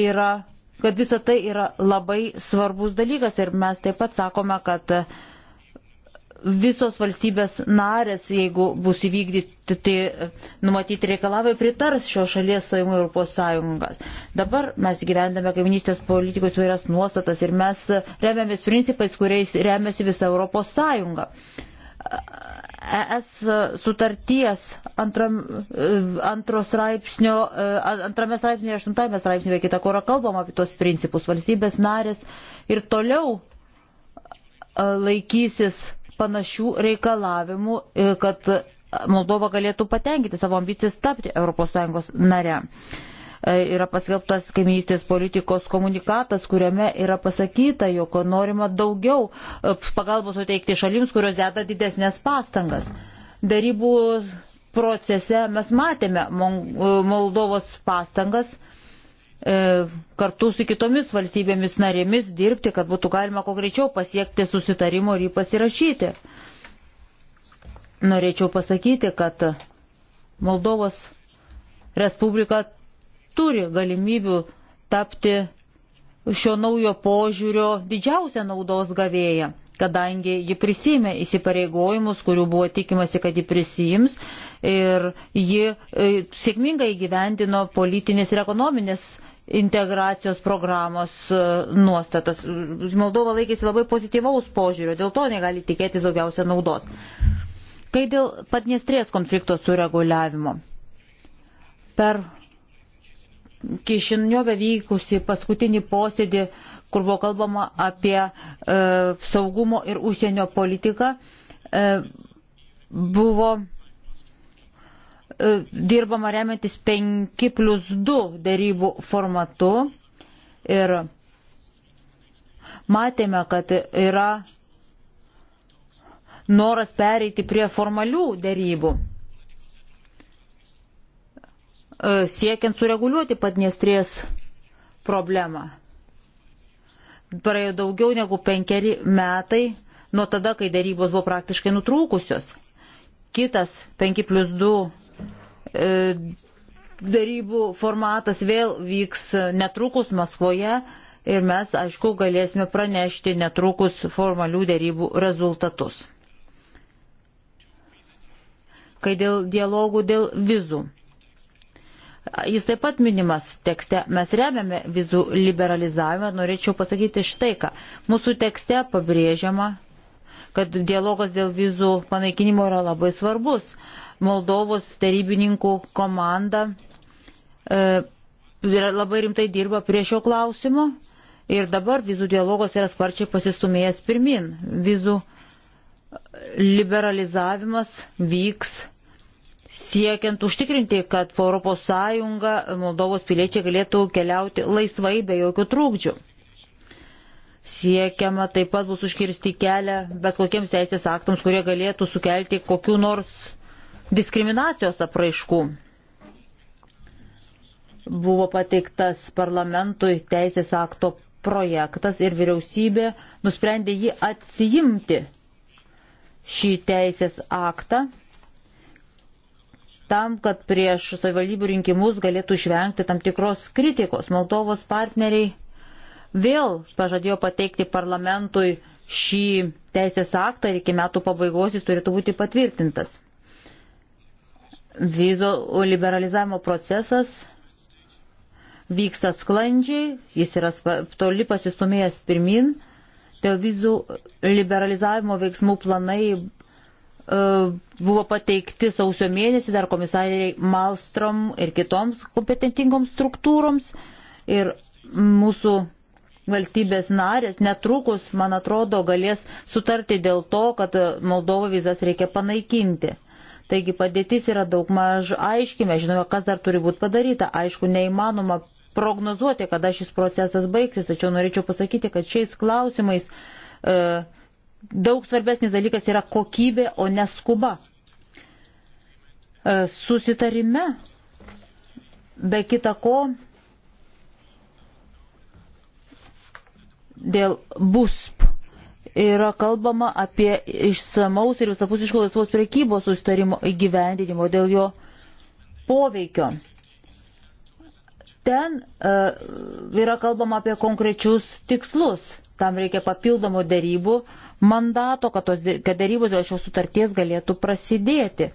yra, kad visa tai yra labai svarbus dalykas ir mes taip pat sakome, kad visos valstybės narės, jeigu bus įvykdyti tai e, numatyti reikalavimai, pritars šio šalies stojimo Europos Sąjungas. Dabar mes gyvendame kaiminystės politikos vairias nuostatas ir mes remiamės principais, kuriais remiasi visa Europos Sąjunga. E, ES sutarties antram, e, antro straipsnio, antrame straipsnėje, aštuntame straipsnėje, kita, kur kalbama apie tos principus, valstybės narės ir toliau laikysis panašių reikalavimų, e, kad Moldova galėtų patenkinti savo ambicijas tapti ES nare. E, yra paskelbtas kaiminystės politikos komunikatas, kuriame yra pasakyta, jog norima daugiau e, pagalbos suteikti šalims, kurios deda didesnės pastangas. Darybų procese mes matėme Moldovos pastangas E, kartu su kitomis valstybėmis narėmis dirbti, kad būtų galima kuo greičiau pasiekti susitarimo ir jį pasirašyti. Norėčiau pasakyti, kad Moldovos Respublika turi galimybių tapti šio naujo požiūrio didžiausią naudos gavėją, kadangi ji prisėmė įsipareigojimus, kurių buvo tikimasi, kad ji prisijims ir ji e, sėkmingai gyvendino politinės ir ekonominės integracijos programos e, nuostatas. Moldova laikėsi labai pozityvaus požiūrio, dėl to negali tikėtis daugiausia naudos. Kai dėl Padniestrės konflikto sureguliavimo. Per Kišiniove vykusi paskutinį posėdį, kur buvo kalbama apie e, saugumo ir užsienio politiką, e, buvo E, dirbama remiantis 5 plus 2 dėrybų formatu ir matėme, kad yra noras pereiti prie formalių dėrybų, e, siekiant sureguliuoti Padniestrės problemą. Praėjo daugiau negu penkeri metai nuo tada, kai dėrybos buvo praktiškai nutrūkusios. Kitas 5 plus 2 E, darybų formatas vėl vyks netrukus Maskvoje ir mes, aišku, galėsime pranešti netrukus formalių darybų rezultatus. Kai dėl dialogų dėl vizų. Jis taip pat minimas tekste. Mes remiame vizų liberalizavimą. Norėčiau pasakyti štai ką. Mūsų tekste pabrėžiama, kad dialogas dėl vizų panaikinimo yra labai svarbus. Uh, Moldovos tarybininkų komanda e, labai rimtai dirba prie šio klausimo ir dabar vizų dialogas yra sparčiai pasistumėjęs pirmin. Vizų e, liberalizavimas vyks siekiant užtikrinti, kad po ES Moldovos piliečiai galėtų keliauti laisvai be jokių trūkdžių. Siekiama taip pat bus užkirsti kelią bet kokiems teisės aktams, kurie galėtų sukelti kokiu nors diskriminacijos apraiškų. Buvo pateiktas parlamentui teisės akto projektas ir vyriausybė nusprendė jį atsijimti šį teisės aktą tam, kad prieš savivaldybių rinkimus galėtų išvengti tam tikros kritikos. Moldovos partneriai vėl pažadėjo pateikti parlamentui šį teisės aktą ir iki metų pabaigos jis turėtų būti patvirtintas. Vizo liberalizavimo procesas vyksta sklandžiai, jis yra toli pasistumėjęs pirmin, dėl vizų liberalizavimo veiksmų planai e, buvo pateikti sausio mėnesį dar komisariai Malstrom ir kitoms kompetentingoms struktūroms ir mūsų valstybės narės netrukus, man atrodo, galės sutarti dėl to, kad Moldovo vizas reikia panaikinti. Taigi padėtis yra daug maž aiški, mes žinome, kas dar turi būti padaryta. Aišku, neįmanoma prognozuoti, kada šis procesas baigsis, tačiau norėčiau pasakyti, kad šiais klausimais e, daug svarbesnis dalykas yra kokybė, o ne skuba. E, susitarime, be kita ko, dėl bus yra kalbama apie išsamaus ir visapusiško laisvos priekybos sustarimo įgyvendinimo dėl jo poveikio. Ten uh, yra kalbama apie konkrečius tikslus. Tam reikia papildomų dėrybų mandato, kad, tos, kad dėrybos dėl šios sutarties galėtų prasidėti.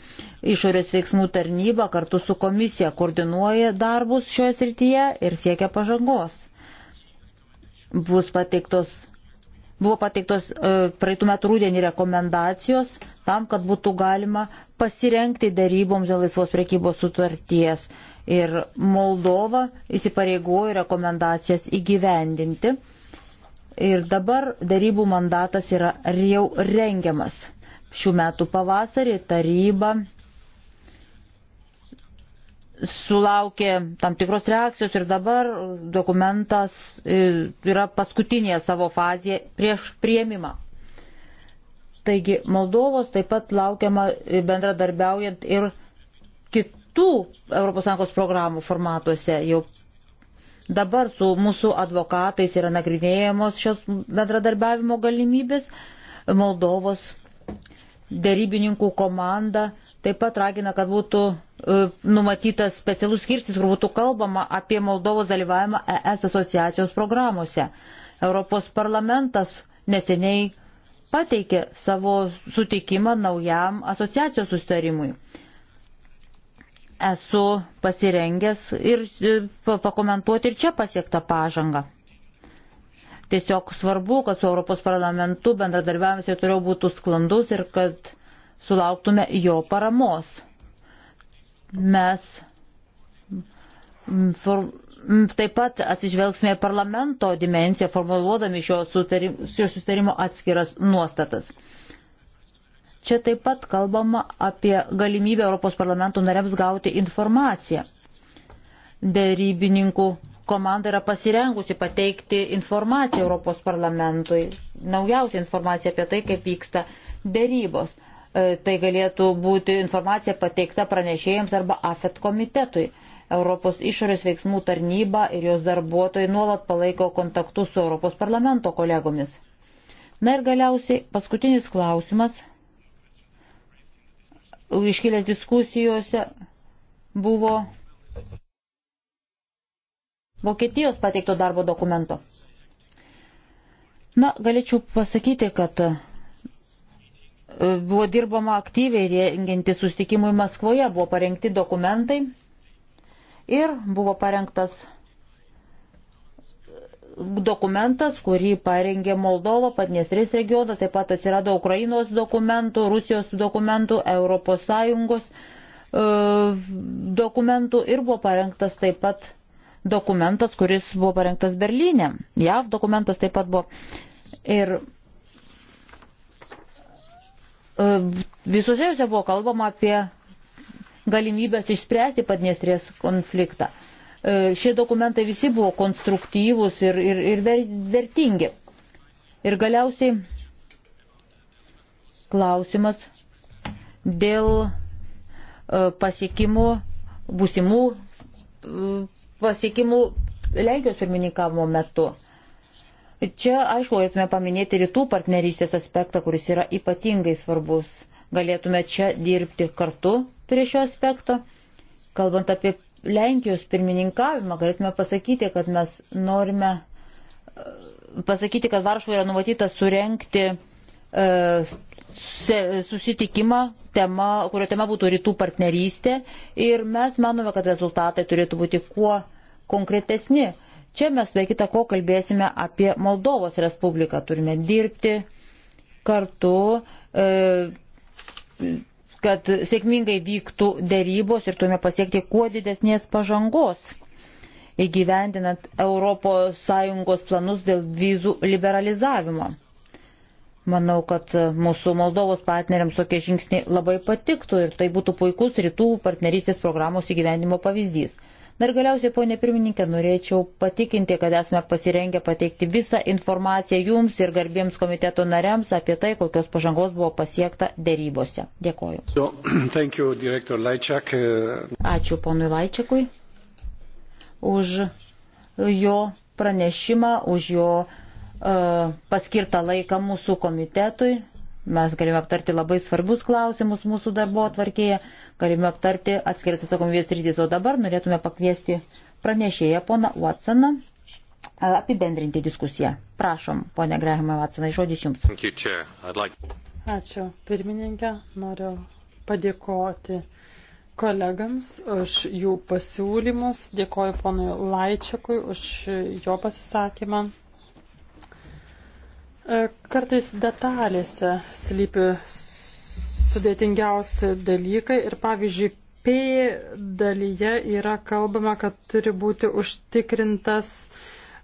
Išorės veiksmų tarnyba kartu su komisija koordinuoja darbus šioje srityje ir siekia pažangos. Bus pateiktos Buvo pateiktos e, praeitų metų rūdienį rekomendacijos tam, kad būtų galima pasirenkti daryboms dėl laisvos priekybos sutarties. Ir Moldova įsipareigojo rekomendacijas įgyvendinti. Ir dabar darybų mandatas yra jau rengiamas. Šių metų pavasarį taryba sulaukė tam tikros reakcijos ir dabar dokumentas e, yra paskutinėje savo fazėje prieš prieimimą. Taigi Moldovos taip pat laukiama bendradarbiaujant ir kitų ES programų formatuose. Jau dabar su mūsų advokatais yra nagrinėjamos šios bendradarbiavimo galimybės. Moldovos dėrybininkų komanda taip pat ragina, kad būtų E, numatytas specialus skirtis, kur būtų kalbama apie Moldovos dalyvavimą ES asociacijos programuose. Europos parlamentas neseniai pateikė savo sutikimą naujam asociacijos sustarimui. Esu pasirengęs ir e, pakomentuoti ir čia pasiektą pažangą. Tiesiog svarbu, kad su Europos parlamentu bendradarbiavimas jau toliau būtų sklandus ir kad sulauktume jo paramos Mes taip pat atsižvelgsime į parlamento dimenciją, formuluodami šio, sutarim, šio sustarimo atskiras nuostatas. Čia taip pat kalbama apie galimybę Europos parlamento nariams gauti informaciją. Dėrybininkų komanda yra pasirengusi pateikti informaciją Europos parlamentui, naujausią informaciją apie tai, kaip vyksta dėrybos. E, tai galėtų būti informacija pateikta pranešėjams arba AFET komitetui. Europos išorės veiksmų tarnyba ir jos darbuotojai nuolat palaiko kontaktus su Europos parlamento kolegomis. Na ir galiausiai paskutinis klausimas iškilęs diskusijose buvo Vokietijos pateikto darbo dokumento. Na, galėčiau pasakyti, kad Buvo dirbama aktyviai renginti sustikimui Maskvoje, buvo parengti dokumentai ir buvo parengtas dokumentas, kurį parengė Moldova, Padniestris regionas, taip pat atsirado Ukrainos dokumentų, Rusijos dokumentų, ES e, dokumentų ir buvo parengtas taip pat dokumentas, kuris buvo parengtas Berlyne. JAV dokumentas taip pat buvo. Ir E, Visose juose buvo kalbama apie galimybės išspręsti Padniestrės konfliktą. E, šie dokumentai visi buvo konstruktyvūs ir, ir, ir vertingi. Ir galiausiai klausimas dėl e, pasiekimų, būsimų pasiekimų Lenkijos pirmininkavimo metu. Čia, aišku, galėtume paminėti rytų partnerystės aspektą, kuris yra ypatingai svarbus. Galėtume čia dirbti kartu prie šio aspekto. Kalbant apie Lenkijos pirmininkavimą, galėtume pasakyti, kad mes norime e, pasakyti, kad Varšuvoje yra numatyta surenkti e, susitikimą, tema, kurio tema būtų rytų partnerystė ir mes manome, kad rezultatai turėtų būti kuo konkretesni. Čia mes be kita ko kalbėsime apie Moldovos Respubliką. Turime dirbti kartu, e, kad sėkmingai vyktų dėrybos ir turime pasiekti kuo didesnės pažangos įgyvendinant ES planus dėl vizų liberalizavimo. Manau, kad mūsų Moldovos partneriams tokie žingsniai labai patiktų ir tai būtų puikus rytų partnerystės programos įgyvendimo pavyzdys. Dar galiausiai, ponė pirmininkė, norėčiau patikinti, kad esame pasirengę pateikti visą informaciją jums ir garbiems komiteto nariams apie tai, kokios pažangos buvo pasiekta dėrybose. Dėkoju. So, you, Ačiū ponui Laičiakui už jo pranešimą, už jo uh, paskirtą laiką mūsų komitetui. Mes galime aptarti labai svarbus klausimus mūsų darbo atvarkėje, galime aptarti atskiras atsakomybės rytis, o dabar norėtume pakviesti pranešėją poną Watsoną e, apibendrinti diskusiją. Prašom, ponė Grehama Watsonai, žodis jums. Ačiū, pirmininkė, noriu padėkoti kolegams už jų pasiūlymus, dėkoju ponui Laičiakui už jo pasisakymą. E, kartais detalėse slypi sudėtingiausi dalykai ir pavyzdžiui, P dalyje yra kalbama, kad turi būti užtikrintas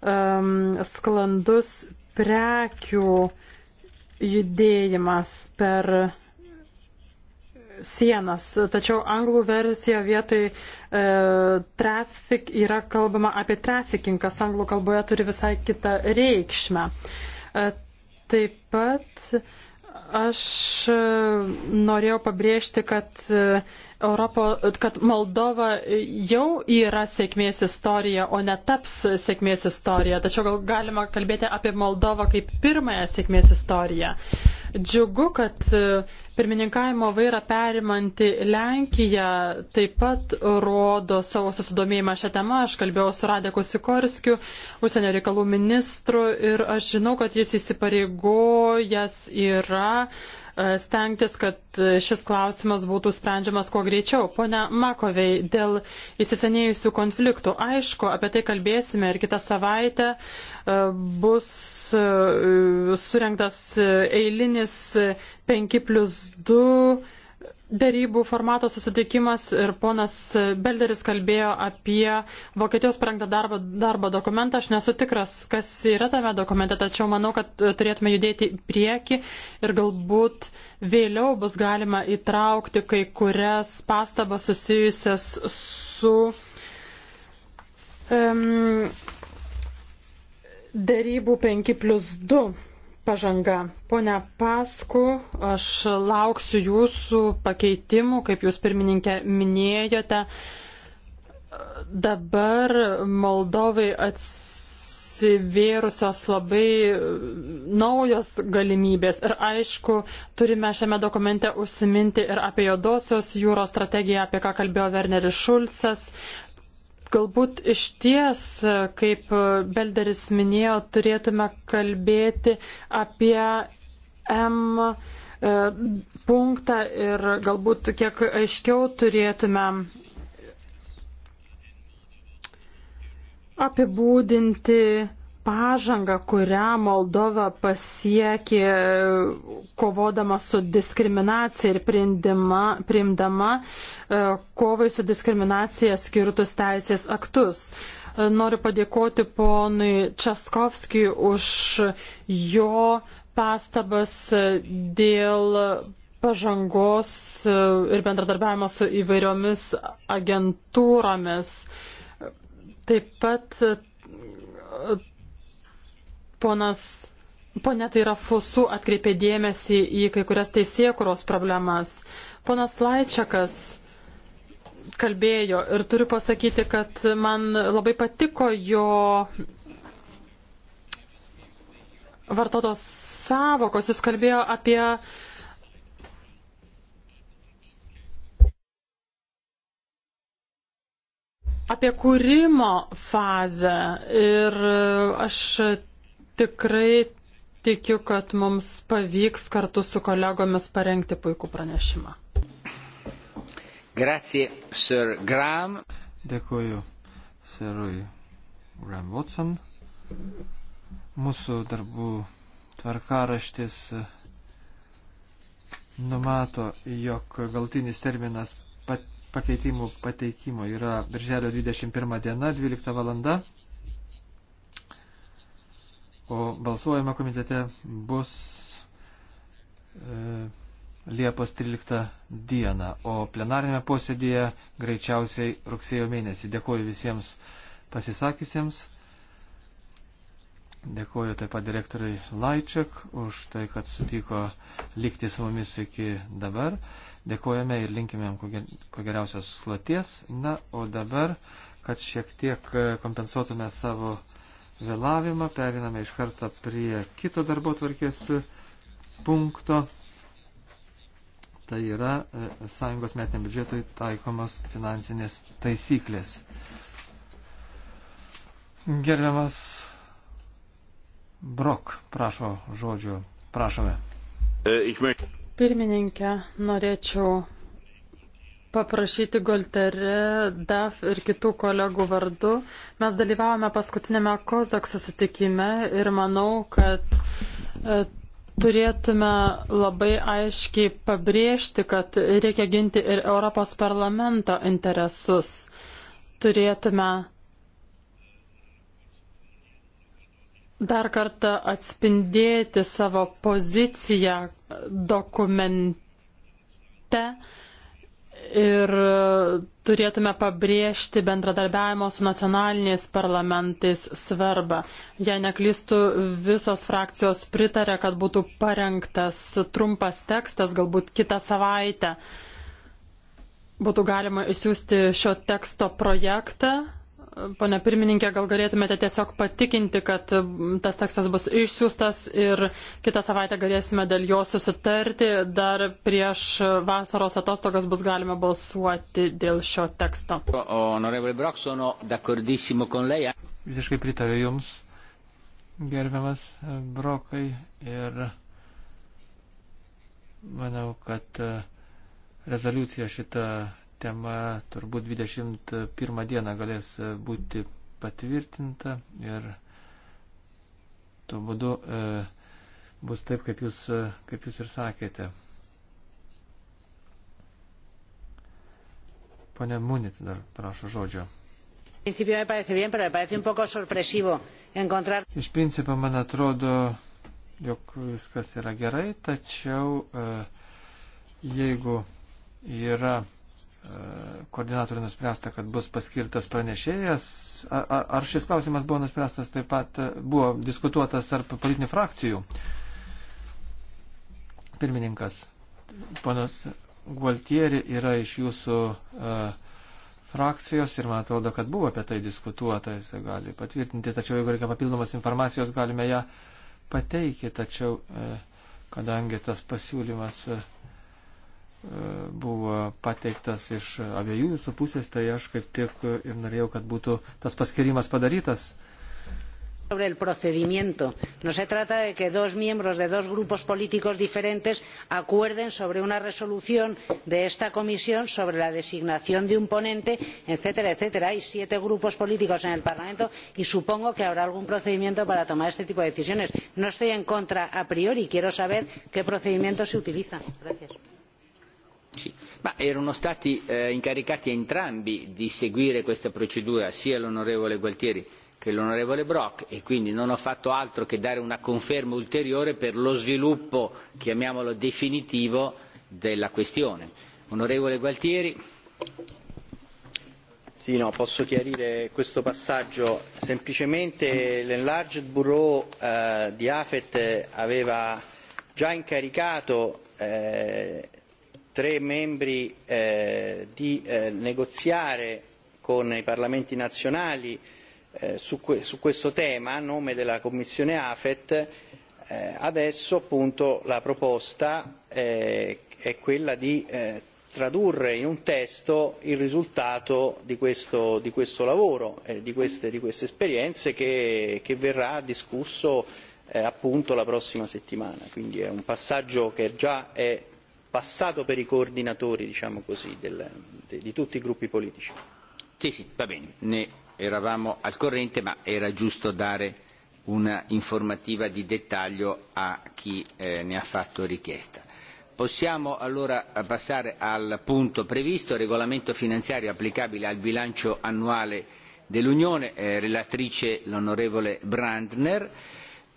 um, sklandus prekių judėjimas per sienas. Tačiau anglų versijoje vietoj e, traffic yra kalbama apie trafficking, kas anglų kalboje turi visai kitą reikšmę. E, Taip pat aš e, norėjau pabrėžti, kad, e, Europo, kad Moldova jau yra sėkmės istorija, o netaps sėkmės istorija. Tačiau gal galima kalbėti apie Moldovą kaip pirmąją sėkmės istoriją. Džiugu, kad e, Pirmininkavimo vairą perimanti Lenkija taip pat rodo savo susidomėjimą šią temą. Aš kalbėjau su Radeku Sikorskiu, užsienio reikalų ministru, ir aš žinau, kad jis įsipareigojęs yra uh, stengtis, kad šis klausimas būtų sprendžiamas kuo greičiau. Pone Makovei, dėl įsisenėjusių konfliktų, aišku, apie tai kalbėsime ir kitą savaitę e, bus e, surinktas e, eilinis 5 plus 2 Darybų formato susitikimas ir ponas Belderis kalbėjo apie Vokietijos parengtą darbo, darbo dokumentą. Aš nesu tikras, kas yra tame dokumente, tačiau manau, kad turėtume judėti į priekį ir galbūt vėliau bus galima įtraukti kai kurias pastabas susijusias su. Um, Darybų 5 plus 2 pažanga. Pone Pasku, aš lauksiu jūsų pakeitimų, kaip jūs pirmininkė minėjote. Dabar Moldovai atsivėrusios labai naujos galimybės. Ir aišku, turime šiame dokumente užsiminti ir apie Jodosios jūros strategiją, apie ką kalbėjo Werneris Šulcas. Galbūt iš ties, kaip Belderis minėjo, turėtume kalbėti apie M e, punktą ir galbūt kiek aiškiau turėtume apibūdinti pažangą, kurią Moldova pasiekė kovodama su diskriminacija ir priimdama e, kovai su diskriminacija skirtus teisės aktus. E, noriu padėkoti ponui Českovskijui už jo pastabas e, dėl pažangos ir bendradarbiavimo su įvairiomis agentūromis. Taip pat Ponas, ponė tai yra Fusu atkreipė dėmesį į kai kurias teisėkuros problemas. Ponas Laičiakas kalbėjo ir turiu pasakyti, kad man labai patiko jo vartotos savokos. Jis kalbėjo apie apie kūrimo fazę ir aš Tikrai tikiu, kad mums pavyks kartu su kolegomis parengti puikų pranešimą. Grazie, Sir Graham. Dėkuoju, Sirui Graham Watson. Mūsų darbų tvarkaraštis numato, jog galtinis terminas pakeitimų pateikimo yra birželio 21 diena, 12 valanda o balsuojama komitete bus e, Liepos 13 dieną, o plenarinėme posėdėje greičiausiai rugsėjo mėnesį. Dėkuoju visiems pasisakysiems. Dėkuoju taip pat direktoriai Laičiak už tai, kad sutiko likti su mumis iki dabar. Dėkojame ir linkime jam ko geriausios sloties. Na, o dabar, kad šiek tiek kompensuotume savo vėlavimą. Periname iš karto prie kito darbo tvarkės e, punkto. Tai yra e, sąjungos metiniam biudžetui taikomos finansinės taisyklės. Gerbiamas Brok, prašo žodžio, prašome. E, Pirmininkė, norėčiau paprašyti Golterį, DAF ir kitų kolegų vardu. Mes dalyvavome paskutinėme Kozak susitikime ir manau, kad e, turėtume labai aiškiai pabrėžti, kad reikia ginti ir Europos parlamento interesus. Turėtume dar kartą atspindėti savo poziciją dokumente ir turėtume pabrėžti bendradarbiavimo su nacionaliniais parlamentais svarbą. Jei neklystų, visos frakcijos pritarė, kad būtų parengtas trumpas tekstas, galbūt kitą savaitę būtų galima išsiųsti šio teksto projektą Pone pirmininkė, gal galėtumėte tiesiog patikinti, kad tas tekstas bus išsiųstas ir kitą savaitę galėsime dėl jo susitarti. Dar prieš vasaros atostogas bus galima balsuoti dėl šio teksto. Visiškai pritariu Jums, gerbiamas e, Brokai, ir manau, kad e, rezoliucija šitą tema turbūt 21 dieną galės būti patvirtinta ir tuo būdu e, bus taip, kaip jūs, e, kaip jūs ir sakėte. Pone Munic dar prašo žodžio. Iš principo man atrodo, jog viskas yra gerai, tačiau e, jeigu yra koordinatorių nuspręsta, kad bus paskirtas pranešėjas. Ar, ar šis klausimas buvo nuspręstas taip pat, e, buvo diskutuotas tarp politinių frakcijų? Pirmininkas, ponas Gualtieri yra iš jūsų uh, frakcijos ir man atrodo, kad buvo apie tai diskutuota, jis gali patvirtinti, tačiau jeigu reikia papildomos informacijos, galime ją pateikti, tačiau uh, kadangi tas pasiūlymas. Uh, buvo pateiktas iš abiejų jūsų pusės, tai aš kaip tik ir norėjau, kad būtų tas paskirimas padarytas. Sobre el procedimiento. No se trata de que dos miembros de dos grupos políticos diferentes acuerden sobre una resolución de esta comisión sobre la designación de un ponente, etcétera, etcétera. Hay siete grupos políticos en el Parlamento y supongo que habrá algún procedimiento para tomar este tipo de decisiones. No estoy en contra a priori. Quiero saber qué procedimiento se utiliza. Gracias. Ma erano stati eh, incaricati entrambi di seguire questa procedura, sia l'onorevole Gualtieri che l'onorevole Brock, e quindi non ho fatto altro che dare una conferma ulteriore per lo sviluppo, chiamiamolo definitivo, della questione. Onorevole Gualtieri. Sì, no, posso chiarire questo passaggio. Semplicemente l'Enlarged Bureau eh, di AFET aveva già incaricato eh, tre membri eh, di eh, negoziare con i parlamenti nazionali eh, su, que- su questo tema a nome della Commissione AFET. Eh, adesso appunto la proposta eh, è quella di eh, tradurre in un testo il risultato di questo, di questo lavoro e eh, di, queste, di queste esperienze che, che verrà discusso eh, appunto la prossima settimana. Quindi è un passaggio che già è passato per i coordinatori diciamo così, del, de, di tutti i gruppi politici. Sì, sì, va bene, ne eravamo al corrente, ma era giusto dare un'informativa di dettaglio a chi eh, ne ha fatto richiesta. Possiamo allora passare al punto previsto, regolamento finanziario applicabile al bilancio annuale dell'Unione, eh, relatrice l'onorevole Brandner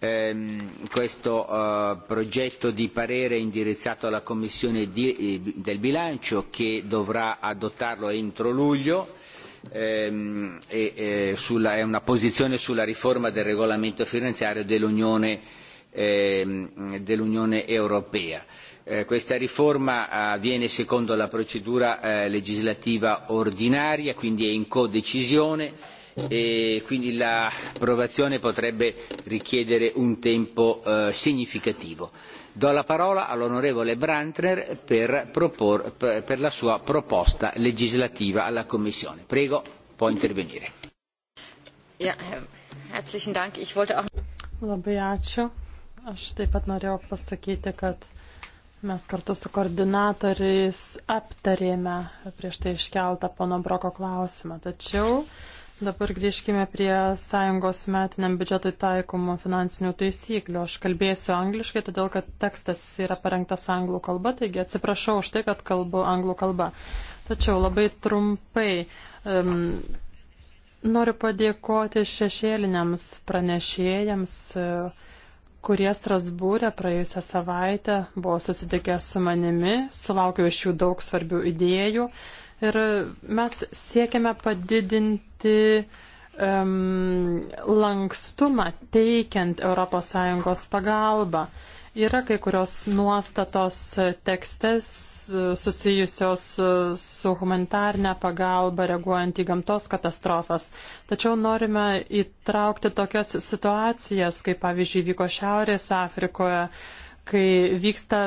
ehm, questo eh, progetto di parere indirizzato alla Commissione di, eh, del bilancio che dovrà adottarlo entro luglio ehm, e, eh, sulla, è una posizione sulla riforma del regolamento finanziario dell'Unione, ehm, dell'Unione Europea. Eh, questa riforma eh, avviene secondo la procedura eh, legislativa ordinaria, quindi è in codecisione e quindi l'approvazione potrebbe richiedere un tempo eh, significativo. Do la parola all'onorevole Brantner per, propor, per la sua proposta legislativa alla Commissione. Prego, può intervenire. Ja, herzlichen Dank. Ich wollte auch... Labai ačiū. Aš taip pat norėjau pasakyti, kad Mes kartu su koordinatoriais aptarėme prieš tai iškeltą pono Broko klausimą, tačiau Dabar grįžkime prie sąjungos metiniam biudžetui taikomų finansinių taisyklių. Aš kalbėsiu angliškai, todėl kad tekstas yra parengtas anglų kalba, taigi atsiprašau už tai, kad kalbu anglų kalba. Tačiau labai trumpai um, noriu padėkoti šešėliniams pranešėjams, e, kurie Strasbūrė praėjusią savaitę buvo susitikę su manimi, sulaukiau iš jų daug svarbių idėjų. Uh, Ir mes siekiame padidinti um, lankstumą teikiant ES pagalbą. Yra kai kurios nuostatos tekstės susijusios su humanitarne pagalba reaguojant į gamtos katastrofas. Tačiau norime įtraukti tokias situacijas, kaip pavyzdžiui vyko Šiaurės Afrikoje, kai vyksta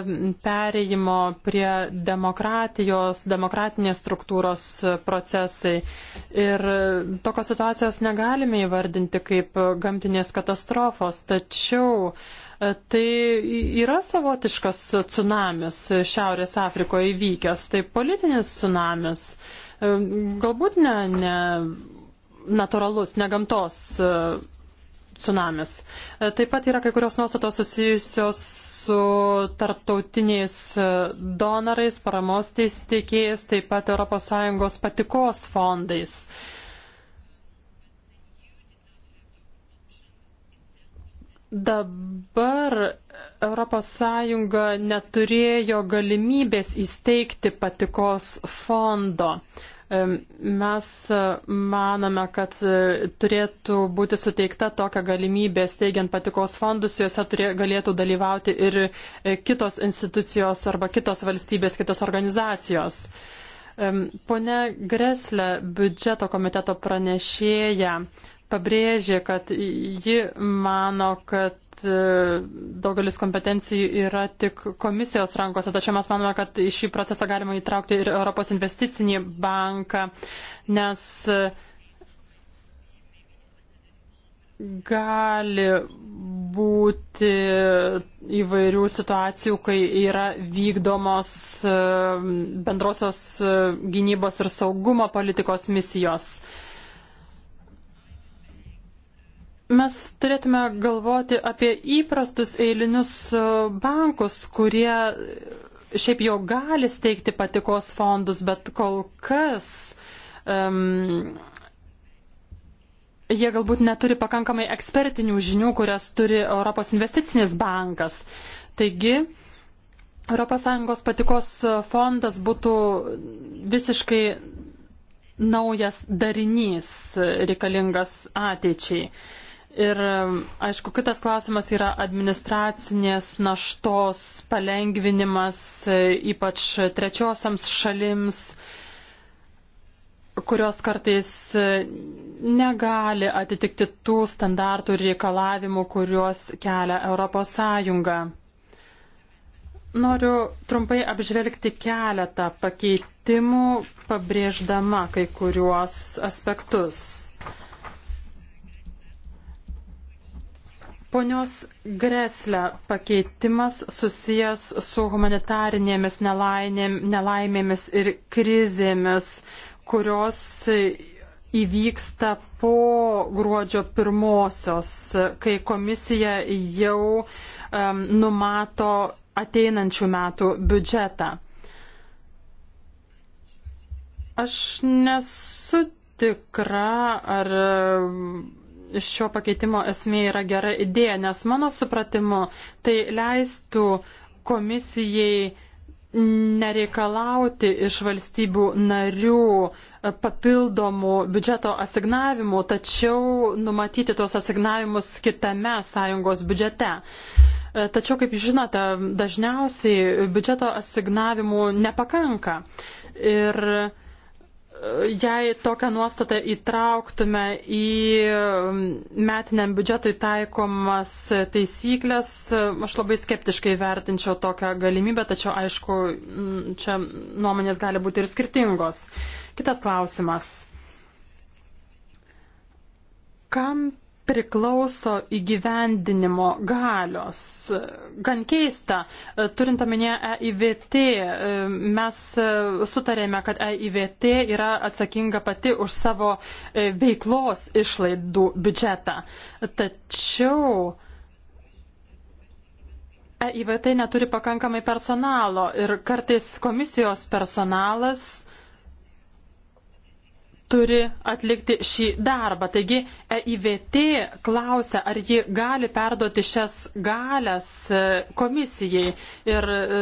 perėjimo prie demokratijos, demokratinės struktūros procesai. Ir tokios situacijos negalime įvardinti kaip gamtinės katastrofos, tačiau e, tai yra savotiškas tsunamis Šiaurės Afrikoje įvykęs, tai politinis tsunamis. E, galbūt ne, ne natūralus, ne gamtos e, tsunamis. E, taip pat yra kai kurios nuostatos susijusios su tarptautiniais e, donorais, paramos teikėjais, taip pat ES patikos fondais. Dabar ES neturėjo galimybės įsteigti patikos fondo. Mes e, manome, kad e, turėtų būti suteikta tokia galimybė steigiant patikos fondus, juose turė, galėtų dalyvauti ir e, kitos institucijos arba kitos valstybės, kitos organizacijos. Pone Greslė, biudžeto komiteto pranešėja, pabrėžė, kad ji mano, kad e, daugelis kompetencijų yra tik komisijos rankose, tačiau mes manome, kad į šį procesą galima įtraukti ir Europos investicinį banką, nes e, gali būti įvairių situacijų, kai yra vykdomos e, bendrosios gynybos ir saugumo politikos misijos mes turėtume galvoti apie įprastus eilinius e, bankus, kurie šiaip jau gali steigti patikos fondus, bet kol kas um, jie galbūt neturi pakankamai ekspertinių žinių, kurias turi Europos investicinis bankas. Taigi, ES patikos e, fondas būtų visiškai naujas darinys reikalingas ateičiai. Uh, Ir um, aišku, kitas klausimas yra administracinės naštos palengvinimas, e, ypač trečiosiams šalims, kurios kartais e, negali atitikti tų standartų ir reikalavimų, kuriuos kelia Europos Sąjunga. Noriu trumpai apžvelgti keletą pakeitimų, pabrėždama kai kuriuos aspektus. Ponios Greslė pakeitimas susijęs su humanitarinėmis nelaimėm, nelaimėmis ir krizėmis, kurios įvyksta po gruodžio pirmosios, kai komisija jau um, numato ateinančių metų biudžetą. Aš nesu tikra, ar. Um, šio pakeitimo esmė yra gera idėja, nes mano supratimu tai leistų komisijai nereikalauti iš valstybių narių e, papildomų biudžeto asignavimų, tačiau numatyti tuos asignavimus kitame sąjungos biudžete. E, tačiau, kaip žinote, dažniausiai biudžeto asignavimų nepakanka. Ir jei tokią nuostatą įtrauktume į um, metiniam biudžetui taikomas taisyklės, aš labai skeptiškai vertinčiau tokią galimybę, tačiau aišku, mm, čia nuomonės gali būti ir skirtingos. Kitas klausimas. Kam priklauso įgyvendinimo galios. Gan keista, turint omenyje EIVT, mes sutarėme, kad EIVT yra atsakinga pati už savo e, veiklos išlaidų biudžetą. Tačiau EIVT neturi pakankamai personalo ir kartais komisijos personalas turi atlikti šį darbą. Taigi EIVT klausia, ar ji gali perduoti šias galės e, komisijai ir e,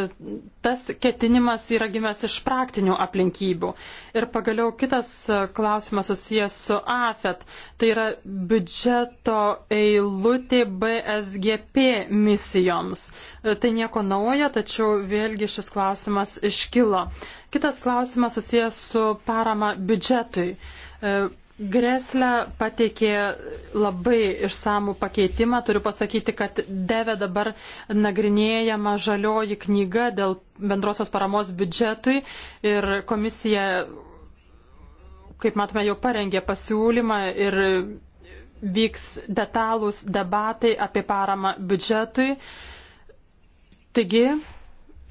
tas ketinimas yra gimęs iš praktinių aplinkybių. Ir pagaliau kitas e, klausimas susijęs su AFET, tai yra biudžeto eilutė BSGP misijoms. Tai nieko naujo, tačiau vėlgi šis klausimas iškilo. Kitas klausimas susijęs su parama biudžetui. E, Greslė pateikė labai išsamų pakeitimą. Turiu pasakyti, kad Deve dabar nagrinėjama žalioji knyga dėl bendrosios paramos biudžetui ir komisija, kaip matome, jau parengė pasiūlymą ir vyks detalūs debatai apie paramą biudžetui. Taigi,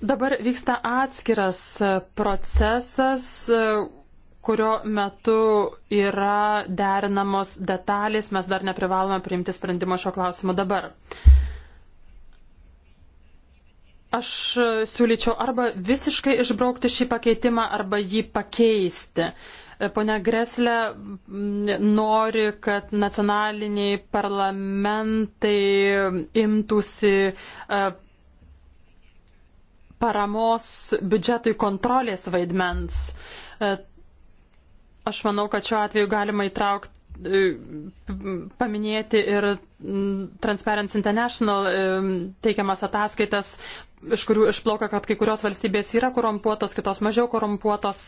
Dabar vyksta atskiras procesas, kurio metu yra derinamos detalės, mes dar neprivalome priimti sprendimo šio klausimo dabar. Aš siūlyčiau arba visiškai išbraukti šį pakeitimą, arba jį pakeisti. Pone Greslė nori, kad nacionaliniai parlamentai imtųsi e, paramos biudžetui kontrolės vaidmens. E, aš manau, kad šiuo atveju galima įtraukti e, paminėti ir Transparency International e, teikiamas ataskaitas, iš kurių išplauka, kad kai kurios valstybės yra korumpuotos, kitos mažiau korumpuotos.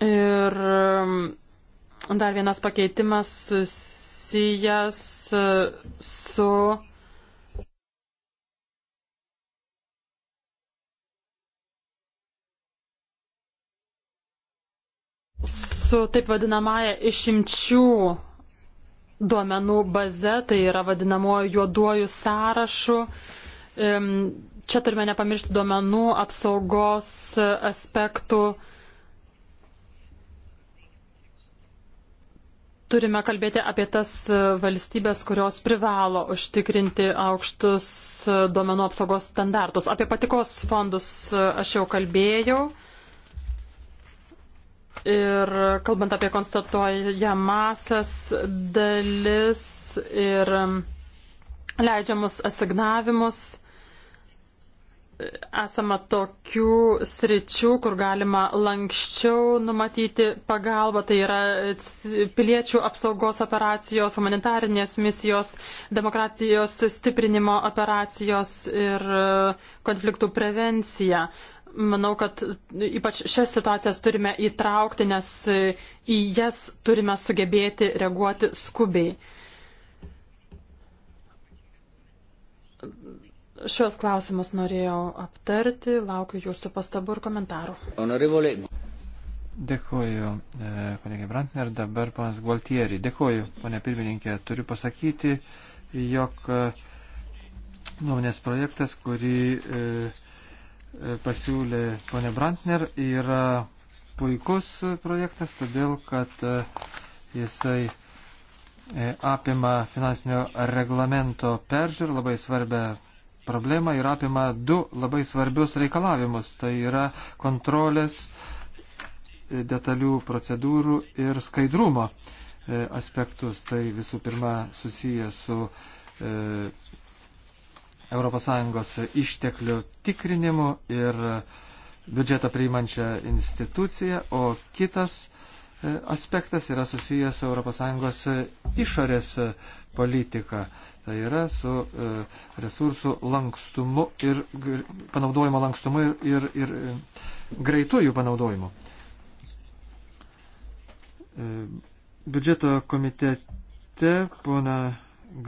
Ir dar vienas pakeitimas susijęs susijęs e, su su taip vadinamąją išimčių duomenų baze, tai yra vadinamoju juoduoju sąrašu. Čia turime nepamiršti duomenų apsaugos aspektų. turime kalbėti apie tas valstybės, kurios privalo užtikrinti aukštus duomenų apsaugos standartus. Apie patikos fondus aš jau kalbėjau. Ir kalbant apie konstatuojamasias dalis ir leidžiamus asignavimus, esama tokių sričių, kur galima lankščiau numatyti pagalbą, tai yra piliečių apsaugos operacijos, humanitarinės misijos, demokratijos stiprinimo operacijos ir e, konfliktų prevencija. Manau, kad ypač šias situacijas turime įtraukti, nes e, į jas turime sugebėti reaguoti skubiai. Šios klausimus norėjau aptarti, laukiu jūsų pastabų ir komentarų. Honorevole. Dėkuoju, e, kolegė Brantner, dabar panas Gualtieri. Dėkuoju, ponė pirmininkė. Turiu pasakyti, jog e, nuomonės projektas, kurį e, pasiūlė ponė Brantner, yra puikus projektas, todėl kad jisai apima finansinio reglamento peržiūrą, labai svarbę problemą ir apima du labai svarbius reikalavimus. Tai yra kontrolės e, detalių procedūrų ir skaidrumo e, aspektus. Tai visų pirma susiję su ES išteklių tikrinimu ir biudžetą priimančią instituciją, o kitas e, aspektas yra susijęs su ES išorės politika. Tai yra su e, resursų lankstumu ir panaudojimo lankstumu ir, ir, ir e, greitu jų panaudojimu. E, biudžeto komitete pona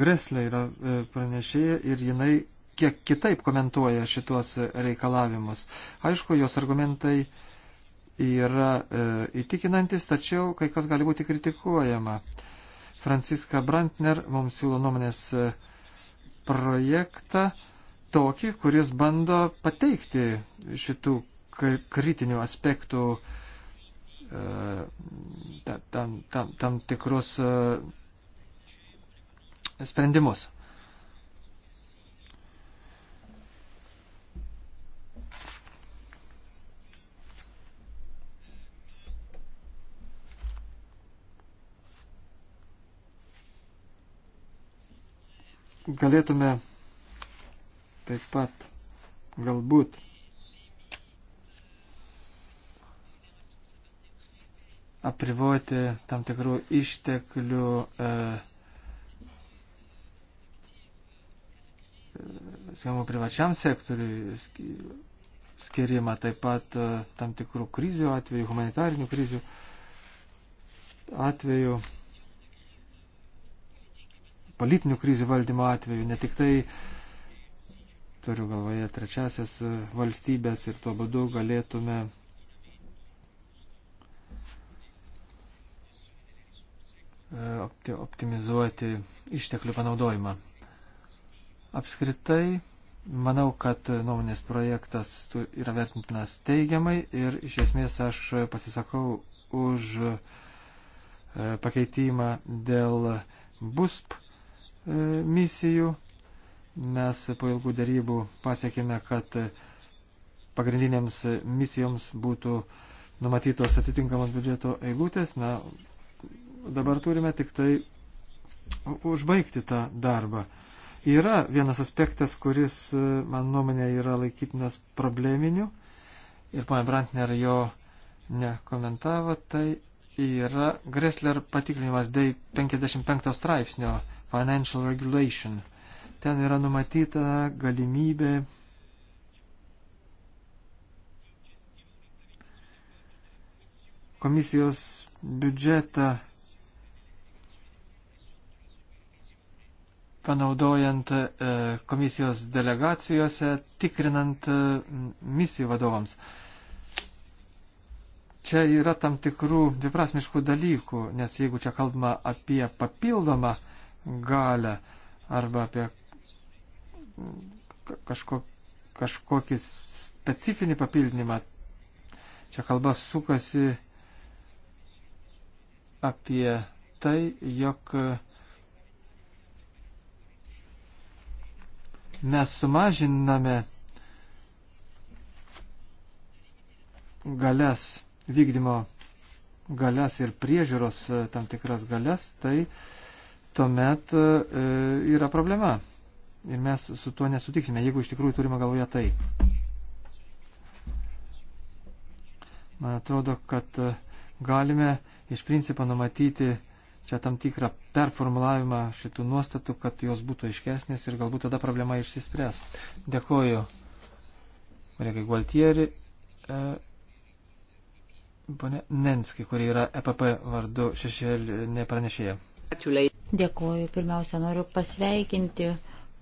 Greslė yra e, pranešėja ir jinai kiek kitaip komentuoja šitos reikalavimus. Aišku, jos argumentai yra e, įtikinantis, tačiau kai kas gali būti kritikuojama. E, Franciska Brantner mums siūlo nuomonės e, projektą tokį, kuris bando pateikti šitų kritinių aspektų e, tam, tam, tam tikrus e, sprendimus. galėtume taip pat galbūt aprivoti tam tikrų išteklių e, e skiriamų privačiam sektoriui skirimą, taip pat e, tam tikrų krizių atveju, humanitarinių krizių atveju politinių krizių valdymo atveju, ne tik tai turiu galvoje trečiasias valstybės ir tuo būdu galėtume optimizuoti išteklių panaudojimą. Apskritai, manau, kad nuomonės projektas yra vertintinas teigiamai ir iš esmės aš pasisakau už e, pakeitimą dėl BUSP misijų. Mes po ilgų darybų pasiekėme, kad pagrindinėms misijoms būtų numatytos atitinkamos biudžeto eilutės. Na, dabar turime tik tai užbaigti tą darbą. Yra vienas aspektas, kuris, man nuomonė, yra laikytinas probleminiu ir pana Brantner jo nekomentavo, tai yra Gressler patikrinimas D55 straipsnio Financial Regulation. Ten yra numatyta galimybė komisijos biudžetą panaudojant e, komisijos delegacijose, tikrinant e, misijų vadovams. Čia yra tam tikrų dviprasmiškų dalykų, nes jeigu čia kalbama apie papildomą uh, galę arba apie kažko, kažkokį specifinį papildinimą. Čia kalba sukasi apie tai, jog mes sumažiname galės vykdymo galės ir priežiūros tam tikras galės, tai uh, tuomet e, yra problema. Ir mes su tuo nesutiksime, jeigu iš tikrųjų turime galvoje tai. Man atrodo, kad e, galime iš principo numatyti čia tam tikrą performulavimą šitų nuostatų, kad jos būtų aiškesnės ir galbūt tada problema išsispręs. Dėkoju kolegai Gualtieri, e, ponė Nenski, kuri yra EPP vardu šešėlinė pranešėja. Dėkoju. Pirmiausia, noriu pasveikinti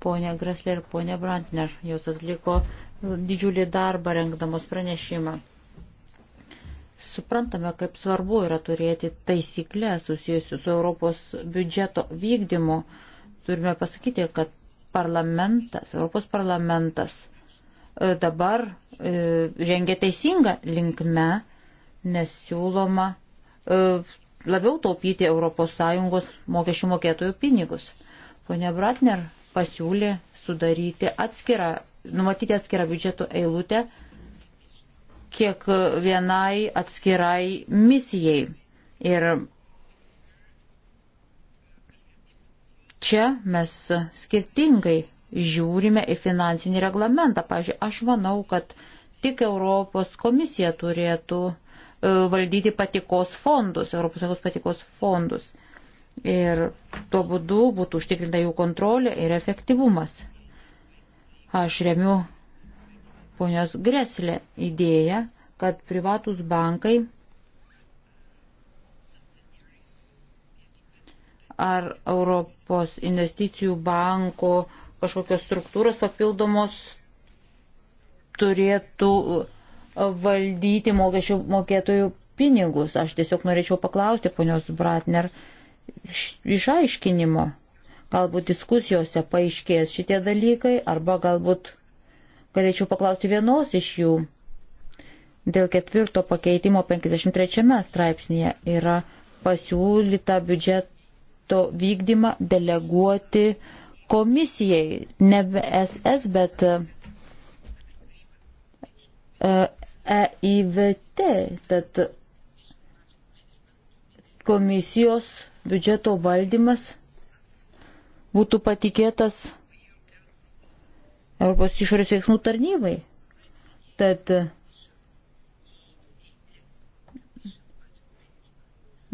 ponę Grasler ir ponę Brantner. Jos atliko didžiulį darbą rengdamos pranešimą. Suprantame, kaip svarbu yra turėti taisyklę susijusiu su Europos biudžeto vykdymu. Turime pasakyti, kad parlamentas, Europos parlamentas e, dabar e, žengia teisinga linkme, nes siūloma e, labiau taupyti ES mokesčių mokėtojų pinigus. Pone Bratner pasiūlė sudaryti atskirą, numatyti atskirą biudžeto eilutę kiek vienai atskirai misijai. Ir čia mes skirtingai žiūrime į finansinį reglamentą. Pavyzdžiui, aš manau, kad tik Europos komisija turėtų uh, E, valdyti patikos fondus, ES patikos fondus. Ir tuo būdu būtų užtikrinta jų kontrolė ir efektyvumas. Aš remiu ponios Greslė idėją, kad privatus bankai ar Europos investicijų banko kažkokios struktūros papildomos turėtų valdyti mokesčių mokėtojų pinigus. Aš tiesiog norėčiau paklausti ponios Bratner išaiškinimo. Galbūt diskusijose paaiškės šitie dalykai, arba galbūt galėčiau paklausti vienos iš jų. Dėl ketvirto pakeitimo 53 straipsnėje yra pasiūlyta biudžeto vykdymą deleguoti komisijai, ne SS, bet e, EIVT, tad komisijos biudžeto valdymas būtų patikėtas Europos išorės veiksmų tarnybai. Tad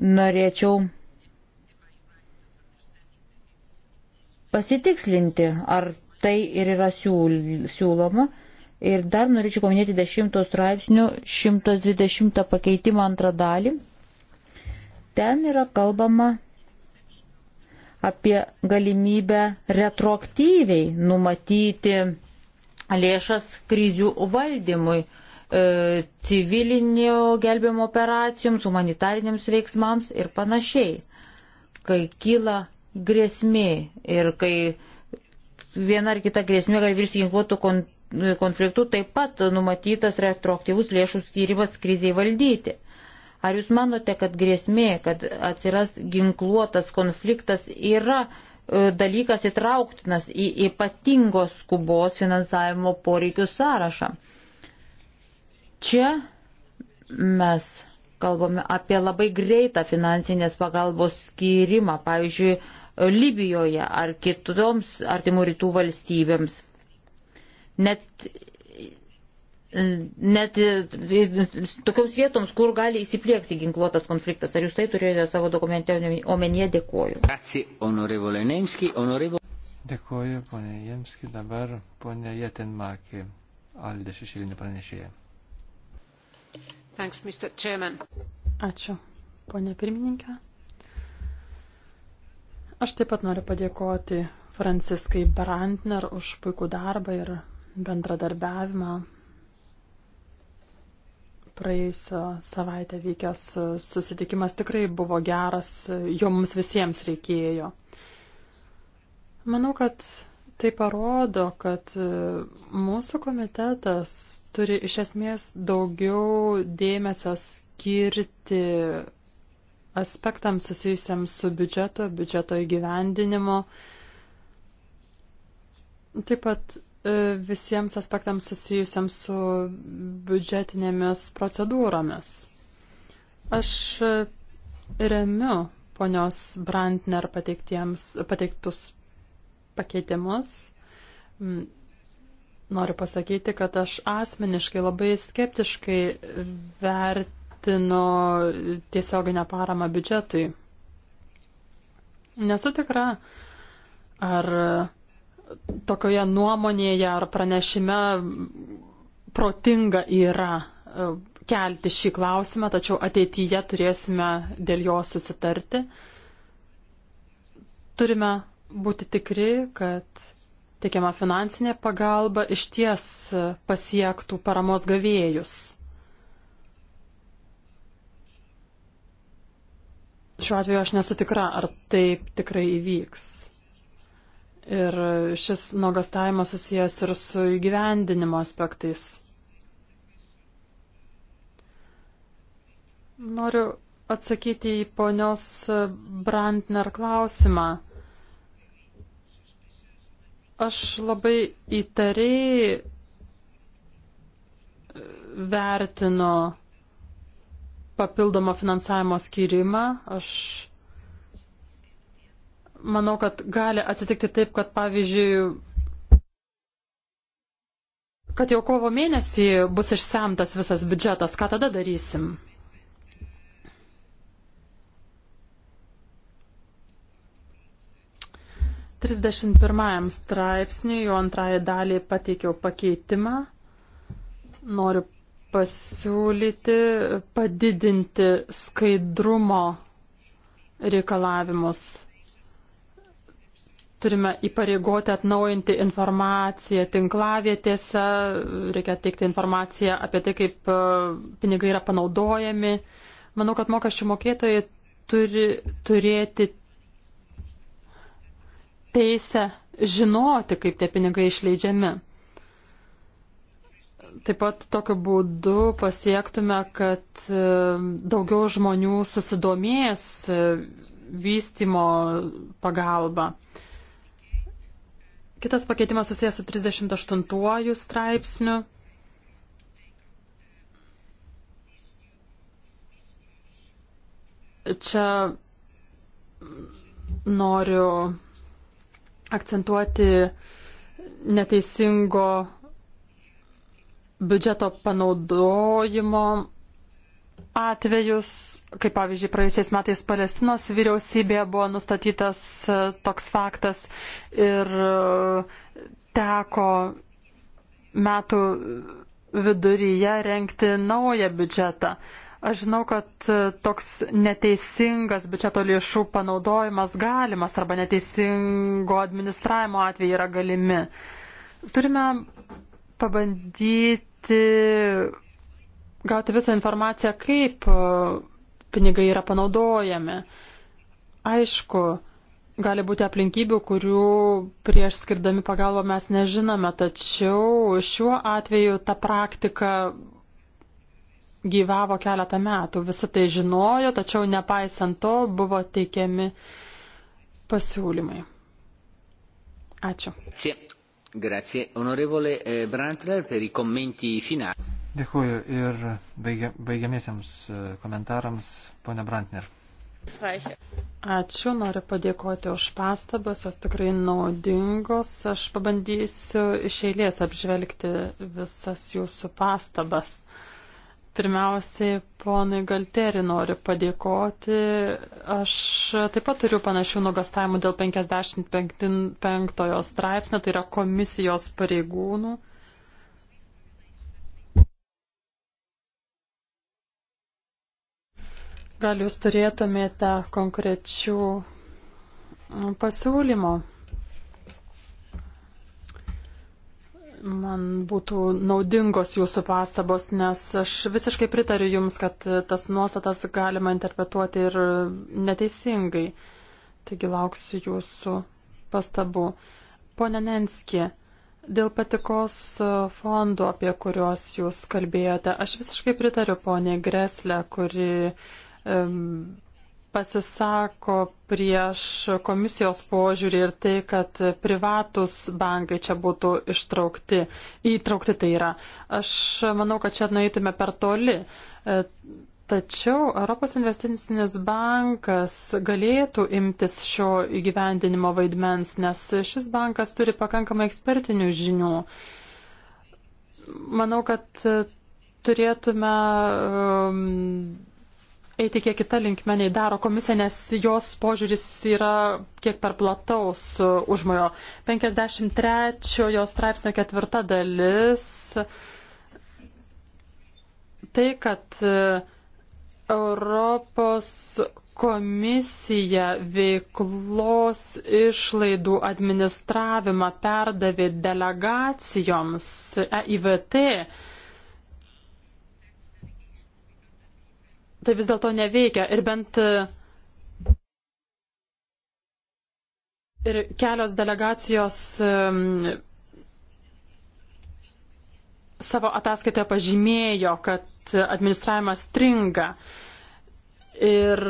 norėčiau pasitikslinti, ar tai ir yra siūl siūloma. Ir dar norėčiau paminėti 10 straipsnių 120 pakeitimą antrą dalį. Ten yra kalbama apie galimybę retroaktyviai numatyti lėšas krizių valdymui, e, civilinio gelbėjimo operacijoms, humanitariniams veiksmams ir panašiai. Kai kyla grėsmė ir kai viena ar kita grėsmė gali virsti ginkluotų konfliktų konfliktų taip pat numatytas retroaktyvus lėšų skyrimas kriziai valdyti. Ar jūs manote, kad grėsmė, kad atsiras ginkluotas konfliktas yra e, dalykas įtrauktinas į ypatingos skubos finansavimo poreikių sąrašą? Čia mes kalbame apie labai greitą finansinės pagalbos skyrimą, pavyzdžiui, Libijoje ar kitoms artimų rytų valstybėms Net net tokioms vietoms, kur gali įsipliekti ginkluotas konfliktas. Ar jūs tai turėjote savo dokumente omenyje? Dėkuoju. Dėkuoju, ponė Jemski. Dabar ponė Jetinmaki, Aldė šešilinė pranešėja. Thanks, Mr. Chairman. Ačiū, ponė pirmininkė. Aš taip pat noriu padėkoti Franciskai Brandner už puikų darbą ir bendradarbiavimą. Praėjusią savaitę vykęs susitikimas tikrai buvo geras, jo mums visiems reikėjo. Manau, kad tai parodo, kad mūsų komitetas turi iš esmės daugiau dėmesio skirti aspektams susijusiams su biudžeto, biudžeto įgyvendinimu. Taip pat E, visiems aspektams susijusiams su biudžetinėmis procedūromis. Aš e, remiu ponios Brandner pateiktus pakeitimus. Mm, noriu pasakyti, kad aš asmeniškai labai skeptiškai vertinu tiesioginę paramą biudžetui. Nesu tikra, ar tokioje nuomonėje ar pranešime protinga yra e, kelti šį klausimą, tačiau ateityje turėsime dėl jo susitarti. Turime būti tikri, kad teikiama finansinė pagalba iš ties pasiektų paramos gavėjus. Šiuo atveju aš nesu tikra, ar taip tikrai įvyks. Ir šis nuogastavimas susijęs ir su įgyvendinimo aspektais. Noriu atsakyti į ponios Brandner klausimą. Aš labai įtariai vertinu papildomo finansavimo skirimą. Aš manau, kad gali atsitikti taip, kad pavyzdžiui, kad jau kovo mėnesį bus išsemtas visas biudžetas, ką tada darysim? Trisdešimt pirmajam straipsniui, jo antrąją dalį pateikiau pakeitimą. Noriu pasiūlyti padidinti skaidrumo reikalavimus turime įpareigoti atnaujinti informaciją tinklavietėse, reikia teikti informaciją apie tai, kaip e, pinigai yra panaudojami. Manau, kad mokesčių mokėtojai turi turėti teisę žinoti, kaip tie pinigai išleidžiami. Taip pat tokiu būdu pasiektume, kad e, daugiau žmonių susidomės e, vystimo pagalba. Kitas pakeitimas susijęs su 38 straipsniu. Čia noriu akcentuoti neteisingo biudžeto panaudojimo atvejus, kaip pavyzdžiui, praėjusiais metais Palestinos vyriausybėje buvo nustatytas e, toks faktas ir e, teko metų viduryje renkti naują biudžetą. Aš žinau, kad e, toks neteisingas biudžeto lėšų panaudojimas galimas arba neteisingo administravimo atvejai yra galimi. Turime pabandyti gauti visą informaciją, kaip e, pinigai yra panaudojami. Aišku, gali būti aplinkybių, kurių prieš skirdami pagalbą mes nežinome, tačiau šiuo atveju ta praktika gyvavo keletą metų. Visą tai žinojo, tačiau nepaisant to buvo teikiami pasiūlymai. Ačiū. Sėp. Grazie. Onorevole eh, Brantler, per i commenti finali. Dėkuoju ir baigia, baigiamiesiams e, komentarams, ponia Brantner. Ačiū, noriu padėkoti už pastabas, jos tikrai naudingos. Aš pabandysiu iš eilės apžvelgti visas jūsų pastabas. Uh, Pirmiausiai, ponai Galteri, noriu padėkoti. Aš taip pat turiu panašių nugastavimų dėl 55 straipsnio, tai yra komisijos pareigūnų. Gal jūs turėtumėte konkrečių pasiūlymų? Man būtų naudingos jūsų pastabos, nes aš visiškai pritariu Jums, kad tas nuostatas galima interpretuoti ir neteisingai. Taigi lauksiu Jūsų pastabų. Pone Nenski, dėl patikos fondo, apie kuriuos Jūs kalbėjote, aš visiškai pritariu ponė Greslė, kuri um, pasisako prieš komisijos požiūrį ir tai, kad privatus bankai čia būtų ištraukti, įtraukti tai yra. Aš manau, kad čia nueitume per toli. E, tačiau Europos investicinis bankas galėtų imtis šio įgyvendinimo vaidmens, nes šis bankas turi pakankamai ekspertinių žinių. Manau, kad turėtume um, eiti kiek kitą linkmę nei daro komisija, nes jos požiūris yra kiek per plataus užmojo. 53 straipsnio ketvirta dalis. Tai, kad e, Europos komisija veiklos išlaidų administravimą perdavė delegacijoms EIVT, tai vis dėlto neveikia ir bent ir kelios delegacijos savo ataskaitoje pažymėjo, kad administravimas stringa. Ir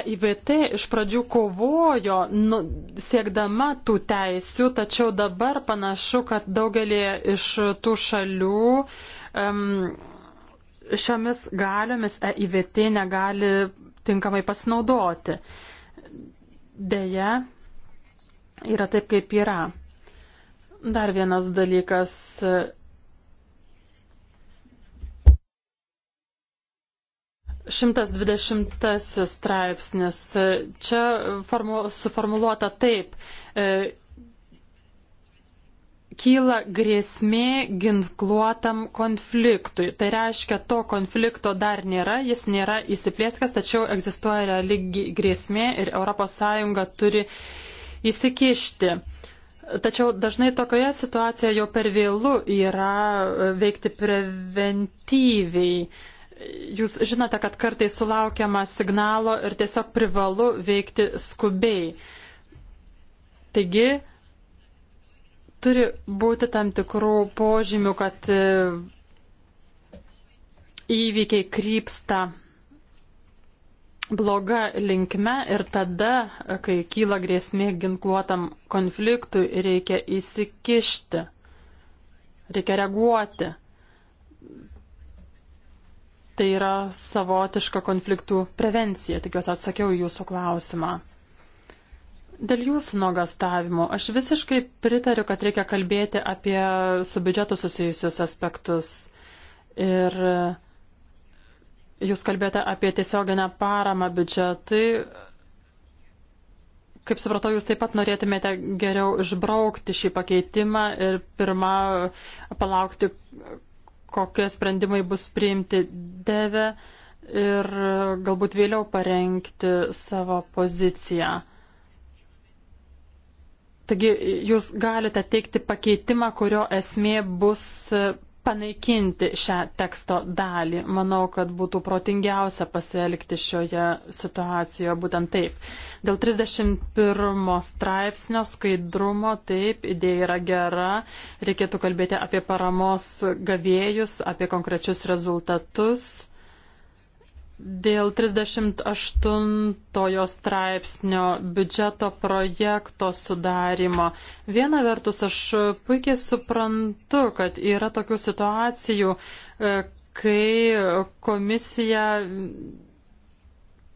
EIVT e iš pradžių kovojo nu, siekdama tų teisių, tačiau dabar panašu, kad daugelį iš tų šalių um, šiomis galiomis EIVT negali tinkamai pasinaudoti. Deja, yra taip, kaip yra. Dar vienas dalykas. Šimtas dvidešimtasis straipsnis. Čia formu, suformuluota taip. E, kyla grėsmė ginkluotam konfliktui. Tai reiškia, to konflikto dar nėra, jis nėra įsiplėskęs, tačiau egzistuoja reali grėsmė ir ES turi įsikišti. Tačiau dažnai tokioje situacijoje jau per vėlų yra e, veikti preventyviai. Jūs žinote, kad kartai sulaukiama signalo ir tiesiog privalu veikti skubiai. Taigi, turi būti tam tikrų požymių, kad e, įvykiai krypsta bloga linkme ir tada, kai kyla grėsmė ginkluotam konfliktui, reikia įsikišti, reikia reaguoti. Tai yra savotiška konfliktų prevencija. Tikiuosi atsakiau jūsų klausimą. Dėl jūsų nuogastavimų aš visiškai pritariu, kad reikia kalbėti apie su biudžetu susijusius aspektus. Ir jūs kalbėjote apie tiesioginę paramą biudžetui. Kaip supratau, jūs taip pat norėtumėte geriau išbraukti šį pakeitimą ir pirmą palaukti, kokie sprendimai bus priimti deve ir galbūt vėliau parengti savo poziciją. Taigi jūs galite teikti pakeitimą, kurio esmė bus e, panaikinti šią teksto dalį. Manau, kad būtų protingiausia pasielgti šioje situacijoje būtent taip. Dėl 31 straipsnio skaidrumo, taip, idėja yra gera, reikėtų kalbėti apie paramos gavėjus, apie konkrečius rezultatus. Dėl 38 straipsnio biudžeto projekto sudarimo. Viena vertus, aš puikiai suprantu, kad yra tokių situacijų, e, kai komisija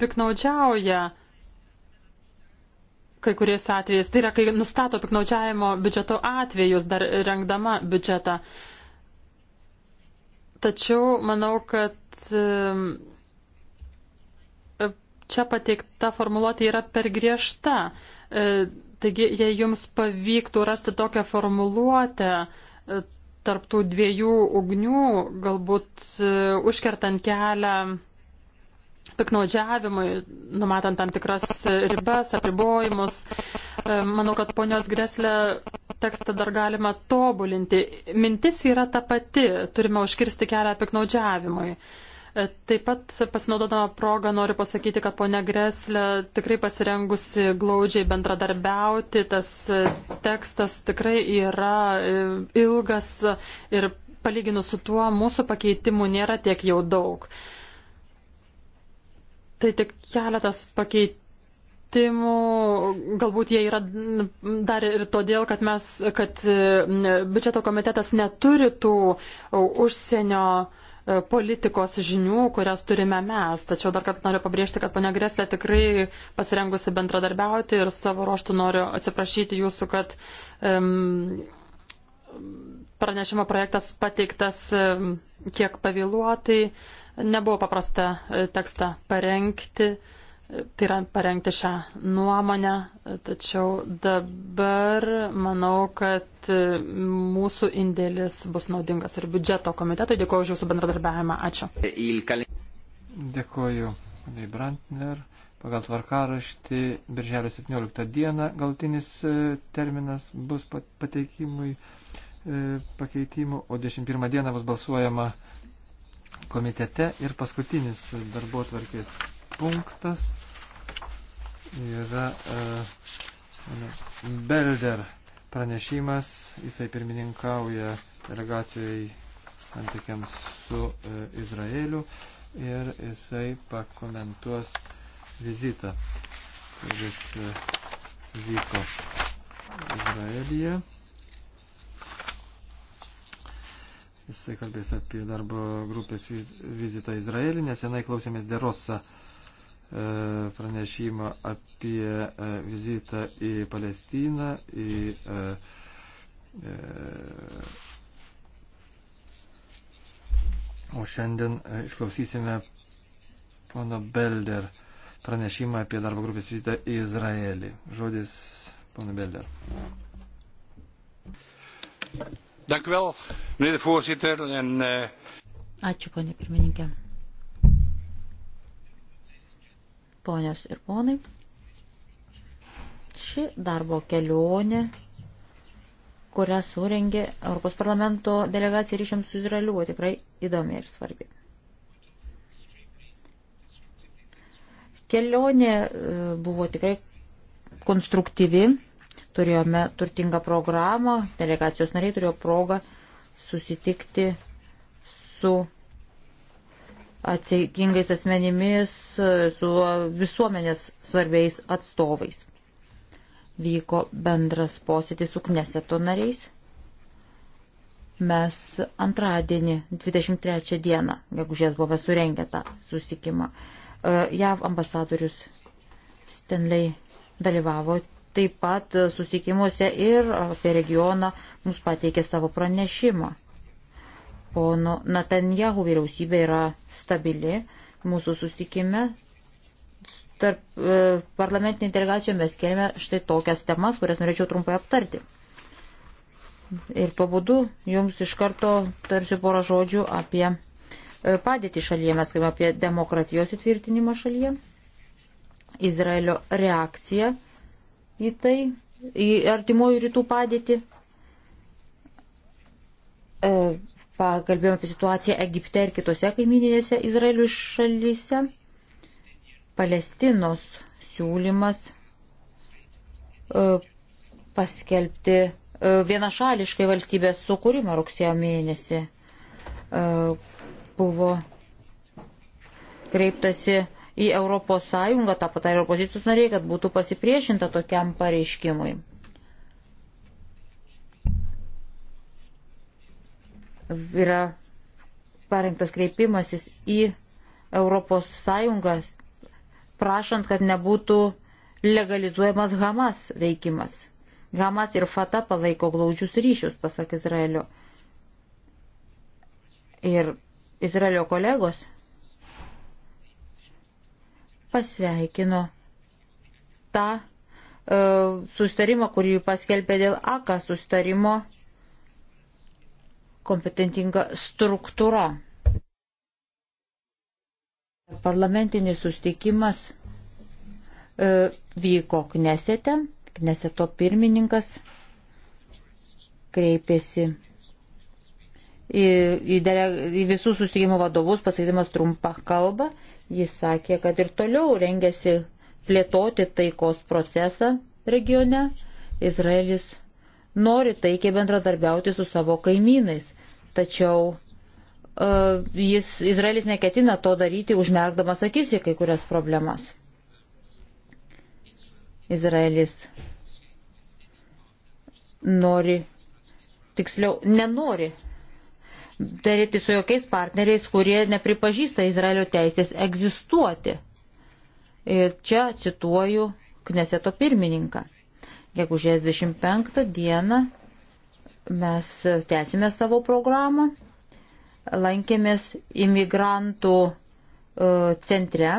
piknaudžiauja kai kuriais atvejais. Tai yra, kai nustato piknaudžiavimo biudžeto atvejus dar rengdama biudžetą. Tačiau manau, kad e, čia pateikta formuluotė yra per griežta. E, taigi, jei jums pavyktų rasti tokią formuluotę e, tarptų dviejų ugnių, galbūt e, užkertant kelią piknaudžiavimui, numatant tam tikras ribas, apribojimus. E, manau, kad ponios Greslė tekstą dar galima tobulinti. Mintis yra ta pati, turime užkirsti kelią piknaudžiavimui. Taip pat pasinaudodama progą noriu pasakyti, kad ponia Greslė tikrai pasirengusi glaudžiai bendradarbiauti. Tas tekstas tikrai yra e, ilgas ir palyginus su tuo mūsų pakeitimų nėra tiek jau daug. Tai tik keletas pakeitimų pakeitimų, galbūt jie yra dar ir todėl, kad mes, kad e, biudžeto komitetas neturi tų e, užsienio E, politikos žinių, kurias turime mes. Tačiau dar kartą noriu pabrėžti, kad ponia Greslė tikrai pasirengusi bendradarbiauti ir savo ruoštų noriu atsiprašyti jūsų, kad um, pranešimo projektas pateiktas um, kiek pavėluotai, nebuvo paprasta e, tekstą parengti. Uh, tai yra parengti šią nuomonę, tačiau dabar manau, kad mūsų indėlis bus naudingas ir biudžeto komitetui. Dėkuoju už jūsų bendradarbiavimą. Ačiū. Dėkuoju, poniai Brantner. Pagal tvarkaraštį, birželio 17 dieną galtinis e, terminas bus pateikimui e, pakeitimų, o 21 dieną bus balsuojama komitete ir paskutinis darbo tvarkės punktas yra uh, Belder pranešimas, jisai pirmininkauja delegacijai santykiams su uh, Izraeliu ir jisai pakomentuos vizitą, kuris uh, vyko Izraelyje. Jisai kalbės apie darbo grupės vizitą Izraelį, nesenai klausėmės Derosa uh, E, pranešimą apie e, vizitą į Palestiną, į e, O šiandien išklausysime pono Belder pranešimą apie darbo grupės vizitą į Izraelį. Žodis pono Belder. Dank u wel, meneer de voorzitter. En, uh... Ačiū, ponė pirmininkė. Ponios ir ponai, ši darbo kelionė, kurią surengė Europos parlamento delegacija ryšiams su Izraeliu, buvo tikrai įdomi ir svarbi. Kelionė e, buvo tikrai konstruktyvi, turėjome turtingą programą, delegacijos nariai turėjo progą susitikti su atsakingais asmenimis, su visuomenės svarbiais atstovais. Vyko bendras posėdis su Kneseto nariais. Mes antradienį, 23 dieną, gegužės buvome surengę tą susikimą. E, JAV ambasadorius Stenley dalyvavo taip pat susikimuose ir apie regioną mums pateikė savo pranešimą. Pono Netanjahu vyriausybė yra stabili. Mūsų susitikime tarp e, parlamentinė delegacija mes kėlėme štai tokias temas, kurias norėčiau trumpai aptarti. Ir tuo būdu jums iš karto tarsiu porą žodžių apie e, padėtį šalyje. Mes kalbame apie demokratijos įtvirtinimą šalyje, Izraelio reakciją į tai, į artimojų rytų padėtį. E, Pakalbėjome apie situaciją Egipte ir kitose kaimininėse Izraelio šalyse. Palestinos siūlymas e, paskelbti e, vienašališkai valstybės sukūrimą rugsėjo mėnesį e, buvo kreiptasi į Europos Sąjungą, tą patarė opozicijos nariai, kad būtų pasipriešinta tokiam pareiškimui. yra parengtas kreipimasis į ES, prašant, kad nebūtų legalizuojamas Hamas veikimas. Hamas ir Fata palaiko glaudžius ryšius, pasak Izraelio. Ir Izraelio kolegos pasveikino tą e, sustarimą, kurį paskelbė dėl AKA sustarimo kompetentinga struktūra. Parlamentinis sustikimas e, vyko Knesete, Kneseto pirmininkas kreipėsi į, į, dere, į visų sustikimo vadovus, pasakydamas trumpą kalbą, jis sakė, kad ir toliau rengiasi plėtoti taikos procesą regione. Izraelis nori taikiai bendradarbiauti su savo kaimynais tačiau uh, jis, Izraelis neketina to daryti, užmerkdamas akis į kai kurias problemas. Izraelis nori, tiksliau, nenori daryti su jokiais partneriais, kurie nepripažįsta Izraelio teisės egzistuoti. Ir čia cituoju Kneseto pirmininką. Gegužės 25 dieną Mes tęsime savo programą, lankėmės imigrantų e, centre.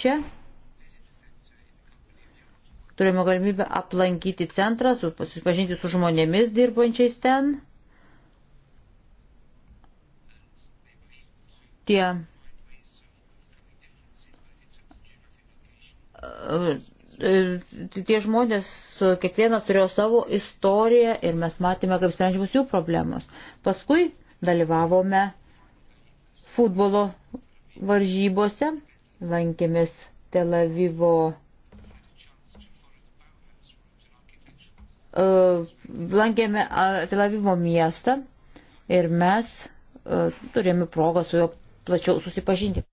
Čia turime galimybę aplankyti centrą, susipažinti su žmonėmis dirbančiais ten. Tie e, E, tie žmonės e, kiekvienas turėjo savo istoriją ir mes matėme, kaip sprendžiamos jų problemos. Paskui dalyvavome futbolo varžybose, lankėmės Tel Avivo. E, lankėme Tel Avivo miestą ir mes turėjome progą su juo plačiau susipažinti.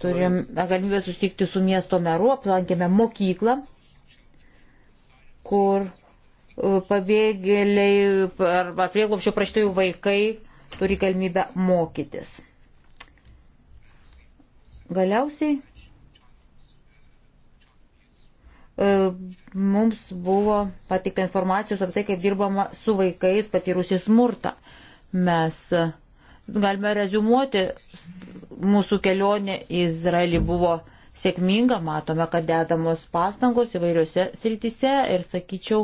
Turim galimybę susitikti su miesto meru, aplankėme mokyklą, kur e, pabėgėliai arba prieglopščio praštojų vaikai turi galimybę mokytis. Galiausiai e, mums buvo patikta informacijos apie tai, kaip dirbama su vaikais patyrusi smurtą. Mes Galime rezumuoti, mūsų kelionė į Izraelį buvo sėkminga, matome, kad dedamos pastangos įvairiose srityse ir sakyčiau,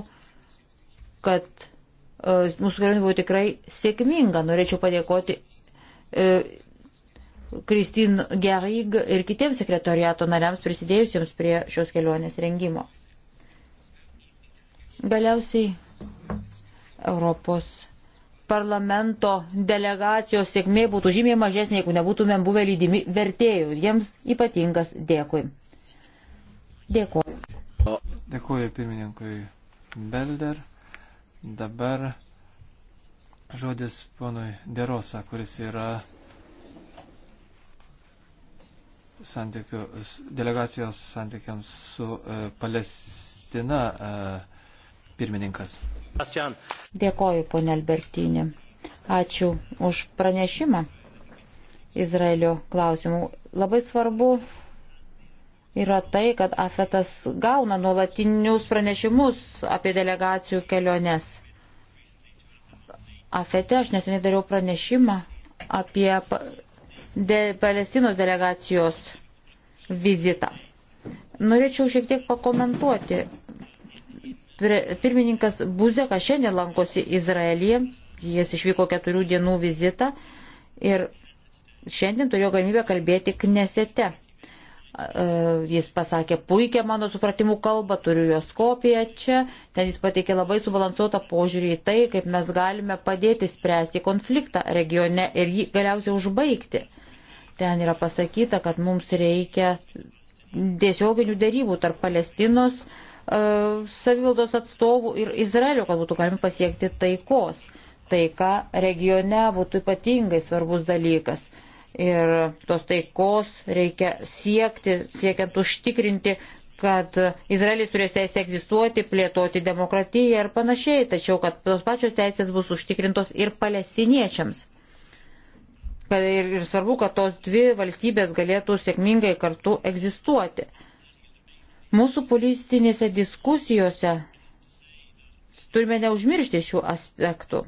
kad e, mūsų kelionė buvo tikrai sėkminga. Norėčiau padėkoti e, Kristin Gerig ir kitiems sekretoriato nariams prisidėjusiems prie šios kelionės rengimo. Galiausiai Europos parlamento delegacijos sėkmė būtų žymiai mažesnė, jeigu nebūtumėm buvę lydimi vertėjų. Jiems ypatingas dėkui. Dėkui. Dėkuoju pirmininkui Belder. Dabar žodis ponui Derosa, kuris yra santykių, delegacijos santykiams su e, Palestina e, pirmininkas. Bastian. Dėkoju, ponė Albertinė. Ačiū už pranešimą Izraelio klausimų. Labai svarbu yra tai, kad Afetas gauna nuolatinius pranešimus apie delegacijų keliones. Afete aš neseniai dariau pranešimą apie de Palestinos delegacijos vizitą. Norėčiau šiek tiek pakomentuoti Pirmininkas Buzekas šiandien lankosi Izraelyje, jis išvyko keturių dienų vizitą ir šiandien turėjo galimybę kalbėti knesete. E, jis pasakė puikią mano supratimų kalbą, turiu jos kopiją čia, ten jis pateikė labai subalansuotą požiūrį į tai, kaip mes galime padėti spręsti konfliktą regione ir jį galiausiai užbaigti. Ten yra pasakyta, kad mums reikia tiesioginių dėrybų tarp Palestinos, uh, E, savivaldos atstovų ir Izraelio, kad būtų galima pasiekti taikos. Taika regione būtų ypatingai svarbus dalykas. Ir tos taikos reikia siekti, siekiant užtikrinti, kad Izraelis turės teisę egzistuoti, plėtoti demokratiją ir panašiai, tačiau kad tos pačios teisės bus užtikrintos ir palestiniečiams. Kad ir, ir svarbu, kad tos dvi valstybės galėtų sėkmingai kartu egzistuoti. Mūsų politinėse diskusijose turime neužmiršti šių aspektų.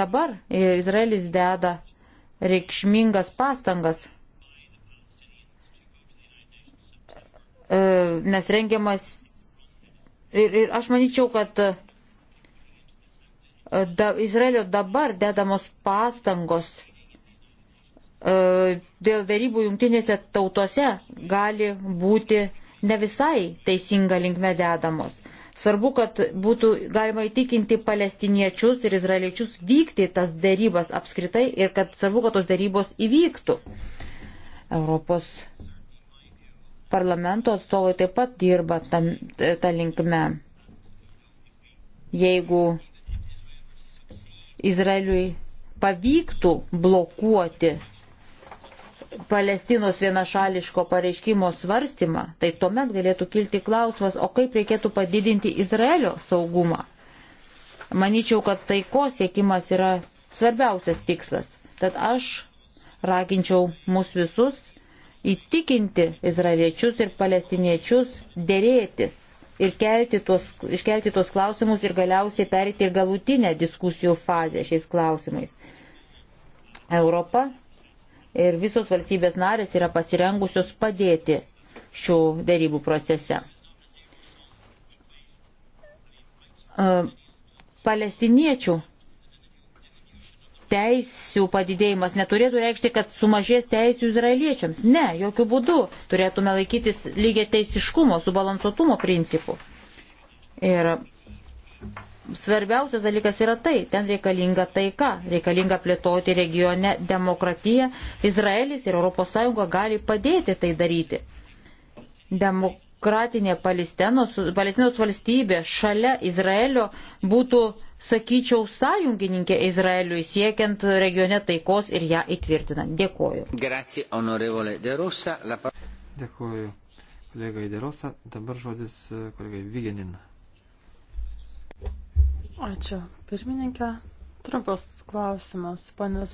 Dabar Izraelis deda reikšmingas pastangas, e, nes rengiamas ir, ir aš manyčiau, kad e, da, Izraelio dabar dedamos pastangos E, dėl darybų jungtinėse tautose gali būti ne visai teisinga linkme dedamos. Svarbu, kad būtų galima įtikinti palestiniečius ir izraeliečius vykti tas darybas apskritai ir kad svarbu, kad tos darybos įvyktų. Europos parlamento atstovai taip pat dirba tam, tą linkme. Jeigu Izraeliui pavyktų blokuoti Palestinos vienašališko pareiškimo svarstymą, tai tuomet galėtų kilti klausimas, o kaip reikėtų padidinti Izraelio saugumą. Maničiau, kad taikos siekimas yra svarbiausias tikslas. Tad aš raginčiau mus visus įtikinti izraeliečius ir palestiniečius dėrėtis ir kelti tuos, iškelti tuos klausimus ir galiausiai perėti ir galutinę diskusijų fazę šiais klausimais. Europa ir visos valstybės narės yra pasirengusios padėti šių dėrybų procese. E, palestiniečių teisių padidėjimas neturėtų reikšti, kad sumažės teisių izraeliečiams. Ne, jokių būdų turėtume laikytis lygiai teisiškumo, subalansuotumo principų. Ir svarbiausias dalykas yra tai, ten reikalinga taika, reikalinga plėtoti regione demokratiją. Izraelis ir ES gali padėti tai daryti. Demokratinė Palestinos, Palestinos valstybė šalia Izraelio būtų, sakyčiau, sąjungininkė Izraeliui siekiant regione taikos ir ją įtvirtinant. Dėkoju. Grazie, onorevole De Rosa. La... Dėkoju, kolegai De Rosa. Dabar žodis kolegai Vigenin. Ačiū, pirmininkė. Trumpas klausimas. Panas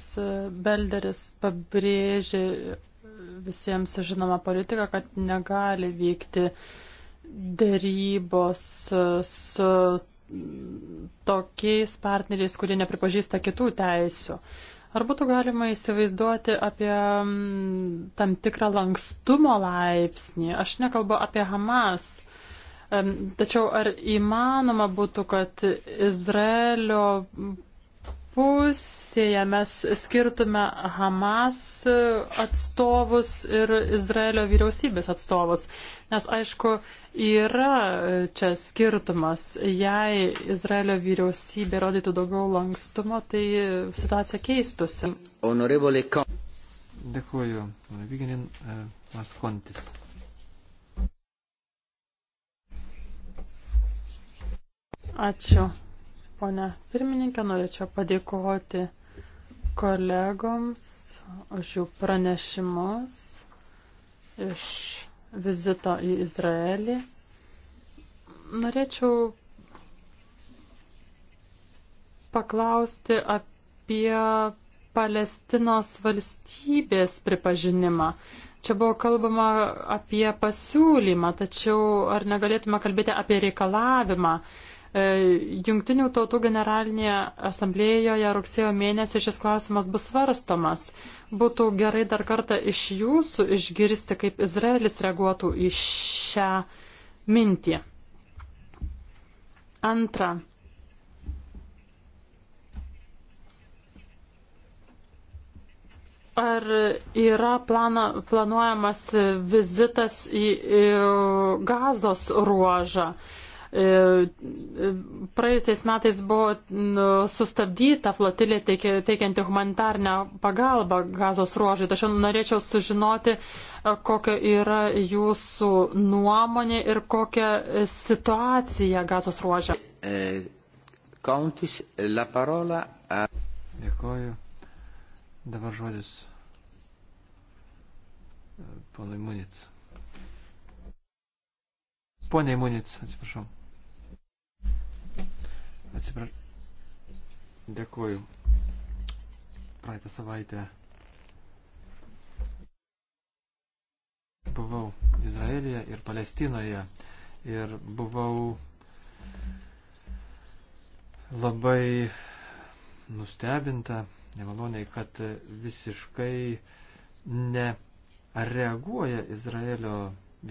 Belderis pabrėžė visiems žinoma politika, kad negali vykti dėrybos su tokiais partneriais, kurie nepripažįsta kitų teisių. Ar būtų galima įsivaizduoti apie mm, tam tikrą lankstumo laipsnį? Aš nekalbu apie Hamas Tačiau ar įmanoma būtų, kad Izraelio pusėje mes skirtume Hamas atstovus ir Izraelio vyriausybės atstovus? Nes aišku, yra e, čia skirtumas. Jei Izraelio vyriausybė rodytų daugiau lankstumo, tai situacija keistusi. Dėkuoju. Vyginin, Mars e, Kontis. Ačiū, ponė pirmininkė. Norėčiau padėkoti kolegoms už jų pranešimus iš vizito į Izraelį. Norėčiau paklausti apie Palestinos valstybės pripažinimą. Čia buvo kalbama apie pasiūlymą, tačiau ar negalėtume kalbėti apie reikalavimą? Uh, E, Jungtinių tautų generalinėje asamblėjoje rugsėjo mėnesį šis klausimas bus svarstomas. Būtų gerai dar kartą iš jūsų išgirsti, kaip Izraelis reaguotų į šią mintį. Antra. Ar yra plana, planuojamas vizitas į, į gazos ruožą? Uh, E, e, praėjusiais metais buvo nu, sustabdyta flotilė teikianti humanitarnę pagalbą gazos ruožai. Tačiau norėčiau sužinoti, e, kokia yra jūsų nuomonė ir kokia situacija gazos ruožė. Kauntis, la parola. A... Dėkoju. Dabar žodis. Ponui Munic. Poniai Munic, atsiprašau. Atsiprašau. Dėkuoju. Praeitą savaitę buvau Izraelyje ir Palestinoje ir buvau labai nustebinta, nemaloniai, kad visiškai nereaguoja Izraelio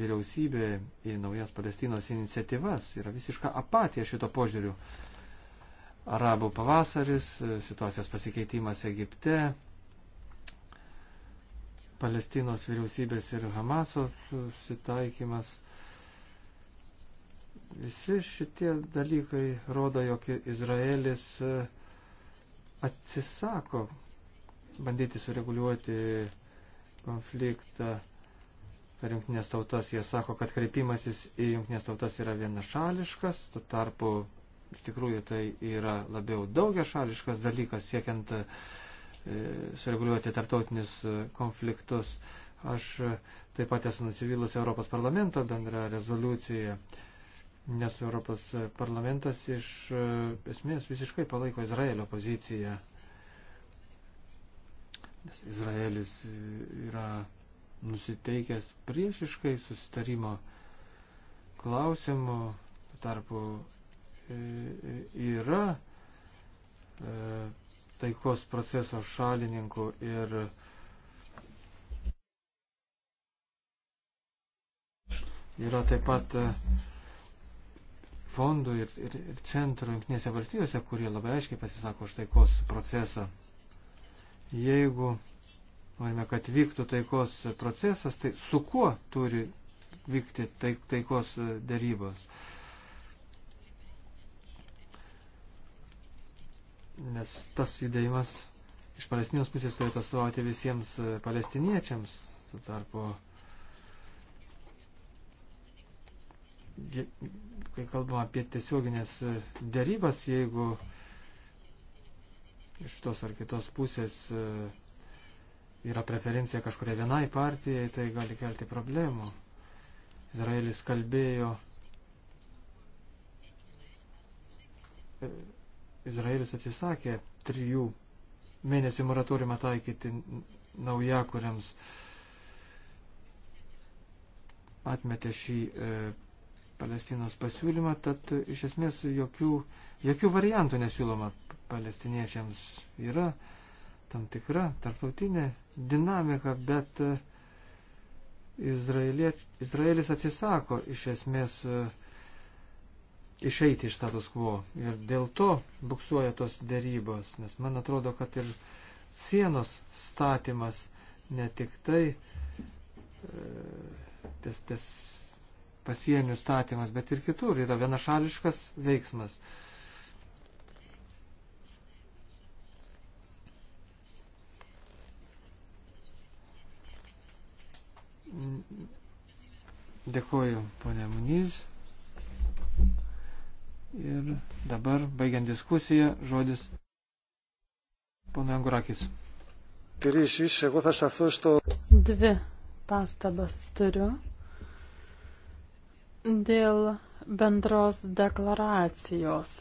vyriausybė į naujas Palestinos iniciatyvas. Yra visiška apatija šito požiūriu arabų pavasaris, situacijos pasikeitimas Egipte, Palestinos vyriausybės ir Hamaso susitaikymas. Visi šitie dalykai rodo, jog Izraelis eh, atsisako bandyti sureguliuoti konfliktą per jungtinės tautas. Jie sako, kad kreipimasis į jungtinės tautas yra vienašališkas, tu tarpu iš tikrųjų tai yra labiau daugia šališkas dalykas, siekiant e, sureguliuoti tarptautinius e, konfliktus. Aš e, taip pat esu nusivylusi Europos parlamento bendrą rezoliuciją, nes Europos parlamentas iš e, esmės visiškai palaiko Izraelio poziciją. Nes Izraelis yra nusiteikęs priešiškai susitarimo klausimų, tarpu yra e, taikos proceso šalininkų ir yra taip pat e, fondų ir, ir, ir centrų jungtinėse valstybėse, kurie labai aiškiai pasisako už taikos procesą. Jeigu norime, kad vyktų taikos procesas, tai su kuo turi vykti taik, taikos e, darybos? Uh, nes tas judėjimas iš palestinos pusės turėtų atstovauti visiems e, palestiniečiams, tu tarpu, kai kalbam apie tiesioginės e, dėrybas, jeigu iš tos ar kitos pusės e, yra preferencija kažkuria vienai partijai, tai gali kelti problemų. Izraelis kalbėjo Izraelis atsisakė trijų mėnesių moratoriumą taikyti naujakuriams. Atmetė šį e, Palestinos pasiūlymą, tad iš esmės jokių, jokių variantų nesiūloma palestiniečiams. Yra tam tikra tarptautinė dinamika, bet e, Izraelis atsisako iš esmės. E, išeiti iš status quo. Ir dėl to buksuoja tos dėrybos, nes man atrodo, kad ir sienos statymas ne tik tai e, tas, tas pasienių statymas, bet ir kitur yra vienašališkas veiksmas. Dėkuoju, ponė Muniz. Ir dabar, baigiant diskusiją, žodis ponui Angurakis. Dvi pastabas turiu. Dėl bendros deklaracijos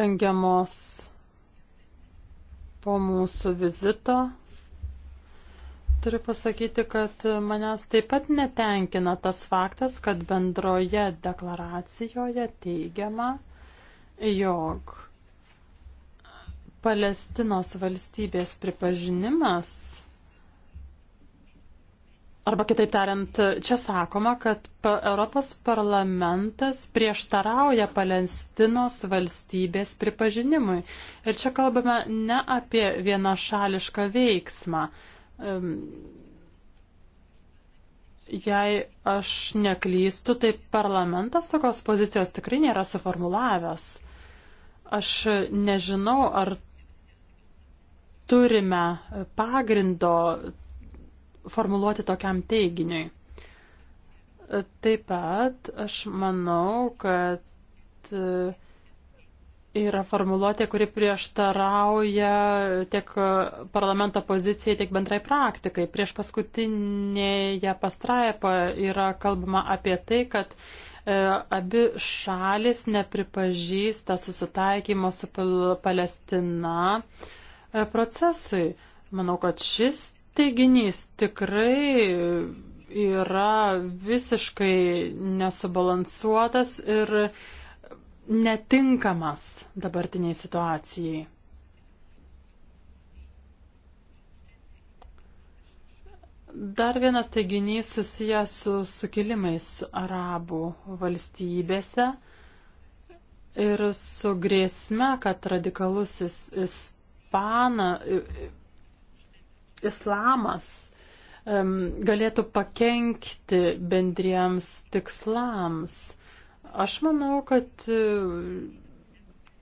rengiamos po mūsų vizito Turiu pasakyti, kad manęs taip pat netenkina tas faktas, kad bendroje deklaracijoje teigiama, jog Palestinos valstybės pripažinimas Arba kitaip tariant, čia sakoma, kad Europos parlamentas prieštarauja Palestinos valstybės pripažinimui. Ir čia kalbame ne apie vienašališką veiksmą. Jei aš neklystu, tai parlamentas tokios pozicijos tikrai nėra suformulavęs. Aš nežinau, ar turime pagrindo formuluoti tokiam teiginiui. Taip pat aš manau, kad yra formuluotė, kuri prieštarauja tiek parlamento pozicijai, tiek bendrai praktikai. Prieš paskutinėje pastraipą yra kalbama apie tai, kad e, abi šalis nepripažįsta susitaikymo su Palestina e, procesui. Manau, kad šis teiginys tikrai yra visiškai nesubalansuotas ir uh, netinkamas dabartiniai situacijai. Dar vienas teiginys susijęs su sukilimais arabų valstybėse ir su grėsme, kad radikalusis ispana, islamas galėtų pakenkti bendriems tikslams. Aš manau, kad e,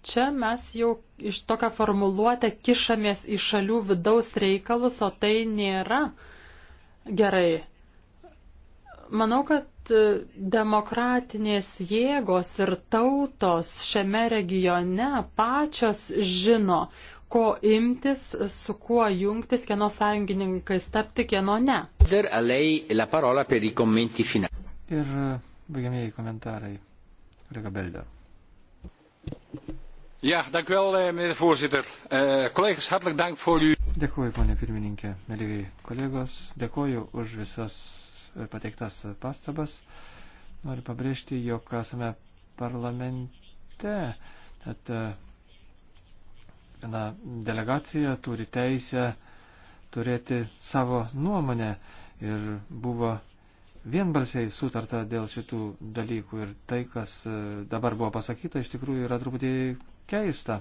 čia mes jau iš tokią formuluotę kišamės į šalių vidaus reikalus, o tai nėra gerai. Manau, kad e, demokratinės jėgos ir tautos šiame regione pačios žino, ko imtis, su kuo jungtis, kieno sąjungininkais tapti, kieno ne. Ir e, baigiamieji komentarai. Kolega Belder. Ja, dank u wel, eh, meneer de voorzitter. Uh, collega's, hartelijk dank voor uw. Dėkuoju, ponė pirmininkė, mėlygai kolegos, dėkuoju už visas eh, pateiktas pastabas. Noriu pabrėžti, jog esame parlamente, tad viena delegacija turi teisę turėti savo nuomonę ir buvo vienbalsiai sutarta dėl šitų dalykų ir tai, kas e, dabar buvo pasakyta, iš tikrųjų yra truputį keista.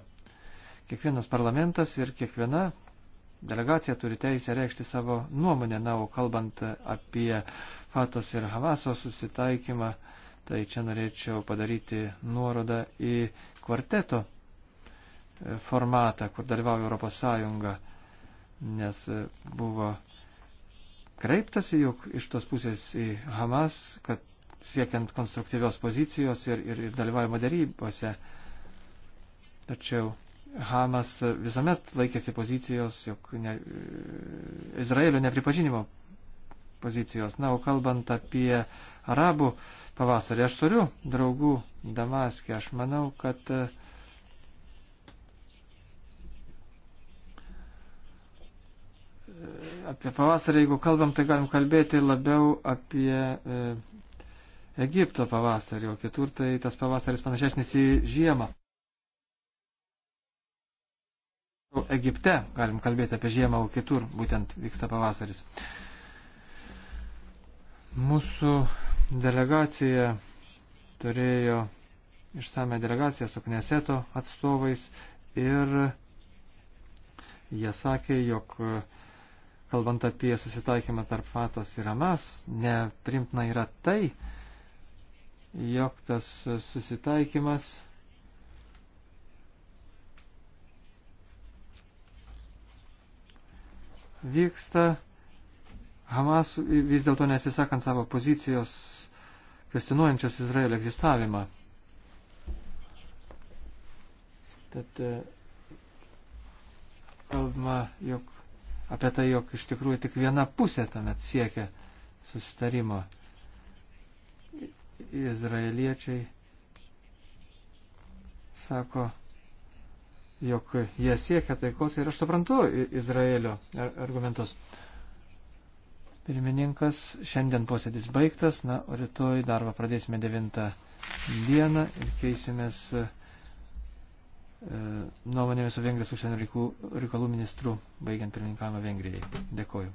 Kiekvienas parlamentas ir kiekviena delegacija turi teisę reikšti savo nuomonę, na, o kalbant apie Fatos ir Hamaso susitaikymą, tai čia norėčiau padaryti nuorodą į kvarteto e, formatą, kur dalyvauja Europos Sąjunga, nes e, buvo kreiptasi juk iš tos pusės į Hamas, kad siekiant konstruktyvios pozicijos ir, ir, ir dalyvavimo darybose. Tačiau Hamas visuomet laikėsi pozicijos, jog ne, Izraelio nepripažinimo pozicijos. Na, o kalbant apie arabų pavasarį, aš turiu draugų Damaskė, aš manau, kad uh, apie pavasarį, jeigu kalbam, tai galim kalbėti labiau apie e, Egipto pavasarį, o kitur tai tas pavasaris panašesnis į žiemą. Egipte galim kalbėti apie žiemą, o kitur būtent vyksta pavasaris. Mūsų delegacija turėjo išsame delegaciją su Kneseto atstovais ir jie sakė, jog e, kalbant apie susitaikymą tarp Fatos ir Hamas, neprimtina yra tai, jog tas susitaikymas vyksta Hamas vis dėlto nesisakant savo pozicijos kvestinuojančios Izraelio egzistavimą. Tad e, kalbama, jog apie tai, jog iš tikrųjų tik viena pusė tuomet siekia susitarimo. Izraeliečiai sako, jog jie siekia taikos ir aš suprantu Izraelio argumentus. Pirmininkas, šiandien posėdis baigtas, na, o rytoj darbą pradėsime 9 dieną ir keisimės. E, nuomonėmis su Vengrijos užsienio reikalų ministru, baigiant pirmininkavimą Vengrijai. Dėkoju.